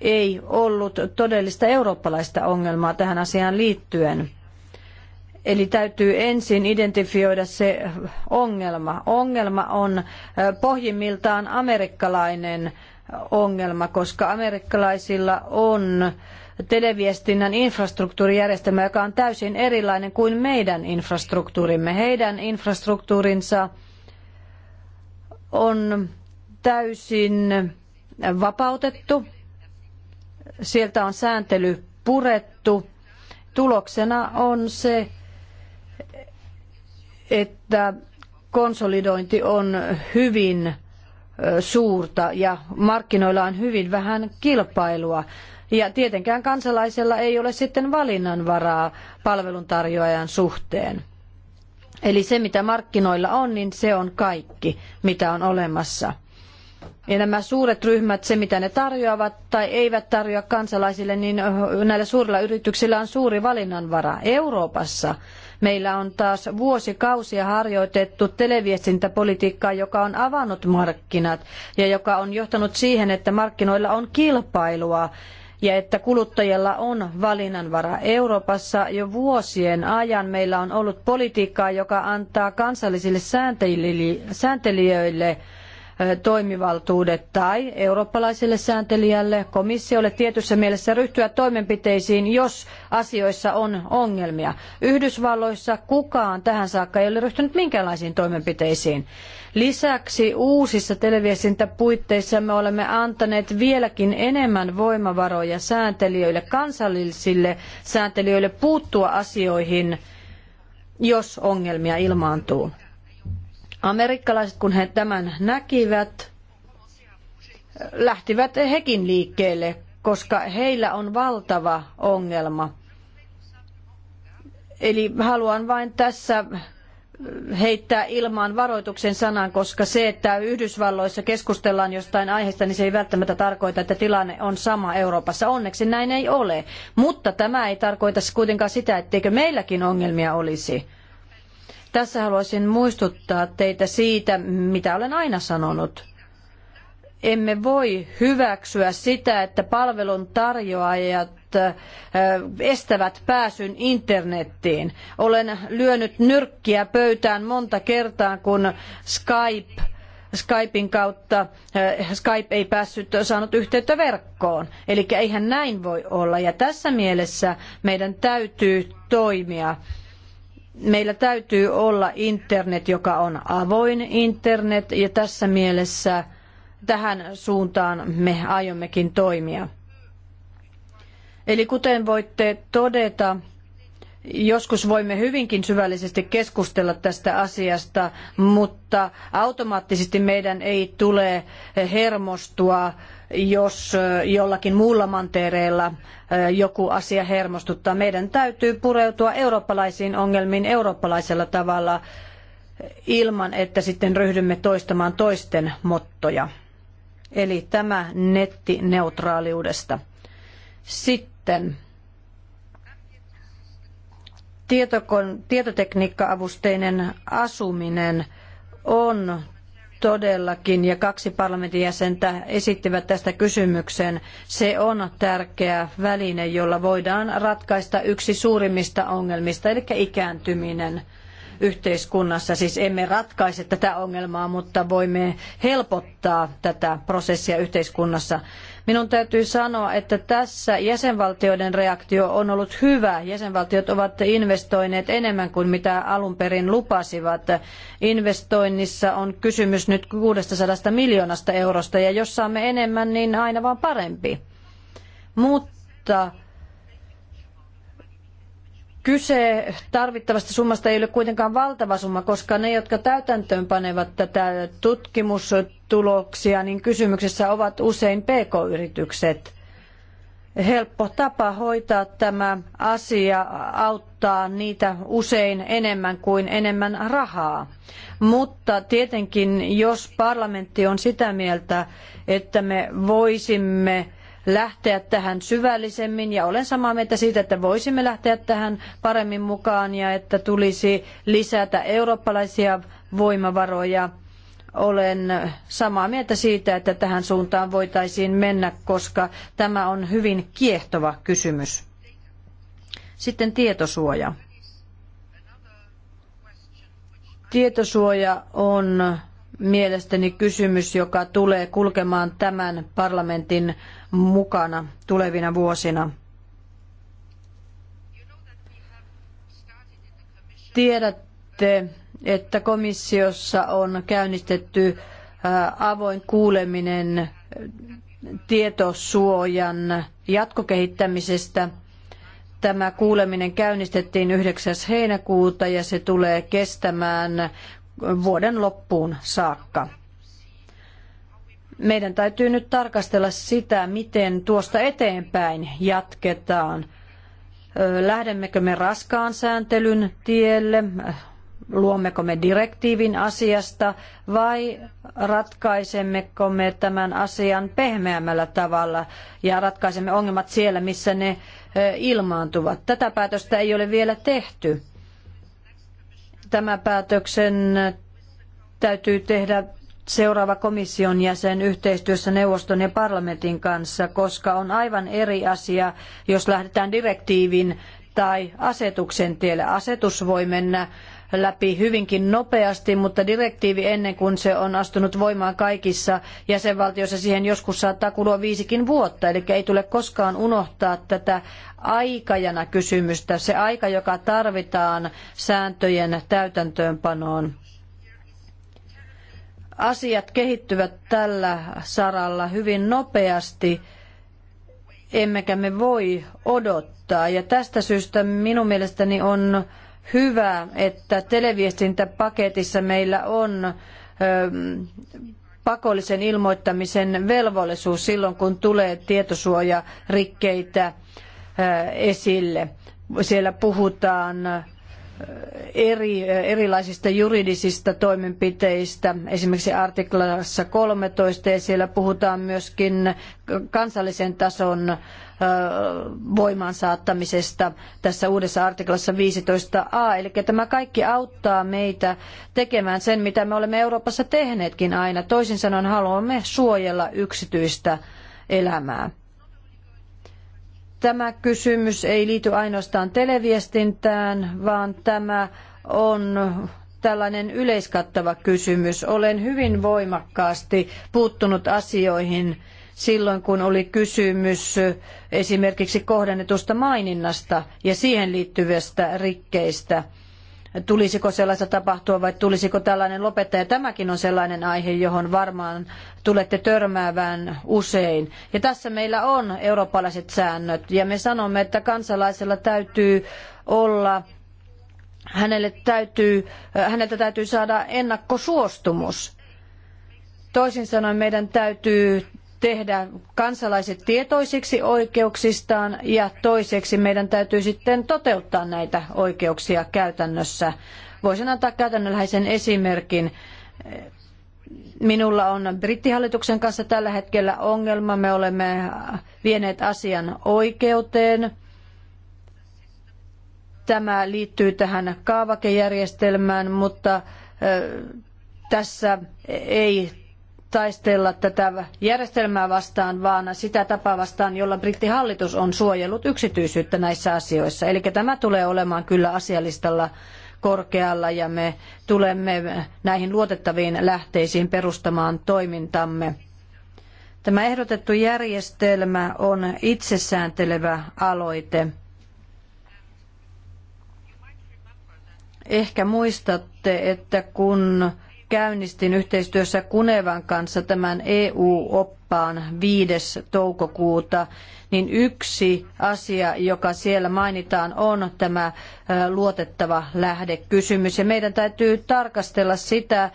ei ollut todellista eurooppalaista ongelmaa tähän asiaan liittyen. Eli täytyy ensin identifioida se ongelma. Ongelma on pohjimmiltaan amerikkalainen ongelma, koska amerikkalaisilla on televiestinnän infrastruktuurijärjestelmä, joka on täysin erilainen kuin meidän infrastruktuurimme. Heidän infrastruktuurinsa on täysin vapautettu. Sieltä on sääntely purettu. Tuloksena on se, että konsolidointi on hyvin suurta ja markkinoilla on hyvin vähän kilpailua. Ja tietenkään kansalaisella ei ole sitten valinnanvaraa palveluntarjoajan suhteen. Eli se, mitä markkinoilla on, niin se on kaikki, mitä on olemassa. Ja nämä suuret ryhmät, se mitä ne tarjoavat tai eivät tarjoa kansalaisille, niin näillä suurilla yrityksillä on suuri valinnanvara. Euroopassa Meillä on taas vuosikausia harjoitettu televiestintäpolitiikkaa, joka on avannut markkinat ja joka on johtanut siihen, että markkinoilla on kilpailua ja että kuluttajilla on valinnanvara. Euroopassa jo vuosien ajan meillä on ollut politiikkaa, joka antaa kansallisille sääntelijöille toimivaltuudet tai eurooppalaiselle sääntelijälle, komissiolle tietyssä mielessä ryhtyä toimenpiteisiin, jos asioissa on ongelmia. Yhdysvalloissa kukaan tähän saakka ei ole ryhtynyt minkäänlaisiin toimenpiteisiin. Lisäksi uusissa televiestintäpuitteissa me olemme antaneet vieläkin enemmän voimavaroja sääntelijöille, kansallisille sääntelijöille puuttua asioihin, jos ongelmia ilmaantuu. Amerikkalaiset, kun he tämän näkivät, lähtivät hekin liikkeelle, koska heillä on valtava ongelma. Eli haluan vain tässä heittää ilmaan varoituksen sanan, koska se, että Yhdysvalloissa keskustellaan jostain aiheesta, niin se ei välttämättä tarkoita, että tilanne on sama Euroopassa. Onneksi näin ei ole. Mutta tämä ei tarkoita kuitenkaan sitä, etteikö meilläkin ongelmia olisi. Tässä haluaisin muistuttaa teitä siitä, mitä olen aina sanonut. Emme voi hyväksyä sitä, että palvelun tarjoajat äh, estävät pääsyn internettiin. Olen lyönyt nyrkkiä pöytään monta kertaa, kun Skype Skypein kautta äh, Skype ei päässyt saanut yhteyttä verkkoon. Eli eihän näin voi olla. Ja tässä mielessä meidän täytyy toimia meillä täytyy olla internet, joka on avoin internet ja tässä mielessä tähän suuntaan me aiommekin toimia. Eli kuten voitte todeta, joskus voimme hyvinkin syvällisesti keskustella tästä asiasta, mutta automaattisesti meidän ei tule hermostua jos jollakin muulla mantereella joku asia hermostuttaa. Meidän täytyy pureutua eurooppalaisiin ongelmiin eurooppalaisella tavalla ilman, että sitten ryhdymme toistamaan toisten mottoja. Eli tämä nettineutraaliudesta. Sitten tietokon, tietotekniikka-avusteinen asuminen on Todellakin, ja kaksi parlamentin jäsentä esittivät tästä kysymyksen. Se on tärkeä väline, jolla voidaan ratkaista yksi suurimmista ongelmista, eli ikääntyminen yhteiskunnassa. Siis emme ratkaise tätä ongelmaa, mutta voimme helpottaa tätä prosessia yhteiskunnassa. Minun täytyy sanoa, että tässä jäsenvaltioiden reaktio on ollut hyvä. Jäsenvaltiot ovat investoineet enemmän kuin mitä alun perin lupasivat. Investoinnissa on kysymys nyt 600 miljoonasta eurosta ja jos saamme enemmän, niin aina vaan parempi. Mutta Kyse tarvittavasta summasta ei ole kuitenkaan valtava summa, koska ne, jotka täytäntöön panevat tätä tutkimustuloksia, niin kysymyksessä ovat usein pk-yritykset. Helppo tapa hoitaa tämä asia auttaa niitä usein enemmän kuin enemmän rahaa. Mutta tietenkin, jos parlamentti on sitä mieltä, että me voisimme lähteä tähän syvällisemmin ja olen samaa mieltä siitä, että voisimme lähteä tähän paremmin mukaan ja että tulisi lisätä eurooppalaisia voimavaroja. Olen samaa mieltä siitä, että tähän suuntaan voitaisiin mennä, koska tämä on hyvin kiehtova kysymys. Sitten tietosuoja. Tietosuoja on mielestäni kysymys, joka tulee kulkemaan tämän parlamentin mukana tulevina vuosina. Tiedätte, että komissiossa on käynnistetty avoin kuuleminen tietosuojan jatkokehittämisestä. Tämä kuuleminen käynnistettiin 9. heinäkuuta ja se tulee kestämään vuoden loppuun saakka. Meidän täytyy nyt tarkastella sitä, miten tuosta eteenpäin jatketaan. Lähdemmekö me raskaan sääntelyn tielle, luommeko me direktiivin asiasta vai ratkaisemmeko me tämän asian pehmeämmällä tavalla ja ratkaisemme ongelmat siellä, missä ne ilmaantuvat. Tätä päätöstä ei ole vielä tehty. Tämä päätöksen täytyy tehdä seuraava komission jäsen yhteistyössä neuvoston ja parlamentin kanssa, koska on aivan eri asia, jos lähdetään direktiivin tai asetuksen tielle. Asetus voi mennä läpi hyvinkin nopeasti, mutta direktiivi ennen kuin se on astunut voimaan kaikissa jäsenvaltioissa, siihen joskus saattaa kulua viisikin vuotta. Eli ei tule koskaan unohtaa tätä aikajana kysymystä, se aika, joka tarvitaan sääntöjen täytäntöönpanoon asiat kehittyvät tällä saralla hyvin nopeasti, emmekä me voi odottaa. Ja tästä syystä minun mielestäni on hyvä, että televiestintäpaketissa meillä on pakollisen ilmoittamisen velvollisuus silloin, kun tulee tietosuojarikkeitä esille. Siellä puhutaan eri, erilaisista juridisista toimenpiteistä, esimerkiksi artiklassa 13, ja siellä puhutaan myöskin kansallisen tason voimaansaattamisesta tässä uudessa artiklassa 15a. Eli tämä kaikki auttaa meitä tekemään sen, mitä me olemme Euroopassa tehneetkin aina. Toisin sanoen haluamme suojella yksityistä elämää. Tämä kysymys ei liity ainoastaan televiestintään, vaan tämä on tällainen yleiskattava kysymys. Olen hyvin voimakkaasti puuttunut asioihin silloin, kun oli kysymys esimerkiksi kohdennetusta maininnasta ja siihen liittyvistä rikkeistä – tulisiko sellaista tapahtua vai tulisiko tällainen lopettaa. Ja tämäkin on sellainen aihe, johon varmaan tulette törmäävään usein. Ja tässä meillä on eurooppalaiset säännöt ja me sanomme, että kansalaisella täytyy olla hänelle täytyy, häneltä täytyy saada ennakkosuostumus. Toisin sanoen meidän täytyy tehdä kansalaiset tietoisiksi oikeuksistaan ja toiseksi meidän täytyy sitten toteuttaa näitä oikeuksia käytännössä. Voisin antaa käytännönläheisen esimerkin. Minulla on brittihallituksen kanssa tällä hetkellä ongelma. Me olemme vieneet asian oikeuteen. Tämä liittyy tähän kaavakejärjestelmään, mutta tässä ei taistella tätä järjestelmää vastaan, vaan sitä tapaa vastaan, jolla brittihallitus on suojellut yksityisyyttä näissä asioissa. Eli tämä tulee olemaan kyllä asialistalla korkealla ja me tulemme näihin luotettaviin lähteisiin perustamaan toimintamme. Tämä ehdotettu järjestelmä on itsesääntelevä aloite. Ehkä muistatte, että kun käynnistin yhteistyössä Kunevan kanssa tämän EU-oppaan 5. toukokuuta niin yksi asia, joka siellä mainitaan, on tämä luotettava lähdekysymys. Ja meidän täytyy tarkastella sitä,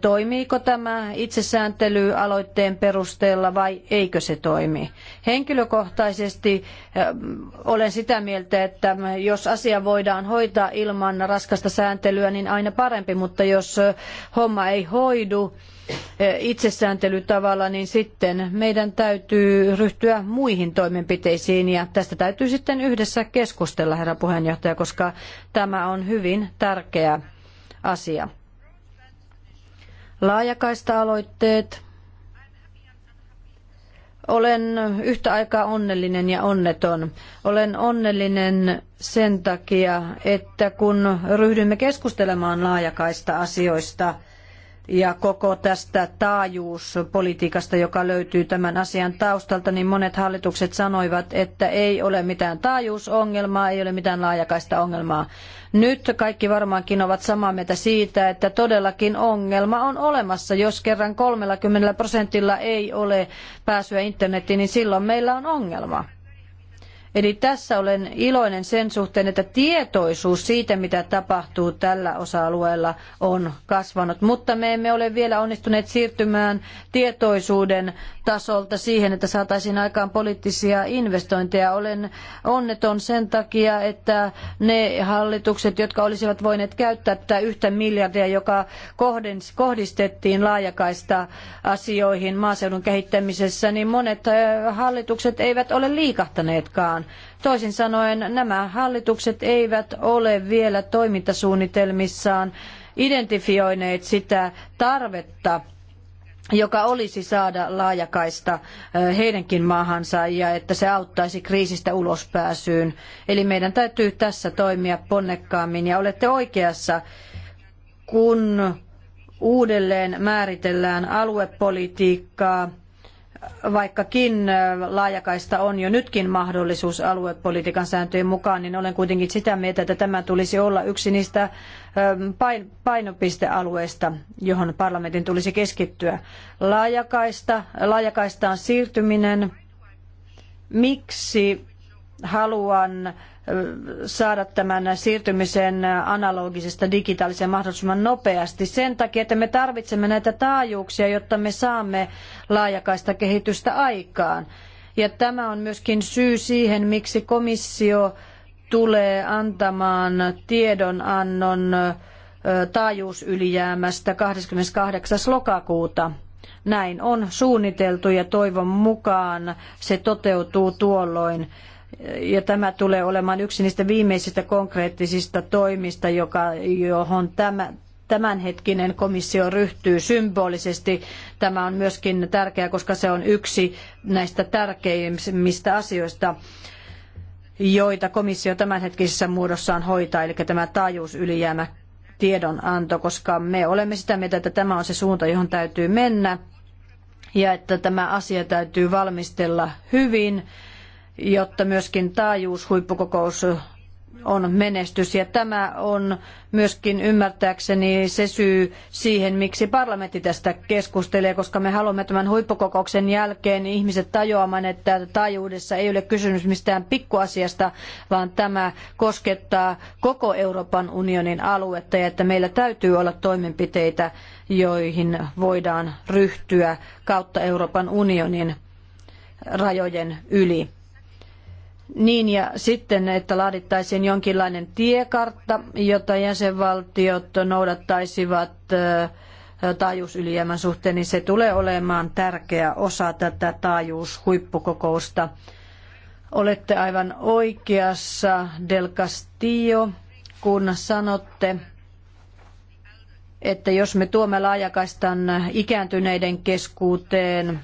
toimiiko tämä itsesääntely aloitteen perusteella vai eikö se toimi. Henkilökohtaisesti olen sitä mieltä, että jos asia voidaan hoitaa ilman raskasta sääntelyä, niin aina parempi, mutta jos homma ei hoidu, itsesääntelytavalla, niin sitten meidän täytyy ryhtyä muihin toimenpiteisiin ja tästä täytyy sitten yhdessä keskustella, herra puheenjohtaja, koska tämä on hyvin tärkeä asia. Laajakaista-aloitteet. Olen yhtä aikaa onnellinen ja onneton. Olen onnellinen sen takia, että kun ryhdymme keskustelemaan laajakaista asioista – ja koko tästä taajuuspolitiikasta, joka löytyy tämän asian taustalta, niin monet hallitukset sanoivat, että ei ole mitään taajuusongelmaa, ei ole mitään laajakaista ongelmaa. Nyt kaikki varmaankin ovat samaa mieltä siitä, että todellakin ongelma on olemassa. Jos kerran 30 prosentilla ei ole pääsyä internetiin, niin silloin meillä on ongelma. Eli tässä olen iloinen sen suhteen, että tietoisuus siitä, mitä tapahtuu tällä osa-alueella, on kasvanut. Mutta me emme ole vielä onnistuneet siirtymään tietoisuuden tasolta siihen, että saataisiin aikaan poliittisia investointeja. Olen onneton sen takia, että ne hallitukset, jotka olisivat voineet käyttää tätä yhtä miljardia, joka kohdistettiin laajakaista asioihin maaseudun kehittämisessä, niin monet hallitukset eivät ole liikahtaneetkaan Toisin sanoen nämä hallitukset eivät ole vielä toimintasuunnitelmissaan identifioineet sitä tarvetta, joka olisi saada laajakaista heidänkin maahansa ja että se auttaisi kriisistä ulospääsyyn. Eli meidän täytyy tässä toimia ponnekkaammin ja olette oikeassa, kun uudelleen määritellään aluepolitiikkaa – vaikkakin laajakaista on jo nytkin mahdollisuus aluepolitiikan sääntöjen mukaan, niin olen kuitenkin sitä mieltä, että tämä tulisi olla yksi niistä painopistealueista, johon parlamentin tulisi keskittyä. Laajakaista, laajakaistaan siirtyminen. Miksi haluan saada tämän siirtymisen analogisesta digitaaliseen mahdollisimman nopeasti sen takia, että me tarvitsemme näitä taajuuksia, jotta me saamme laajakaista kehitystä aikaan. Ja tämä on myöskin syy siihen, miksi komissio tulee antamaan tiedonannon taajuusylijäämästä 28. lokakuuta. Näin on suunniteltu ja toivon mukaan se toteutuu tuolloin ja tämä tulee olemaan yksi niistä viimeisistä konkreettisista toimista, joka, johon tämä, tämänhetkinen komissio ryhtyy symbolisesti. Tämä on myöskin tärkeää, koska se on yksi näistä tärkeimmistä asioista, joita komissio tämänhetkisessä muodossaan hoitaa, eli tämä taajuusylijäämä tiedonanto, koska me olemme sitä mieltä, että tämä on se suunta, johon täytyy mennä ja että tämä asia täytyy valmistella hyvin jotta myöskin taajuushuippukokous on menestys. Ja tämä on myöskin ymmärtääkseni se syy siihen, miksi parlamentti tästä keskustelee, koska me haluamme tämän huippukokouksen jälkeen ihmiset tajuamaan, että taajuudessa ei ole kysymys mistään pikkuasiasta, vaan tämä koskettaa koko Euroopan unionin aluetta ja että meillä täytyy olla toimenpiteitä, joihin voidaan ryhtyä kautta Euroopan unionin rajojen yli. Niin ja sitten, että laadittaisiin jonkinlainen tiekartta, jota jäsenvaltiot noudattaisivat taajuusylijäämän suhteen, niin se tulee olemaan tärkeä osa tätä taajuushuippukokousta. Olette aivan oikeassa, Del Castillo, kun sanotte, että jos me tuomme laajakaistan ikääntyneiden keskuuteen,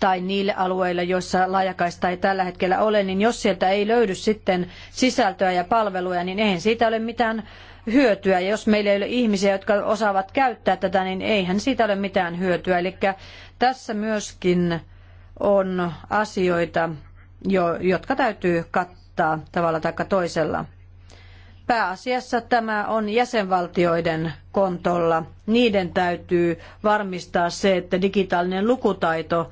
tai niille alueille, joissa laajakaista ei tällä hetkellä ole, niin jos sieltä ei löydy sitten sisältöä ja palveluja, niin eihän siitä ole mitään hyötyä. Ja Jos meillä ei ole ihmisiä, jotka osaavat käyttää tätä, niin eihän siitä ole mitään hyötyä. Eli tässä myöskin on asioita, jotka täytyy kattaa tavalla tai toisella. Pääasiassa tämä on jäsenvaltioiden kontolla. Niiden täytyy varmistaa se, että digitaalinen lukutaito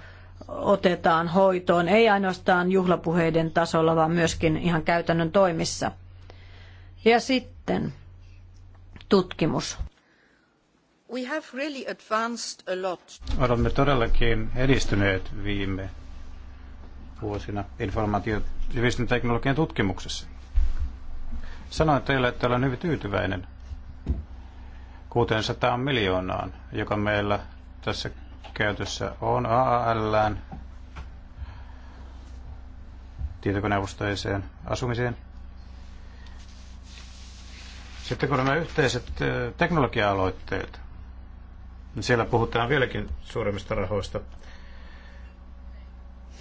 otetaan hoitoon, ei ainoastaan juhlapuheiden tasolla, vaan myöskin ihan käytännön toimissa. Ja sitten tutkimus. We have really advanced a lot. Olemme todellakin edistyneet viime vuosina informaatio- ja viestintäteknologian tutkimuksessa. Sanoin teille, että olen hyvin tyytyväinen 600 miljoonaan, joka meillä tässä käytössä on AAL, tietokoneavustajiseen asumiseen. Sitten kun nämä yhteiset teknologia-aloitteet, niin siellä puhutaan vieläkin suuremmista rahoista,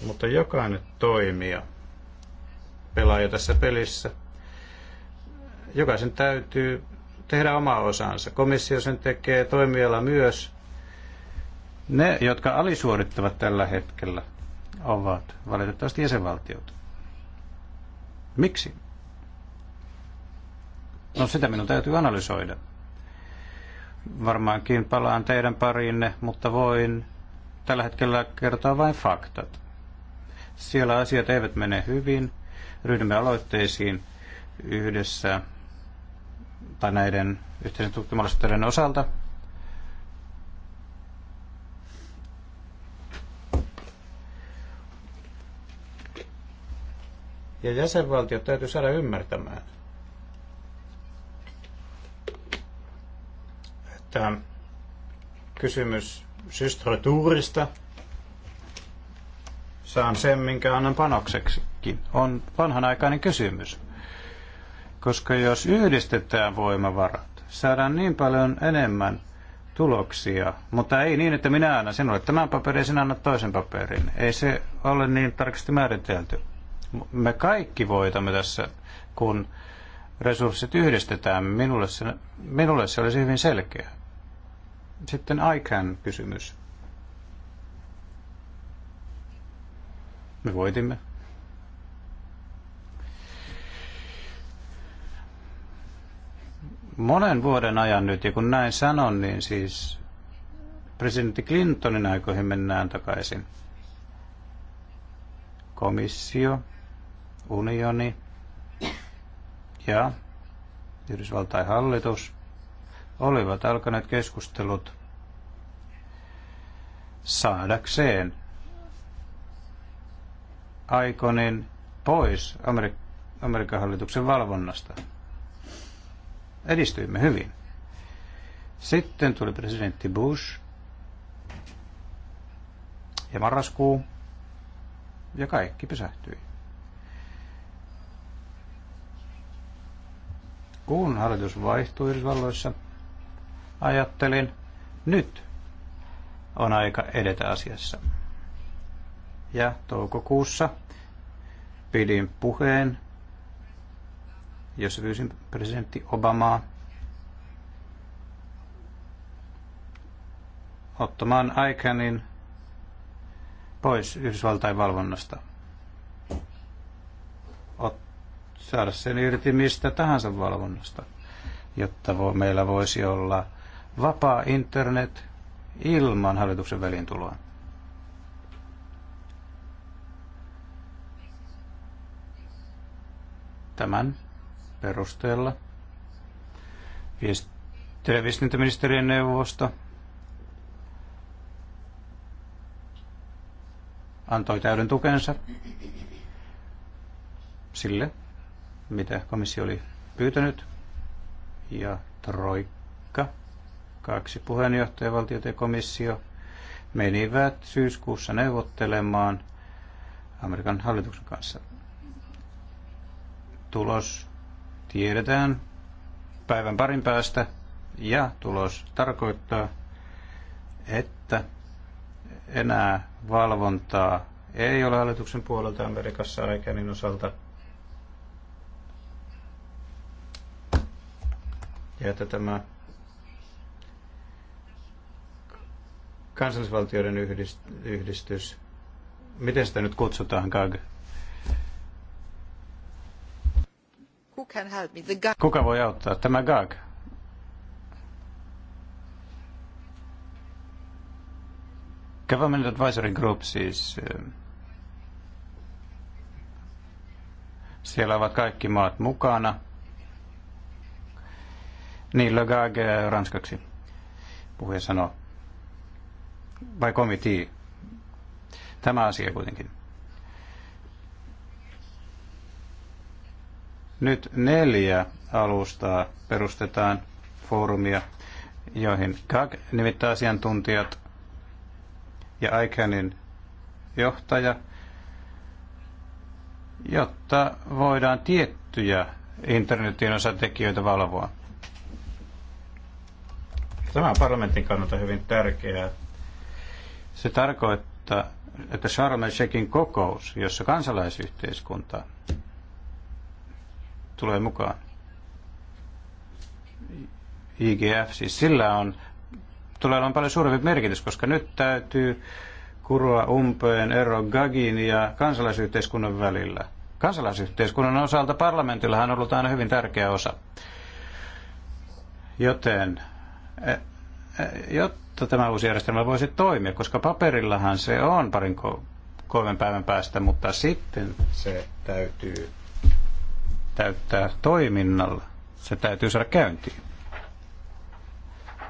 mutta jokainen toimija, pelaaja tässä pelissä, jokaisen täytyy tehdä oma osansa. Komissio sen tekee, toimiala myös, ne, jotka alisuorittavat tällä hetkellä, ovat valitettavasti jäsenvaltiot. Miksi? No sitä minun täytyy analysoida. Varmaankin palaan teidän pariinne, mutta voin tällä hetkellä kertoa vain faktat. Siellä asiat eivät mene hyvin. Ryhdymme aloitteisiin yhdessä tai näiden yhteisen tutkimusten osalta Ja jäsenvaltiot täytyy saada ymmärtämään, että kysymys systratuurista, saan sen, minkä annan panokseksikin, on vanhanaikainen kysymys. Koska jos yhdistetään voimavarat, saadaan niin paljon enemmän tuloksia, mutta ei niin, että minä annan sinulle tämän paperin ja sinä annat toisen paperin. Ei se ole niin tarkasti määritelty. Me kaikki voitamme tässä, kun resurssit yhdistetään. Minulle se, minulle se olisi hyvin selkeä. Sitten ICAN-kysymys. Me voitimme. Monen vuoden ajan nyt, ja kun näin sanon, niin siis presidentti Clintonin aikoihin mennään takaisin. Komissio unioni ja Yhdysvaltain hallitus olivat alkaneet keskustelut saadakseen Aikonin pois Amerik- Amerikan hallituksen valvonnasta. Edistyimme hyvin. Sitten tuli presidentti Bush ja marraskuu ja kaikki pysähtyi. Kun hallitus vaihtui Yhdysvalloissa, ajattelin, nyt on aika edetä asiassa. Ja toukokuussa pidin puheen, jossa pyysin presidentti Obamaa ottamaan Aikanin pois Yhdysvaltain valvonnasta. Ot- saada sen irti mistä tahansa valvonnasta, jotta vo, meillä voisi olla vapaa internet ilman hallituksen välintuloa. Tämän perusteella viestintä- neuvosto antoi täyden tukensa sille, mitä komissio oli pyytänyt. Ja Troikka, kaksi puheenjohtajavaltiota ja komissio, menivät syyskuussa neuvottelemaan Amerikan hallituksen kanssa. Tulos tiedetään päivän parin päästä ja tulos tarkoittaa, että enää valvontaa ei ole hallituksen puolelta Amerikassa aikainen osalta – ja että tämä kansallisvaltioiden yhdistys, miten sitä nyt kutsutaan, GAG? Kuka voi auttaa? Tämä GAG. Government Advisory Group siis. Eh, siellä ovat kaikki maat mukana. Niin, le gage ranskaksi, puhuja sanoo. Vai komitii? Tämä asia kuitenkin. Nyt neljä alustaa perustetaan foorumia, joihin GAG nimittää asiantuntijat ja ICANNin johtaja, jotta voidaan tiettyjä internetin osatekijöitä valvoa. Tämä on parlamentin kannalta hyvin tärkeää. Se tarkoittaa, että Sharm el kokous, jossa kansalaisyhteiskunta tulee mukaan, IGF, siis sillä on, tulee olemaan paljon suurempi merkitys, koska nyt täytyy kuroa umpeen ero Gagin ja kansalaisyhteiskunnan välillä. Kansalaisyhteiskunnan osalta parlamentillahan on ollut aina hyvin tärkeä osa. Joten jotta tämä uusi järjestelmä voisi toimia, koska paperillahan se on parin kolmen päivän päästä, mutta sitten se täytyy täyttää toiminnalla. Se täytyy saada käyntiin.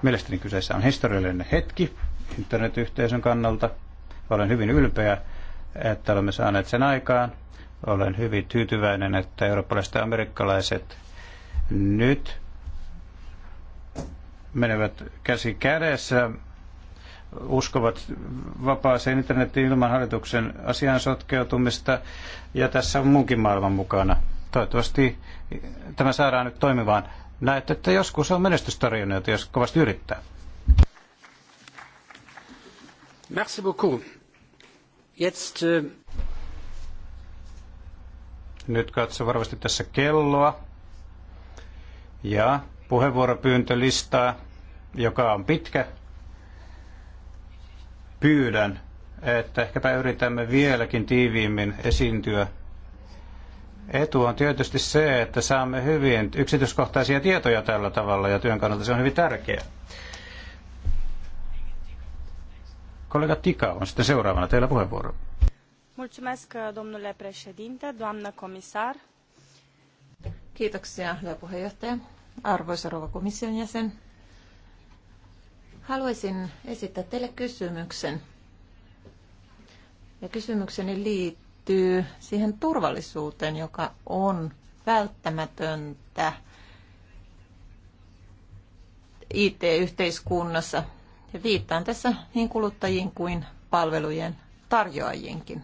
Mielestäni kyseessä on historiallinen hetki internetyhteisön kannalta. Olen hyvin ylpeä, että olemme saaneet sen aikaan. Olen hyvin tyytyväinen, että eurooppalaiset ja amerikkalaiset nyt menevät käsi kädessä, uskovat vapaaseen internetiin ilman hallituksen asian sotkeutumista, ja tässä on muunkin maailman mukana. Toivottavasti tämä saadaan nyt toimimaan. Näette, että joskus on menestystarinoita, jos kovasti yrittää. Merci beaucoup. Jetzt, äh... Nyt katso varmasti tässä kelloa. Ja puheenvuoropyyntölistaa, joka on pitkä. Pyydän, että ehkäpä yritämme vieläkin tiiviimmin esiintyä. Etu on tietysti se, että saamme hyvin yksityiskohtaisia tietoja tällä tavalla ja työn kannalta se on hyvin tärkeää. Kollega Tika on sitten seuraavana teillä puheenvuoro. Mulțumesc, domnule președinte, doamnă comisar. Kiitoksia, hyvä puheenjohtaja. Arvoisa rouva komission jäsen, haluaisin esittää teille kysymyksen. Ja kysymykseni liittyy siihen turvallisuuteen, joka on välttämätöntä IT-yhteiskunnassa. Ja viittaan tässä niin kuluttajiin kuin palvelujen tarjoajienkin.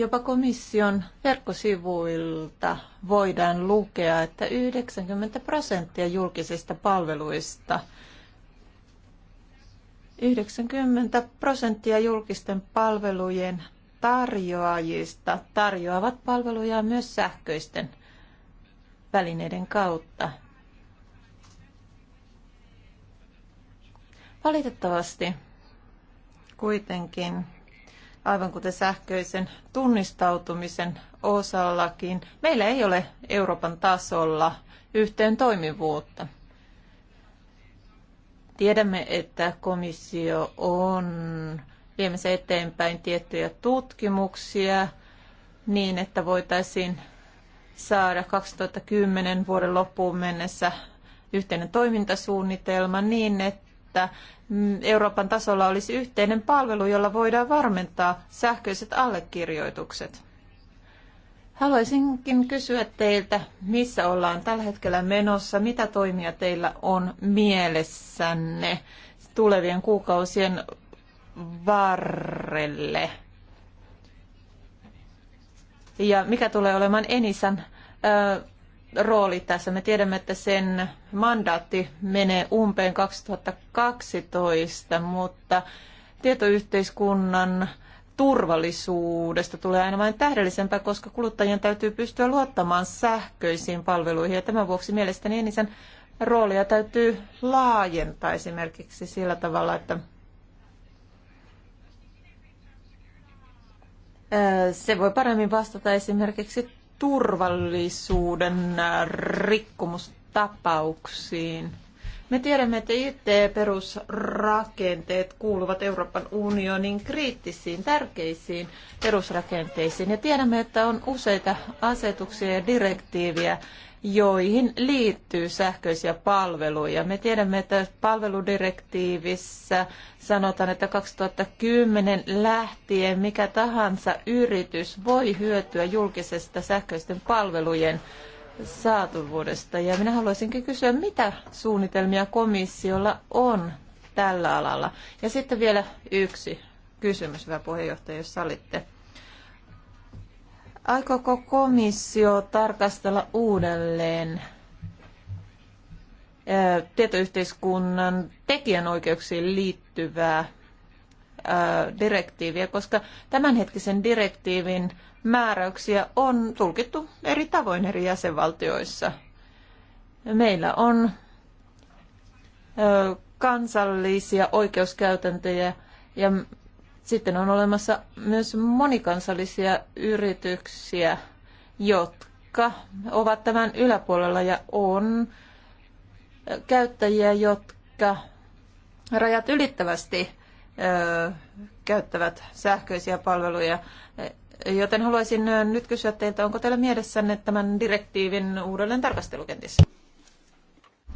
Jopa komission verkkosivuilta voidaan lukea, että 90 prosenttia julkisista palveluista 90 prosenttia julkisten palvelujen tarjoajista tarjoavat palveluja myös sähköisten välineiden kautta. Valitettavasti kuitenkin aivan kuten sähköisen tunnistautumisen osallakin, meillä ei ole Euroopan tasolla yhteen toimivuutta. Tiedämme, että komissio on viemässä eteenpäin tiettyjä tutkimuksia niin, että voitaisiin saada 2010 vuoden loppuun mennessä yhteinen toimintasuunnitelma niin, että että mm, Euroopan tasolla olisi yhteinen palvelu, jolla voidaan varmentaa sähköiset allekirjoitukset. Haluaisinkin kysyä teiltä, missä ollaan tällä hetkellä menossa, mitä toimia teillä on mielessänne tulevien kuukausien varrelle? Ja mikä tulee olemaan Enisan rooli tässä. Me tiedämme, että sen mandaatti menee umpeen 2012, mutta tietoyhteiskunnan turvallisuudesta tulee aina vain tähdellisempää, koska kuluttajien täytyy pystyä luottamaan sähköisiin palveluihin. Ja tämän vuoksi mielestäni Enisen roolia täytyy laajentaa esimerkiksi sillä tavalla, että se voi paremmin vastata esimerkiksi turvallisuuden äh, rikkomustapauksiin. Me tiedämme, että IT-perusrakenteet kuuluvat Euroopan unionin kriittisiin, tärkeisiin perusrakenteisiin. Ja tiedämme, että on useita asetuksia ja direktiiviä, joihin liittyy sähköisiä palveluja. Me tiedämme, että palveludirektiivissä sanotaan, että 2010 lähtien mikä tahansa yritys voi hyötyä julkisesta sähköisten palvelujen saatavuudesta. Ja minä haluaisinkin kysyä, mitä suunnitelmia komissiolla on tällä alalla. Ja sitten vielä yksi kysymys, hyvä puheenjohtaja, jos sallitte. Aikooko komissio tarkastella uudelleen tietoyhteiskunnan tekijänoikeuksiin liittyvää direktiiviä, koska tämänhetkisen direktiivin määräyksiä on tulkittu eri tavoin eri jäsenvaltioissa. Meillä on kansallisia oikeuskäytäntöjä ja sitten on olemassa myös monikansallisia yrityksiä, jotka ovat tämän yläpuolella ja on käyttäjiä, jotka rajat ylittävästi ö, käyttävät sähköisiä palveluja. Joten haluaisin nyt kysyä teiltä, onko teillä mielessänne tämän direktiivin uudelleen tarkastelukentissä?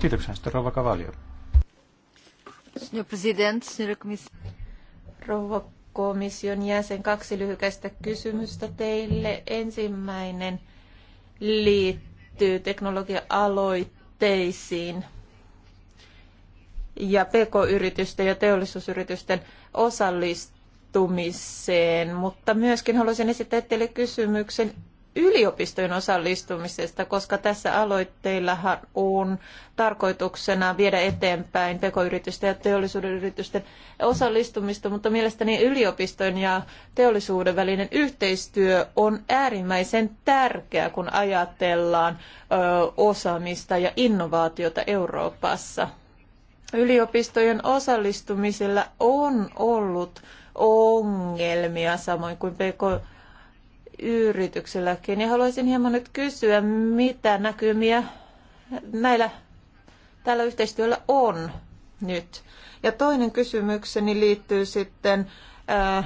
Kiitoksia. Sitten rouva Kavalio. Signor Rouva komission jäsen. Kaksi lyhykäistä kysymystä teille. Ensimmäinen liittyy teknologia-aloitteisiin ja pk-yritysten ja teollisuusyritysten osallistumiseen, mutta myöskin haluaisin esittää teille kysymyksen yliopistojen osallistumisesta, koska tässä aloitteillahan on tarkoituksena viedä eteenpäin pekoyritysten ja teollisuuden yritysten osallistumista, mutta mielestäni yliopistojen ja teollisuuden välinen yhteistyö on äärimmäisen tärkeää, kun ajatellaan osaamista ja innovaatiota Euroopassa. Yliopistojen osallistumisella on ollut ongelmia, samoin kuin pekoyritysten yrityksilläkin. Ja haluaisin hieman nyt kysyä, mitä näkymiä näillä, tällä yhteistyöllä on nyt. Ja toinen kysymykseni liittyy sitten ää,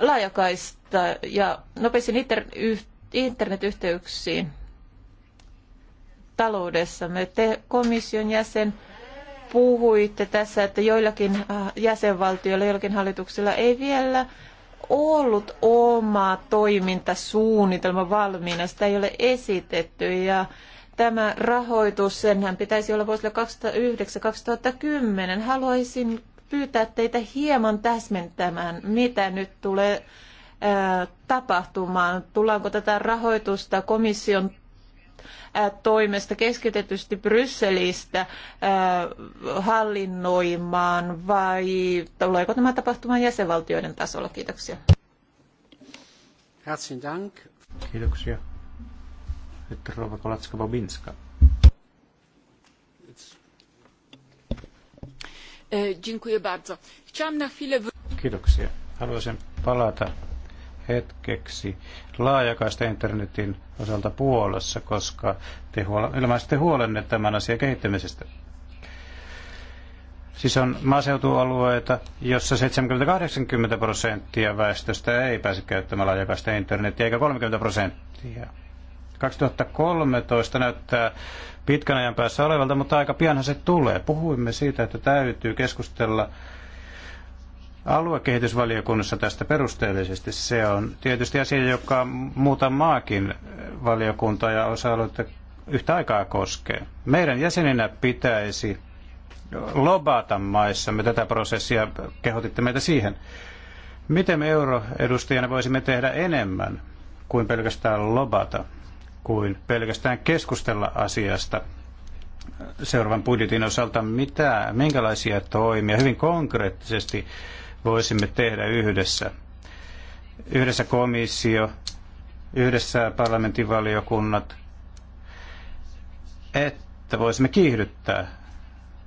laajakaista ja nopeisiin inter- yh- internetyhteyksiin Me Te komission jäsen puhuitte tässä, että joillakin jäsenvaltioilla, joillakin hallituksilla ei vielä ollut oma toimintasuunnitelma valmiina, sitä ei ole esitetty ja tämä rahoitus, senhän pitäisi olla vuosille 2009-2010. Haluaisin pyytää teitä hieman täsmentämään, mitä nyt tulee tapahtumaan. Tullaanko tätä rahoitusta komission Äh, toimesta keskitetysti Brysselistä äh, hallinnoimaan vai tuleeko tämä tapahtumaan jäsenvaltioiden tasolla? Kiitoksia. Herzlichen Dank. Kiitoksia. Nyt Rova Kolatska-Bobinska. E, dziękuję bardzo. Chciałam Kiitoksia. Haluaisin palata hetkeksi laajakaista internetin osalta Puolassa, koska te ilmaisitte huolenne tämän asian kehittämisestä. Siis on maaseutualueita, jossa 70-80 prosenttia väestöstä ei pääse käyttämään laajakaista internetiä, eikä 30 prosenttia. 2013 näyttää pitkän ajan päässä olevalta, mutta aika pianhan se tulee. Puhuimme siitä, että täytyy keskustella aluekehitysvaliokunnassa tästä perusteellisesti. Se on tietysti asia, joka muuta maakin valiokunta ja osa yhtä aikaa koskee. Meidän jäseninä pitäisi lobata maissamme tätä prosessia, kehotitte meitä siihen. Miten me euroedustajana voisimme tehdä enemmän kuin pelkästään lobata, kuin pelkästään keskustella asiasta seuraavan budjetin osalta, mitä, minkälaisia toimia hyvin konkreettisesti voisimme tehdä yhdessä. Yhdessä komissio, yhdessä parlamentin valiokunnat, että voisimme kiihdyttää,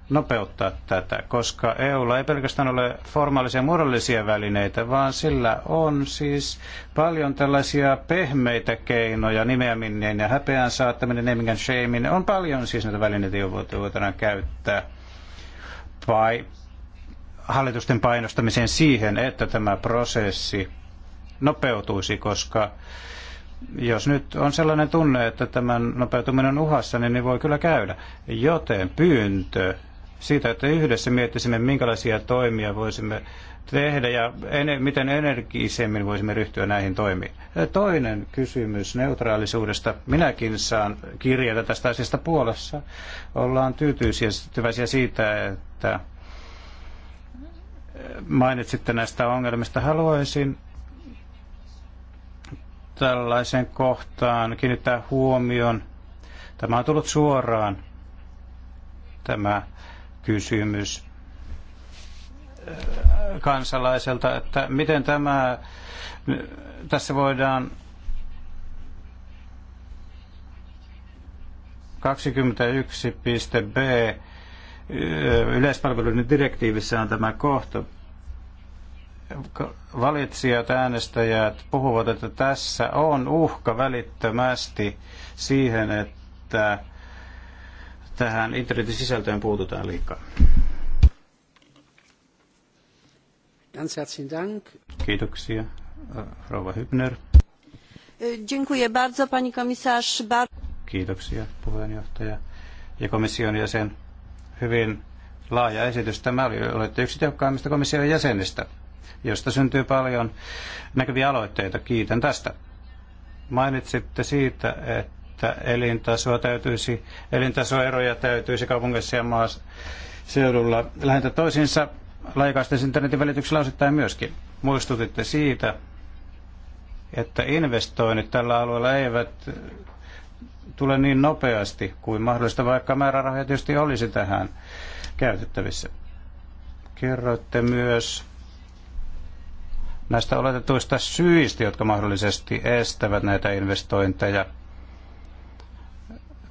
nopeuttaa tätä, koska EUlla ei pelkästään ole formaalisia muodollisia välineitä, vaan sillä on siis paljon tällaisia pehmeitä keinoja, nimeäminen ja häpeän saattaminen, nimeäminen, and shaming, on paljon siis näitä välineitä, joita voidaan käyttää. Vai hallitusten painostamiseen siihen, että tämä prosessi nopeutuisi, koska jos nyt on sellainen tunne, että tämän nopeutuminen on uhassa, niin, niin voi kyllä käydä. Joten pyyntö siitä, että yhdessä miettisimme, minkälaisia toimia voisimme tehdä ja en, miten energisemmin voisimme ryhtyä näihin toimiin. Toinen kysymys neutraalisuudesta. Minäkin saan kirjeitä tästä asiasta Puolassa. Ollaan tyytyväisiä siitä, että mainitsitte näistä ongelmista. Haluaisin tällaisen kohtaan kiinnittää huomion. Tämä on tullut suoraan, tämä kysymys äh, kansalaiselta, että miten tämä, tässä voidaan 21.b äh, yleispalveluiden direktiivissä on tämä kohta, valitsijat, äänestäjät puhuvat, että tässä on uhka välittömästi siihen, että tähän internetin sisältöön puututaan liikaa. Ganz herzlichen Dank. Kiitoksia, rouva Hübner. Dziękuję bardzo, pani komisarz. Kiitoksia, puheenjohtaja ja komission jäsen. Hyvin laaja esitys. Tämä oli, olette yksi tehokkaimmista komission jäsenistä josta syntyy paljon näkyviä aloitteita. Kiitän tästä. Mainitsitte siitä, että elintasoa täytyisi, elintasoeroja täytyisi kaupungissa ja maaseudulla lähentää toisiinsa laajakaisten internetin välityksellä osittain myöskin. Muistutitte siitä, että investoinnit tällä alueella eivät tule niin nopeasti kuin mahdollista, vaikka määrärahoja tietysti olisi tähän käytettävissä. Kerroitte myös näistä oletetuista syistä, jotka mahdollisesti estävät näitä investointeja.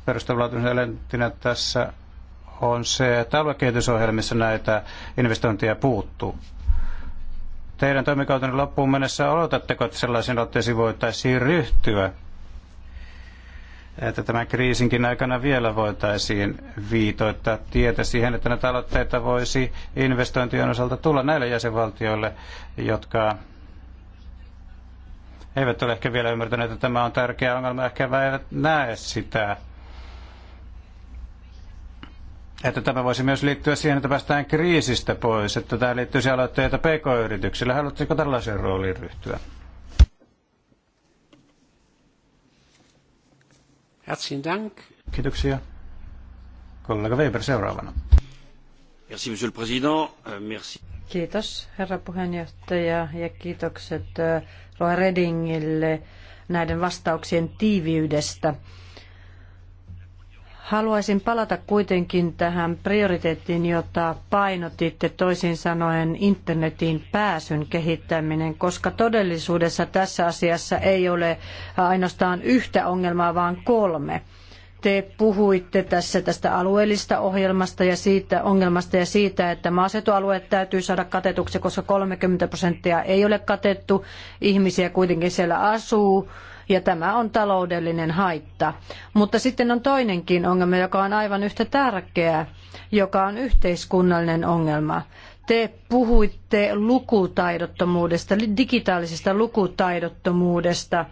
Perustavanlaatuisen elementtinä tässä on se, että aluekehitysohjelmissa näitä investointeja puuttuu. Teidän toimikautenne loppuun mennessä odotatteko, että sellaisiin otteisiin voitaisiin ryhtyä että tämän kriisinkin aikana vielä voitaisiin viitoittaa tietä siihen, että näitä aloitteita voisi investointien osalta tulla näille jäsenvaltioille, jotka eivät ole ehkä vielä ymmärtäneet, että tämä on tärkeä ongelma, ehkä eivät näe sitä. Että tämä voisi myös liittyä siihen, että päästään kriisistä pois, että tämä liittyisi aloitteita pk-yrityksille. Haluatteko tällaisen rooliin ryhtyä? Herzlichen Dank. Kiitoksia. Kollega Weber seuraavana. Merci, monsieur le président. Euh, merci. Kiitos, herra puheenjohtaja, ja kiitokset äh, Roa Redingille näiden vastauksien tiiviydestä. Haluaisin palata kuitenkin tähän prioriteettiin, jota painotitte toisin sanoen internetin pääsyn kehittäminen, koska todellisuudessa tässä asiassa ei ole ainoastaan yhtä ongelmaa, vaan kolme te puhuitte tässä tästä alueellista ohjelmasta ja siitä ongelmasta ja siitä, että maaseutualueet täytyy saada katetuksi, koska 30 prosenttia ei ole katettu. Ihmisiä kuitenkin siellä asuu ja tämä on taloudellinen haitta. Mutta sitten on toinenkin ongelma, joka on aivan yhtä tärkeä, joka on yhteiskunnallinen ongelma. Te puhuitte lukutaidottomuudesta, digitaalisesta lukutaidottomuudesta.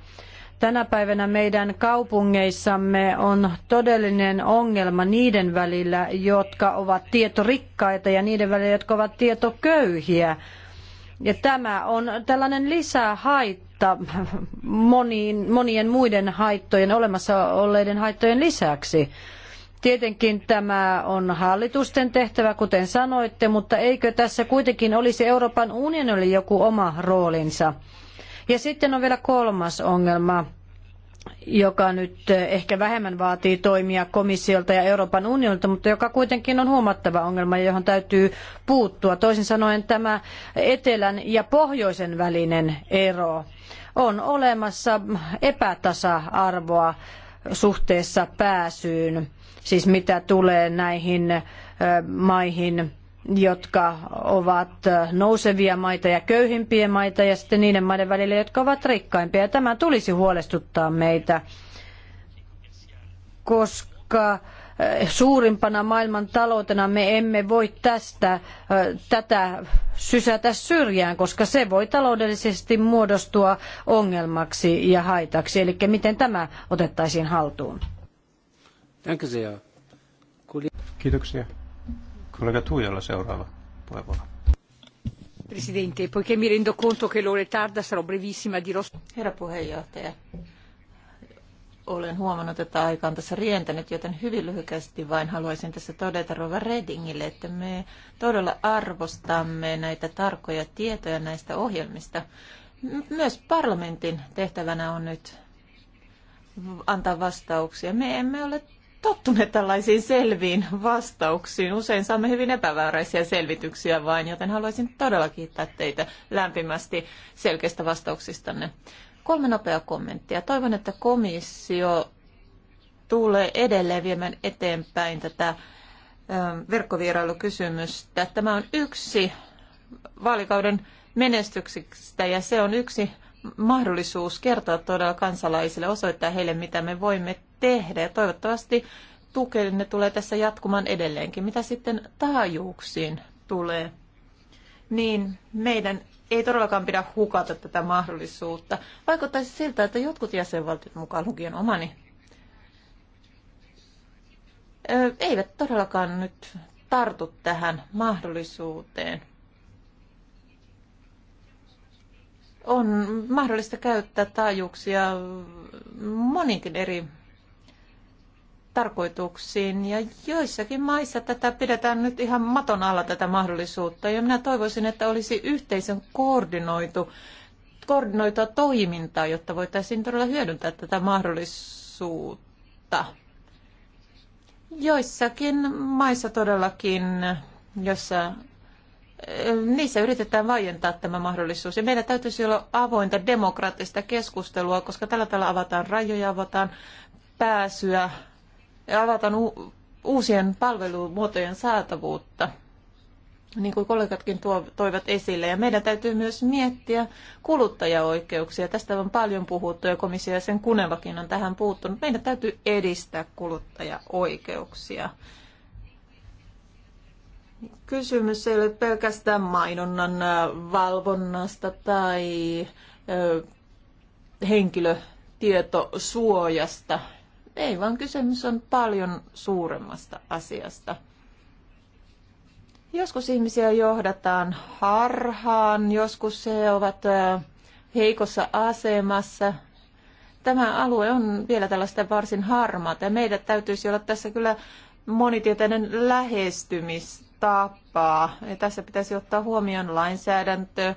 Tänä päivänä meidän kaupungeissamme on todellinen ongelma niiden välillä, jotka ovat tietorikkaita ja niiden välillä, jotka ovat tietoköyhiä ja tämä on tällainen lisähaitta moniin, monien muiden haittojen, olemassa olleiden haittojen lisäksi. Tietenkin tämä on hallitusten tehtävä, kuten sanoitte, mutta eikö tässä kuitenkin olisi Euroopan unionille joku oma roolinsa? Ja sitten on vielä kolmas ongelma joka nyt ehkä vähemmän vaatii toimia komissiolta ja Euroopan unionilta, mutta joka kuitenkin on huomattava ongelma, johon täytyy puuttua. Toisin sanoen tämä etelän ja pohjoisen välinen ero on olemassa epätasa-arvoa suhteessa pääsyyn, siis mitä tulee näihin maihin jotka ovat nousevia maita ja köyhimpiä maita ja sitten niiden maiden välillä, jotka ovat rikkaimpia. Ja tämä tulisi huolestuttaa meitä, koska suurimpana maailman taloutena me emme voi tästä tätä sysätä syrjään, koska se voi taloudellisesti muodostua ongelmaksi ja haitaksi. Eli miten tämä otettaisiin haltuun? Kiitoksia. Kollega Tuijalla seuraava puheenvuoro. Presidente, poiché mi rendo conto che l'ora è tarda, sarò brevissima di Ros... Herra puheenjohtaja, olen huomannut, että aika on tässä rientänyt, joten hyvin lyhykästi vain haluaisin tässä todeta Rova Redingille, että me todella arvostamme näitä tarkkoja tietoja näistä ohjelmista. Myös parlamentin tehtävänä on nyt antaa vastauksia. Me emme ole tottuneet tällaisiin selviin vastauksiin. Usein saamme hyvin epävääräisiä selvityksiä vain, joten haluaisin todella kiittää teitä lämpimästi selkeistä vastauksistanne. Kolme nopeaa kommenttia. Toivon, että komissio tulee edelleen viemään eteenpäin tätä verkkovierailukysymystä. Tämä on yksi vaalikauden menestyksistä ja se on yksi mahdollisuus kertoa todella kansalaisille, osoittaa heille, mitä me voimme tehdä. Ja toivottavasti tukenne tulee tässä jatkumaan edelleenkin. Mitä sitten taajuuksiin tulee, niin meidän ei todellakaan pidä hukata tätä mahdollisuutta. Vaikuttaisi siltä, että jotkut jäsenvaltiot, mukaan lukien omani, eivät todellakaan nyt tartu tähän mahdollisuuteen. on mahdollista käyttää taajuuksia moninkin eri tarkoituksiin. Ja joissakin maissa tätä pidetään nyt ihan maton alla tätä mahdollisuutta. Ja minä toivoisin, että olisi yhteisen koordinoitu, koordinoitua toimintaa, jotta voitaisiin todella hyödyntää tätä mahdollisuutta. Joissakin maissa todellakin, jossa niissä yritetään vaientaa tämä mahdollisuus. Ja meidän täytyisi olla avointa demokraattista keskustelua, koska tällä tavalla avataan rajoja, avataan pääsyä, ja avataan uusien palvelumuotojen saatavuutta, niin kuin kollegatkin tuo, toivat esille. Ja meidän täytyy myös miettiä kuluttajaoikeuksia. Tästä on paljon puhuttu ja komissio ja sen kunevakin on tähän puuttunut. Meidän täytyy edistää kuluttajaoikeuksia. Kysymys ei ole pelkästään mainonnan äh, valvonnasta tai henkilötietosuojasta. Ei, vaan kysymys on paljon suuremmasta asiasta. Joskus ihmisiä johdataan harhaan, joskus he ovat heikossa asemassa. Tämä alue on vielä tällaista varsin harmaata ja meidän täytyisi olla tässä kyllä monitieteinen lähestymis, tapaa. Ja tässä pitäisi ottaa huomioon lainsäädäntö,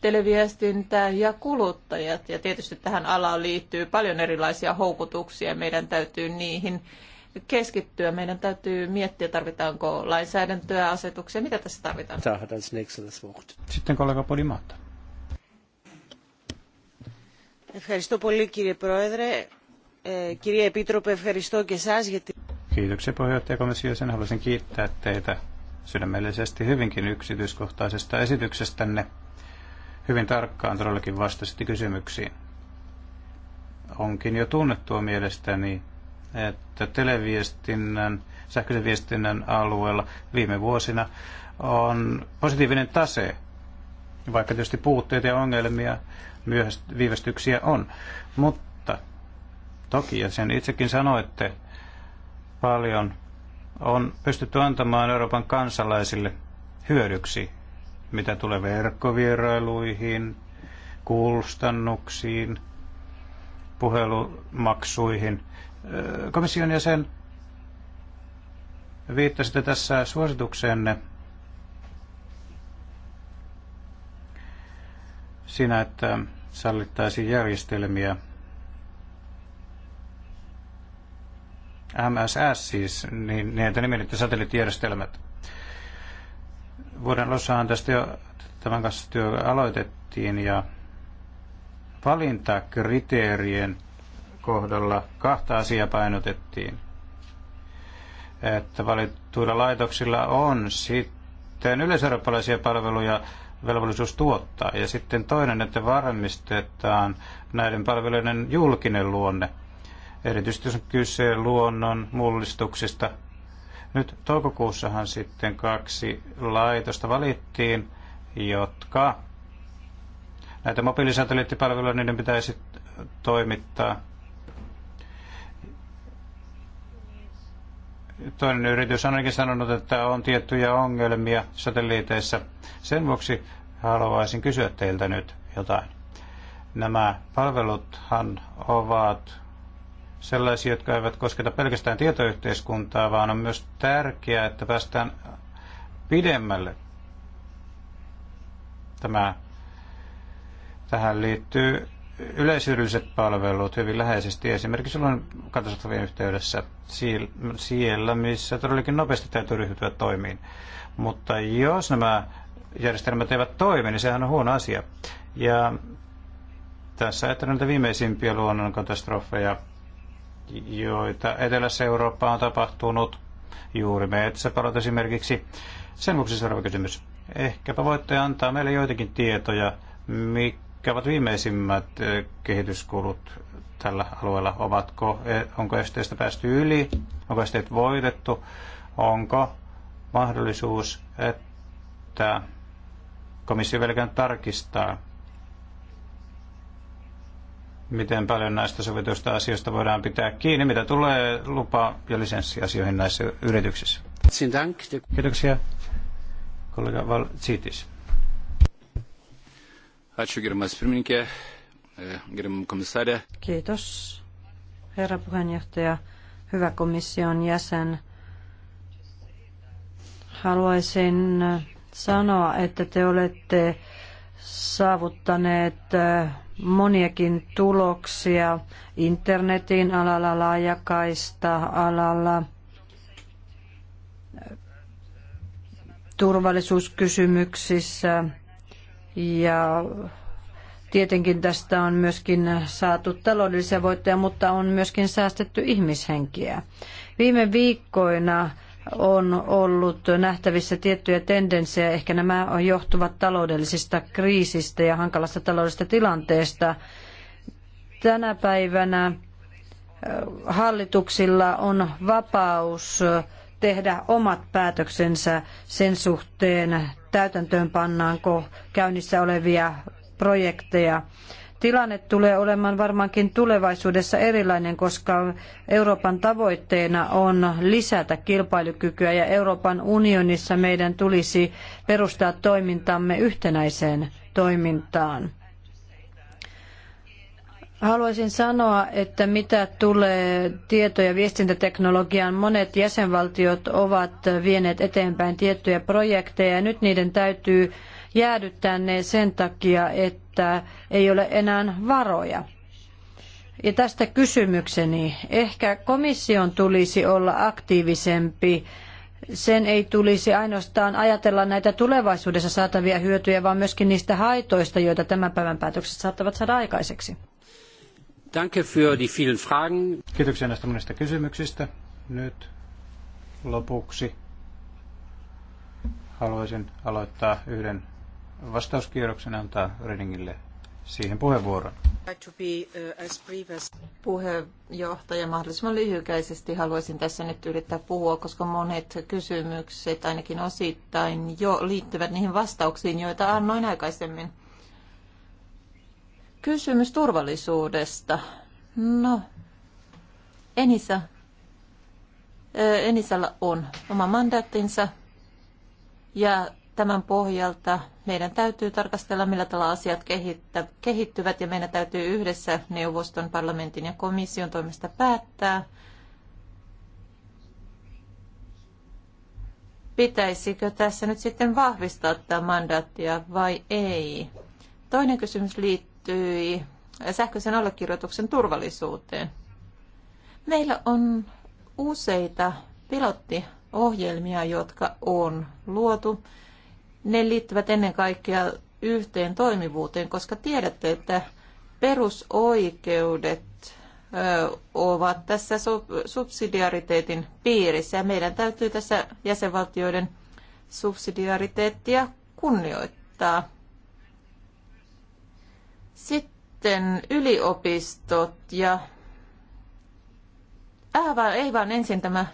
televiestintä ja kuluttajat. Ja tietysti tähän alaan liittyy paljon erilaisia houkutuksia. Meidän täytyy niihin keskittyä. Meidän täytyy miettiä, tarvitaanko lainsäädäntöä, asetuksia, mitä tässä tarvitaan. Siis Sitten kollega Podimatta. Ευχαριστώ πολύ κύριε Πρόεδρε. Ε, κύριε Επίτροπε, ευχαριστώ και εσάς για την... Kiitoksia puheenjohtaja komissio. Sen haluaisin kiittää teitä sydämellisesti hyvinkin yksityiskohtaisesta esityksestänne. Hyvin tarkkaan todellakin vastasitte kysymyksiin. Onkin jo tunnettua mielestäni, että televiestinnän, sähköisen viestinnän alueella viime vuosina on positiivinen tase, vaikka tietysti puutteita ja ongelmia, viivästyksiä on. Mutta toki, ja sen itsekin sanoitte, paljon on pystytty antamaan Euroopan kansalaisille hyödyksi, mitä tulee verkkovierailuihin, kustannuksiin, puhelumaksuihin. Komission jäsen viittasitte tässä suositukseenne siinä, että sallittaisiin järjestelmiä, MSS siis, niin niitä nimitetty satelliittijärjestelmät. Vuoden alussahan tästä jo tämän kanssa työ aloitettiin ja valintakriteerien kohdalla kahta asiaa painotettiin. Että valittuilla laitoksilla on sitten yleiseurooppalaisia palveluja velvollisuus tuottaa. Ja sitten toinen, että varmistetaan näiden palveluiden julkinen luonne – erityisesti jos on kyse luonnon mullistuksista. Nyt toukokuussahan sitten kaksi laitosta valittiin, jotka näitä mobiilisatelliittipalveluja niiden pitäisi toimittaa. Toinen yritys on ainakin sanonut, että on tiettyjä ongelmia satelliiteissa. Sen vuoksi haluaisin kysyä teiltä nyt jotain. Nämä palveluthan ovat sellaisia, jotka eivät kosketa pelkästään tietoyhteiskuntaa, vaan on myös tärkeää, että päästään pidemmälle. Tämä, tähän liittyy yleishyödylliset palvelut hyvin läheisesti, esimerkiksi silloin katastrofien yhteydessä siellä, missä todellakin nopeasti täytyy ryhtyä toimiin. Mutta jos nämä järjestelmät eivät toimi, niin sehän on huono asia. Ja tässä ajattelen näitä viimeisimpiä luonnonkatastrofeja, joita etelässä Eurooppaan on tapahtunut, juuri metsäpalot esimerkiksi. Sen vuoksi seuraava kysymys. Ehkäpä voitte antaa meille joitakin tietoja, mitkä ovat viimeisimmät eh, kehityskulut tällä alueella. Ovatko, eh, onko esteistä päästy yli? Onko esteet voitettu? Onko mahdollisuus, että komissio vielä tarkistaa miten paljon näistä sovituista asioista voidaan pitää kiinni, mitä tulee lupa- ja lisenssiasioihin näissä yrityksissä. Kiitoksia, kollega Valtsitis. E, Kiitos, herra puheenjohtaja, hyvä komission jäsen. Haluaisin sanoa, että te olette saavuttaneet e, moniakin tuloksia internetin alalla, laajakaista alalla, turvallisuuskysymyksissä ja tietenkin tästä on myöskin saatu taloudellisia voittoja, mutta on myöskin säästetty ihmishenkiä. Viime viikkoina on ollut nähtävissä tiettyjä tendenssejä. Ehkä nämä johtuvat taloudellisista kriisistä ja hankalasta taloudellisesta tilanteesta. Tänä päivänä hallituksilla on vapaus tehdä omat päätöksensä sen suhteen, täytäntöönpannaanko käynnissä olevia projekteja. Tilanne tulee olemaan varmaankin tulevaisuudessa erilainen, koska Euroopan tavoitteena on lisätä kilpailukykyä ja Euroopan unionissa meidän tulisi perustaa toimintamme yhtenäiseen toimintaan. Haluaisin sanoa, että mitä tulee tieto- ja viestintäteknologiaan, monet jäsenvaltiot ovat vieneet eteenpäin tiettyjä projekteja ja nyt niiden täytyy jäädyttää ne sen takia, että ei ole enää varoja. Ja tästä kysymykseni. Ehkä komission tulisi olla aktiivisempi sen ei tulisi ainoastaan ajatella näitä tulevaisuudessa saatavia hyötyjä, vaan myöskin niistä haitoista, joita tämän päivän päätökset saattavat saada aikaiseksi. Danke für die vielen Fragen. Kiitoksia näistä monista kysymyksistä. Nyt lopuksi haluaisin aloittaa yhden Vastauskierroksen antaa Redingille siihen puheenvuoron. Uh, Puheenjohtaja, mahdollisimman lyhykäisesti haluaisin tässä nyt yrittää puhua, koska monet kysymykset ainakin osittain jo liittyvät niihin vastauksiin, joita annoin aikaisemmin. Kysymys turvallisuudesta. No, Enisa. Uh, Enisalla on oma mandaattinsa ja tämän pohjalta meidän täytyy tarkastella, millä tavalla asiat kehittyvät ja meidän täytyy yhdessä neuvoston, parlamentin ja komission toimesta päättää, pitäisikö tässä nyt sitten vahvistaa tämä mandaattia vai ei. Toinen kysymys liittyy sähköisen allekirjoituksen turvallisuuteen. Meillä on useita pilottiohjelmia, jotka on luotu ne liittyvät ennen kaikkea yhteen toimivuuteen, koska tiedätte, että perusoikeudet ovat tässä subsidiariteetin piirissä ja meidän täytyy tässä jäsenvaltioiden subsidiariteettia kunnioittaa. Sitten yliopistot ja Äh, ei vaan ensin tämä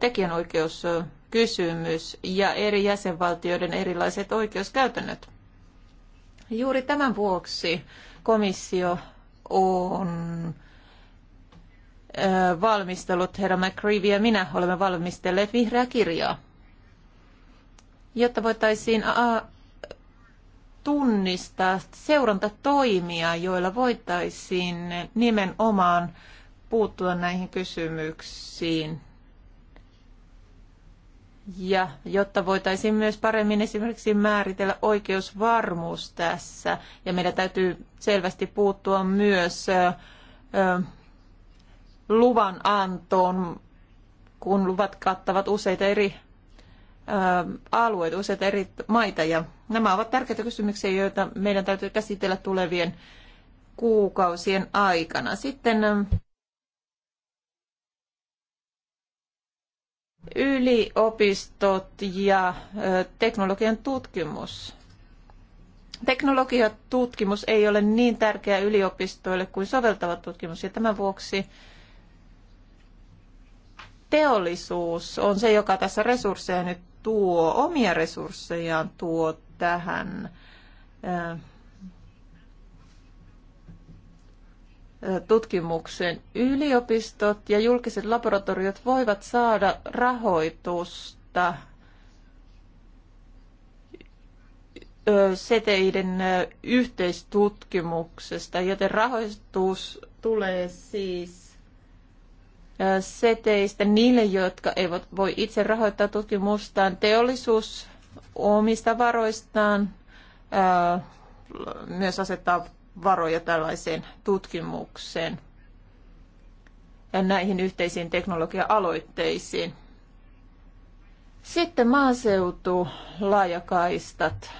tekijänoikeus kysymys ja eri jäsenvaltioiden erilaiset oikeuskäytännöt. Juuri tämän vuoksi komissio on valmistellut, herra McCreevy ja minä olemme valmistelleet vihreää kirjaa, jotta voitaisiin tunnistaa seurantatoimia, joilla voitaisiin nimenomaan puuttua näihin kysymyksiin ja jotta voitaisiin myös paremmin esimerkiksi määritellä oikeusvarmuus tässä. Ja meidän täytyy selvästi puuttua myös luvan antoon, kun luvat kattavat useita eri alueita, useita eri maita. Ja nämä ovat tärkeitä kysymyksiä, joita meidän täytyy käsitellä tulevien kuukausien aikana. Sitten Yliopistot ja teknologian tutkimus. Teknologiatutkimus ei ole niin tärkeä yliopistoille kuin soveltava tutkimus ja tämän vuoksi teollisuus on se, joka tässä resursseja nyt tuo, omia resurssejaan tuo tähän tutkimukseen. Yliopistot ja julkiset laboratoriot voivat saada rahoitusta seteiden yhteistutkimuksesta, joten rahoitus tulee siis seteistä niille, jotka eivät voi itse rahoittaa tutkimustaan. Teollisuus omista varoistaan myös asettaa varoja tällaiseen tutkimukseen ja näihin yhteisiin teknologia-aloitteisiin. Sitten maaseutu, laajakaistat.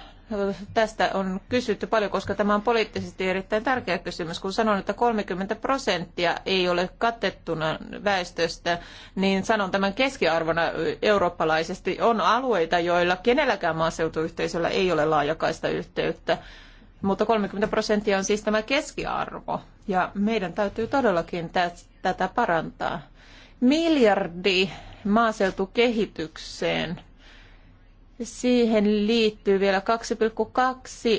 Tästä on kysytty paljon, koska tämä on poliittisesti erittäin tärkeä kysymys. Kun sanon, että 30 prosenttia ei ole katettuna väestöstä, niin sanon tämän keskiarvona eurooppalaisesti. On alueita, joilla kenelläkään maaseutuyhteisöllä ei ole laajakaista yhteyttä. Mutta 30 prosenttia on siis tämä keskiarvo, ja meidän täytyy todellakin tätä parantaa. Miljardi maaseutukehitykseen. Siihen liittyy vielä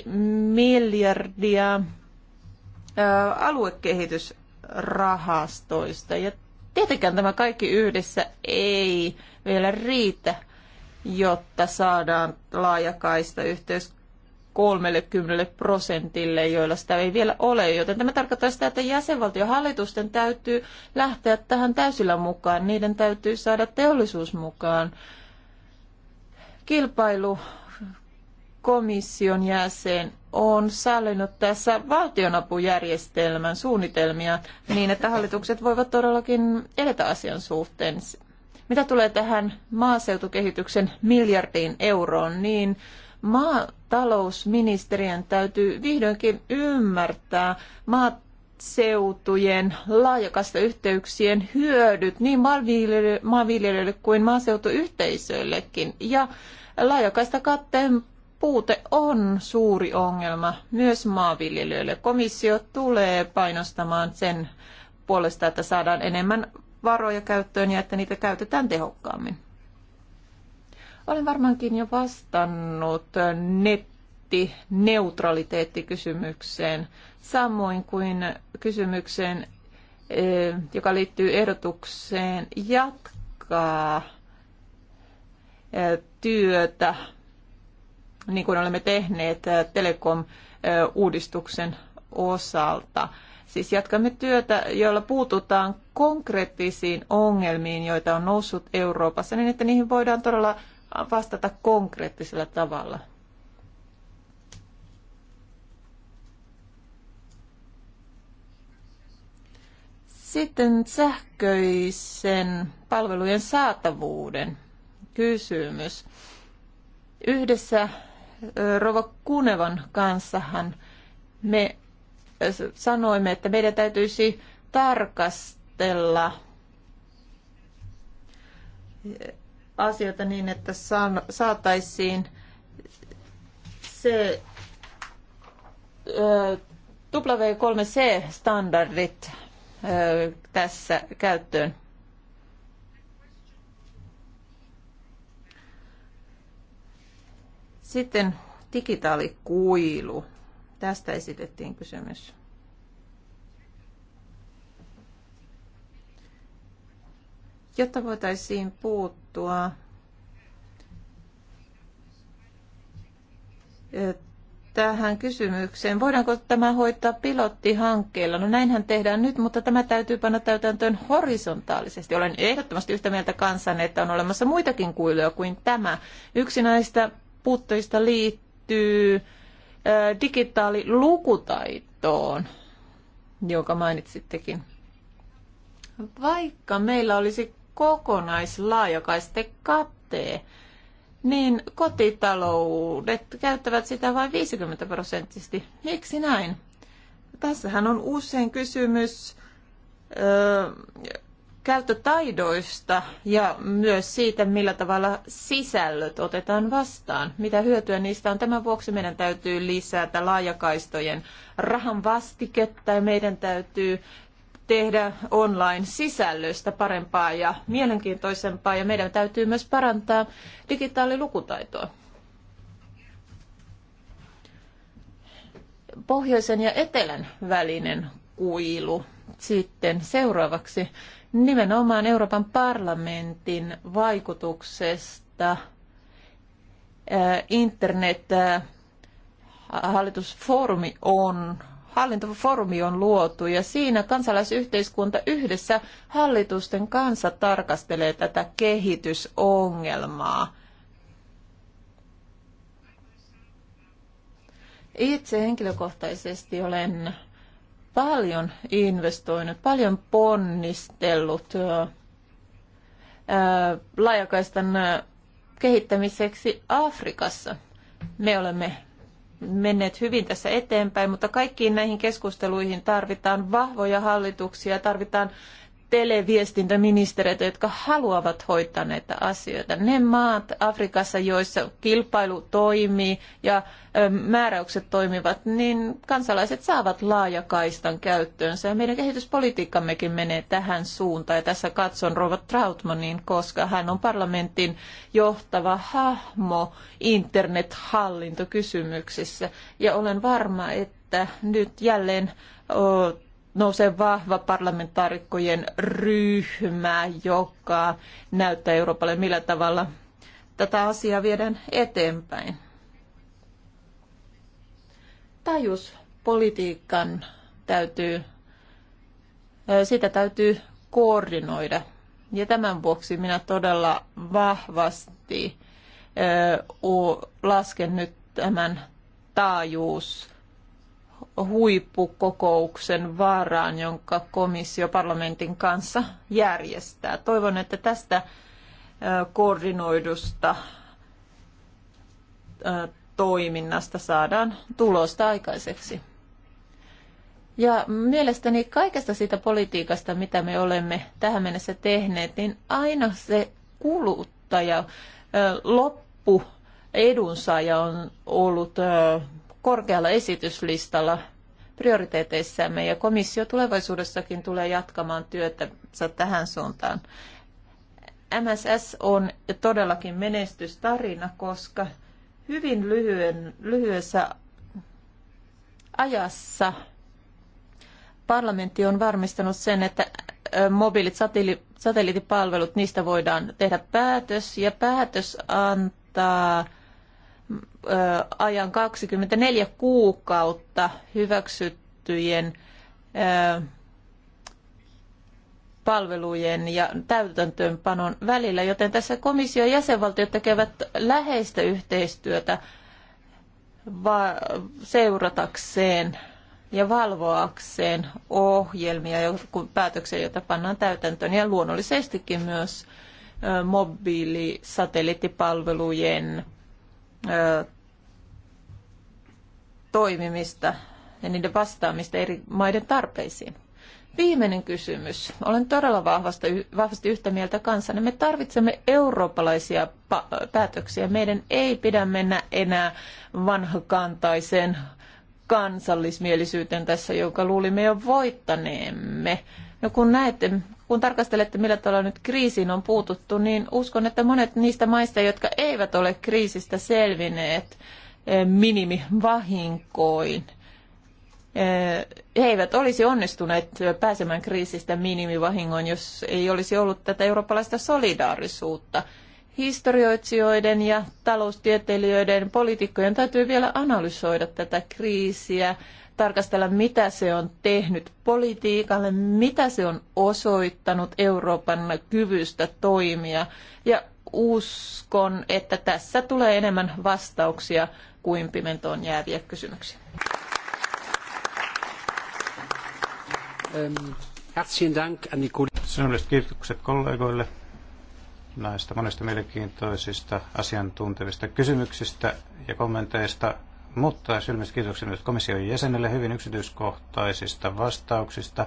2,2 miljardia aluekehitysrahastoista. Ja tietenkään tämä kaikki yhdessä ei vielä riitä, jotta saadaan laajakaista yhteys 30 prosentille, joilla sitä ei vielä ole. Joten tämä tarkoittaa sitä, että jäsenvaltiohallitusten täytyy lähteä tähän täysillä mukaan. Niiden täytyy saada teollisuus mukaan. Kilpailu komission jäsen on sallinut tässä valtionapujärjestelmän suunnitelmia niin, että hallitukset voivat todellakin edetä asian suhteen. Mitä tulee tähän maaseutukehityksen miljardiin euroon, niin Maatalousministeriön täytyy vihdoinkin ymmärtää maaseutujen laajakasta yhteyksien hyödyt niin maanviljelijöille kuin maaseutuyhteisöillekin. Ja laajakaista katteen puute on suuri ongelma myös maanviljelijöille. Komissio tulee painostamaan sen puolesta, että saadaan enemmän varoja käyttöön ja että niitä käytetään tehokkaammin. Olen varmaankin jo vastannut nettineutraliteettikysymykseen, samoin kuin kysymykseen, e, joka liittyy ehdotukseen jatkaa e, työtä, niin kuin olemme tehneet e, telekom-uudistuksen osalta. Siis jatkamme työtä, jolla puututaan konkreettisiin ongelmiin, joita on noussut Euroopassa, niin että niihin voidaan todella vastata konkreettisella tavalla. Sitten sähköisen palvelujen saatavuuden kysymys. Yhdessä Rova Kunevan kanssahan me sanoimme, että meidän täytyisi tarkastella asioita niin, että saataisiin se W3C-standardit tässä käyttöön. Sitten digitaalikuilu. Tästä esitettiin kysymys. jotta voitaisiin puuttua tähän kysymykseen. Voidaanko tämä hoitaa pilottihankkeella? No näinhän tehdään nyt, mutta tämä täytyy panna täytäntöön horisontaalisesti. Olen ehdottomasti yhtä mieltä kansan, että on olemassa muitakin kuiluja kuin tämä. Yksi näistä puutteista liittyy digitaalilukutaitoon, jonka mainitsittekin. Vaikka meillä olisi kokonaislaajakaiste katee, niin kotitaloudet käyttävät sitä vain 50 prosenttisesti. Miksi näin? Tässähän on usein kysymys ö, käyttötaidoista ja myös siitä, millä tavalla sisällöt otetaan vastaan. Mitä hyötyä niistä on? Tämän vuoksi meidän täytyy lisätä laajakaistojen rahan vastiketta ja meidän täytyy tehdä online-sisällöstä parempaa ja mielenkiintoisempaa ja meidän täytyy myös parantaa digitaalilukutaitoa. Pohjoisen ja etelän välinen kuilu sitten seuraavaksi nimenomaan Euroopan parlamentin vaikutuksesta internet hallitusfoorumi on hallintofoorumi on luotu ja siinä kansalaisyhteiskunta yhdessä hallitusten kanssa tarkastelee tätä kehitysongelmaa. Itse henkilökohtaisesti olen paljon investoinut, paljon ponnistellut laajakaistan kehittämiseksi Afrikassa. Me olemme menneet hyvin tässä eteenpäin, mutta kaikkiin näihin keskusteluihin tarvitaan vahvoja hallituksia, tarvitaan televiestintäministereitä, jotka haluavat hoitaa näitä asioita. Ne maat Afrikassa, joissa kilpailu toimii ja määräykset toimivat, niin kansalaiset saavat laajakaistan käyttöönsä. Ja meidän kehityspolitiikkammekin menee tähän suuntaan. Ja tässä katson Robert Trautmanin, koska hän on parlamentin johtava hahmo internethallintokysymyksissä. Ja olen varma, että nyt jälleen nousee vahva parlamentaarikkojen ryhmä, joka näyttää Euroopalle, millä tavalla tätä asiaa viedään eteenpäin. Tajuspolitiikan täytyy, sitä täytyy koordinoida. Ja tämän vuoksi minä todella vahvasti lasken nyt tämän taajuus huippukokouksen varaan, jonka komissio parlamentin kanssa järjestää. Toivon, että tästä koordinoidusta toiminnasta saadaan tulosta aikaiseksi. Ja mielestäni kaikesta siitä politiikasta, mitä me olemme tähän mennessä tehneet, niin aina se kuluttaja, loppu edunsaaja on ollut korkealla esityslistalla prioriteeteissamme ja komissio tulevaisuudessakin tulee jatkamaan työtänsä tähän suuntaan. MSS on todellakin menestystarina, koska hyvin lyhyen, lyhyessä ajassa parlamentti on varmistanut sen, että mobiilit satelliittipalvelut, niistä voidaan tehdä päätös ja päätös antaa ajan 24 kuukautta hyväksyttyjen palvelujen ja täytäntöönpanon välillä, joten tässä komissio ja jäsenvaltiot tekevät läheistä yhteistyötä seuratakseen ja valvoakseen ohjelmia ja päätöksiä, joita pannaan täytäntöön ja luonnollisestikin myös mobiilisatelliittipalvelujen toimimista ja niiden vastaamista eri maiden tarpeisiin. Viimeinen kysymys. Olen todella vahvasti, vahvasti yhtä mieltä kanssanne. Me tarvitsemme eurooppalaisia päätöksiä. Meidän ei pidä mennä enää vanhakantaiseen kansallismielisyyteen tässä, jonka luulimme jo voittaneemme. No kun näette kun tarkastelette, millä tavalla nyt kriisiin on puututtu, niin uskon, että monet niistä maista, jotka eivät ole kriisistä selvinneet eh, minimivahinkoin, he eh, eivät olisi onnistuneet pääsemään kriisistä minimivahingoin, jos ei olisi ollut tätä eurooppalaista solidaarisuutta. Historioitsijoiden ja taloustieteilijöiden, poliitikkojen täytyy vielä analysoida tätä kriisiä, tarkastella, mitä se on tehnyt politiikalle, mitä se on osoittanut Euroopan kyvystä toimia. Ja uskon, että tässä tulee enemmän vastauksia kuin pimentoon jääviä kysymyksiä. Ähm, herzlichen kiitokset kollegoille näistä monista mielenkiintoisista asiantuntevista kysymyksistä ja kommenteista. Mutta sylmissä kiitoksia myös komission jäsenelle hyvin yksityiskohtaisista vastauksista.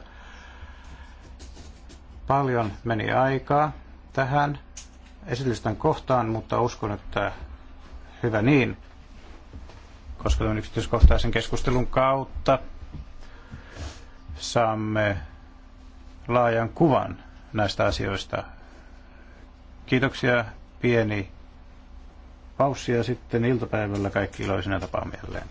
Paljon meni aikaa tähän esitystän kohtaan, mutta uskon, että hyvä niin, koska tämän yksityiskohtaisen keskustelun kautta saamme laajan kuvan näistä asioista. Kiitoksia, pieni paussia ja sitten iltapäivällä kaikki iloisina jälleen.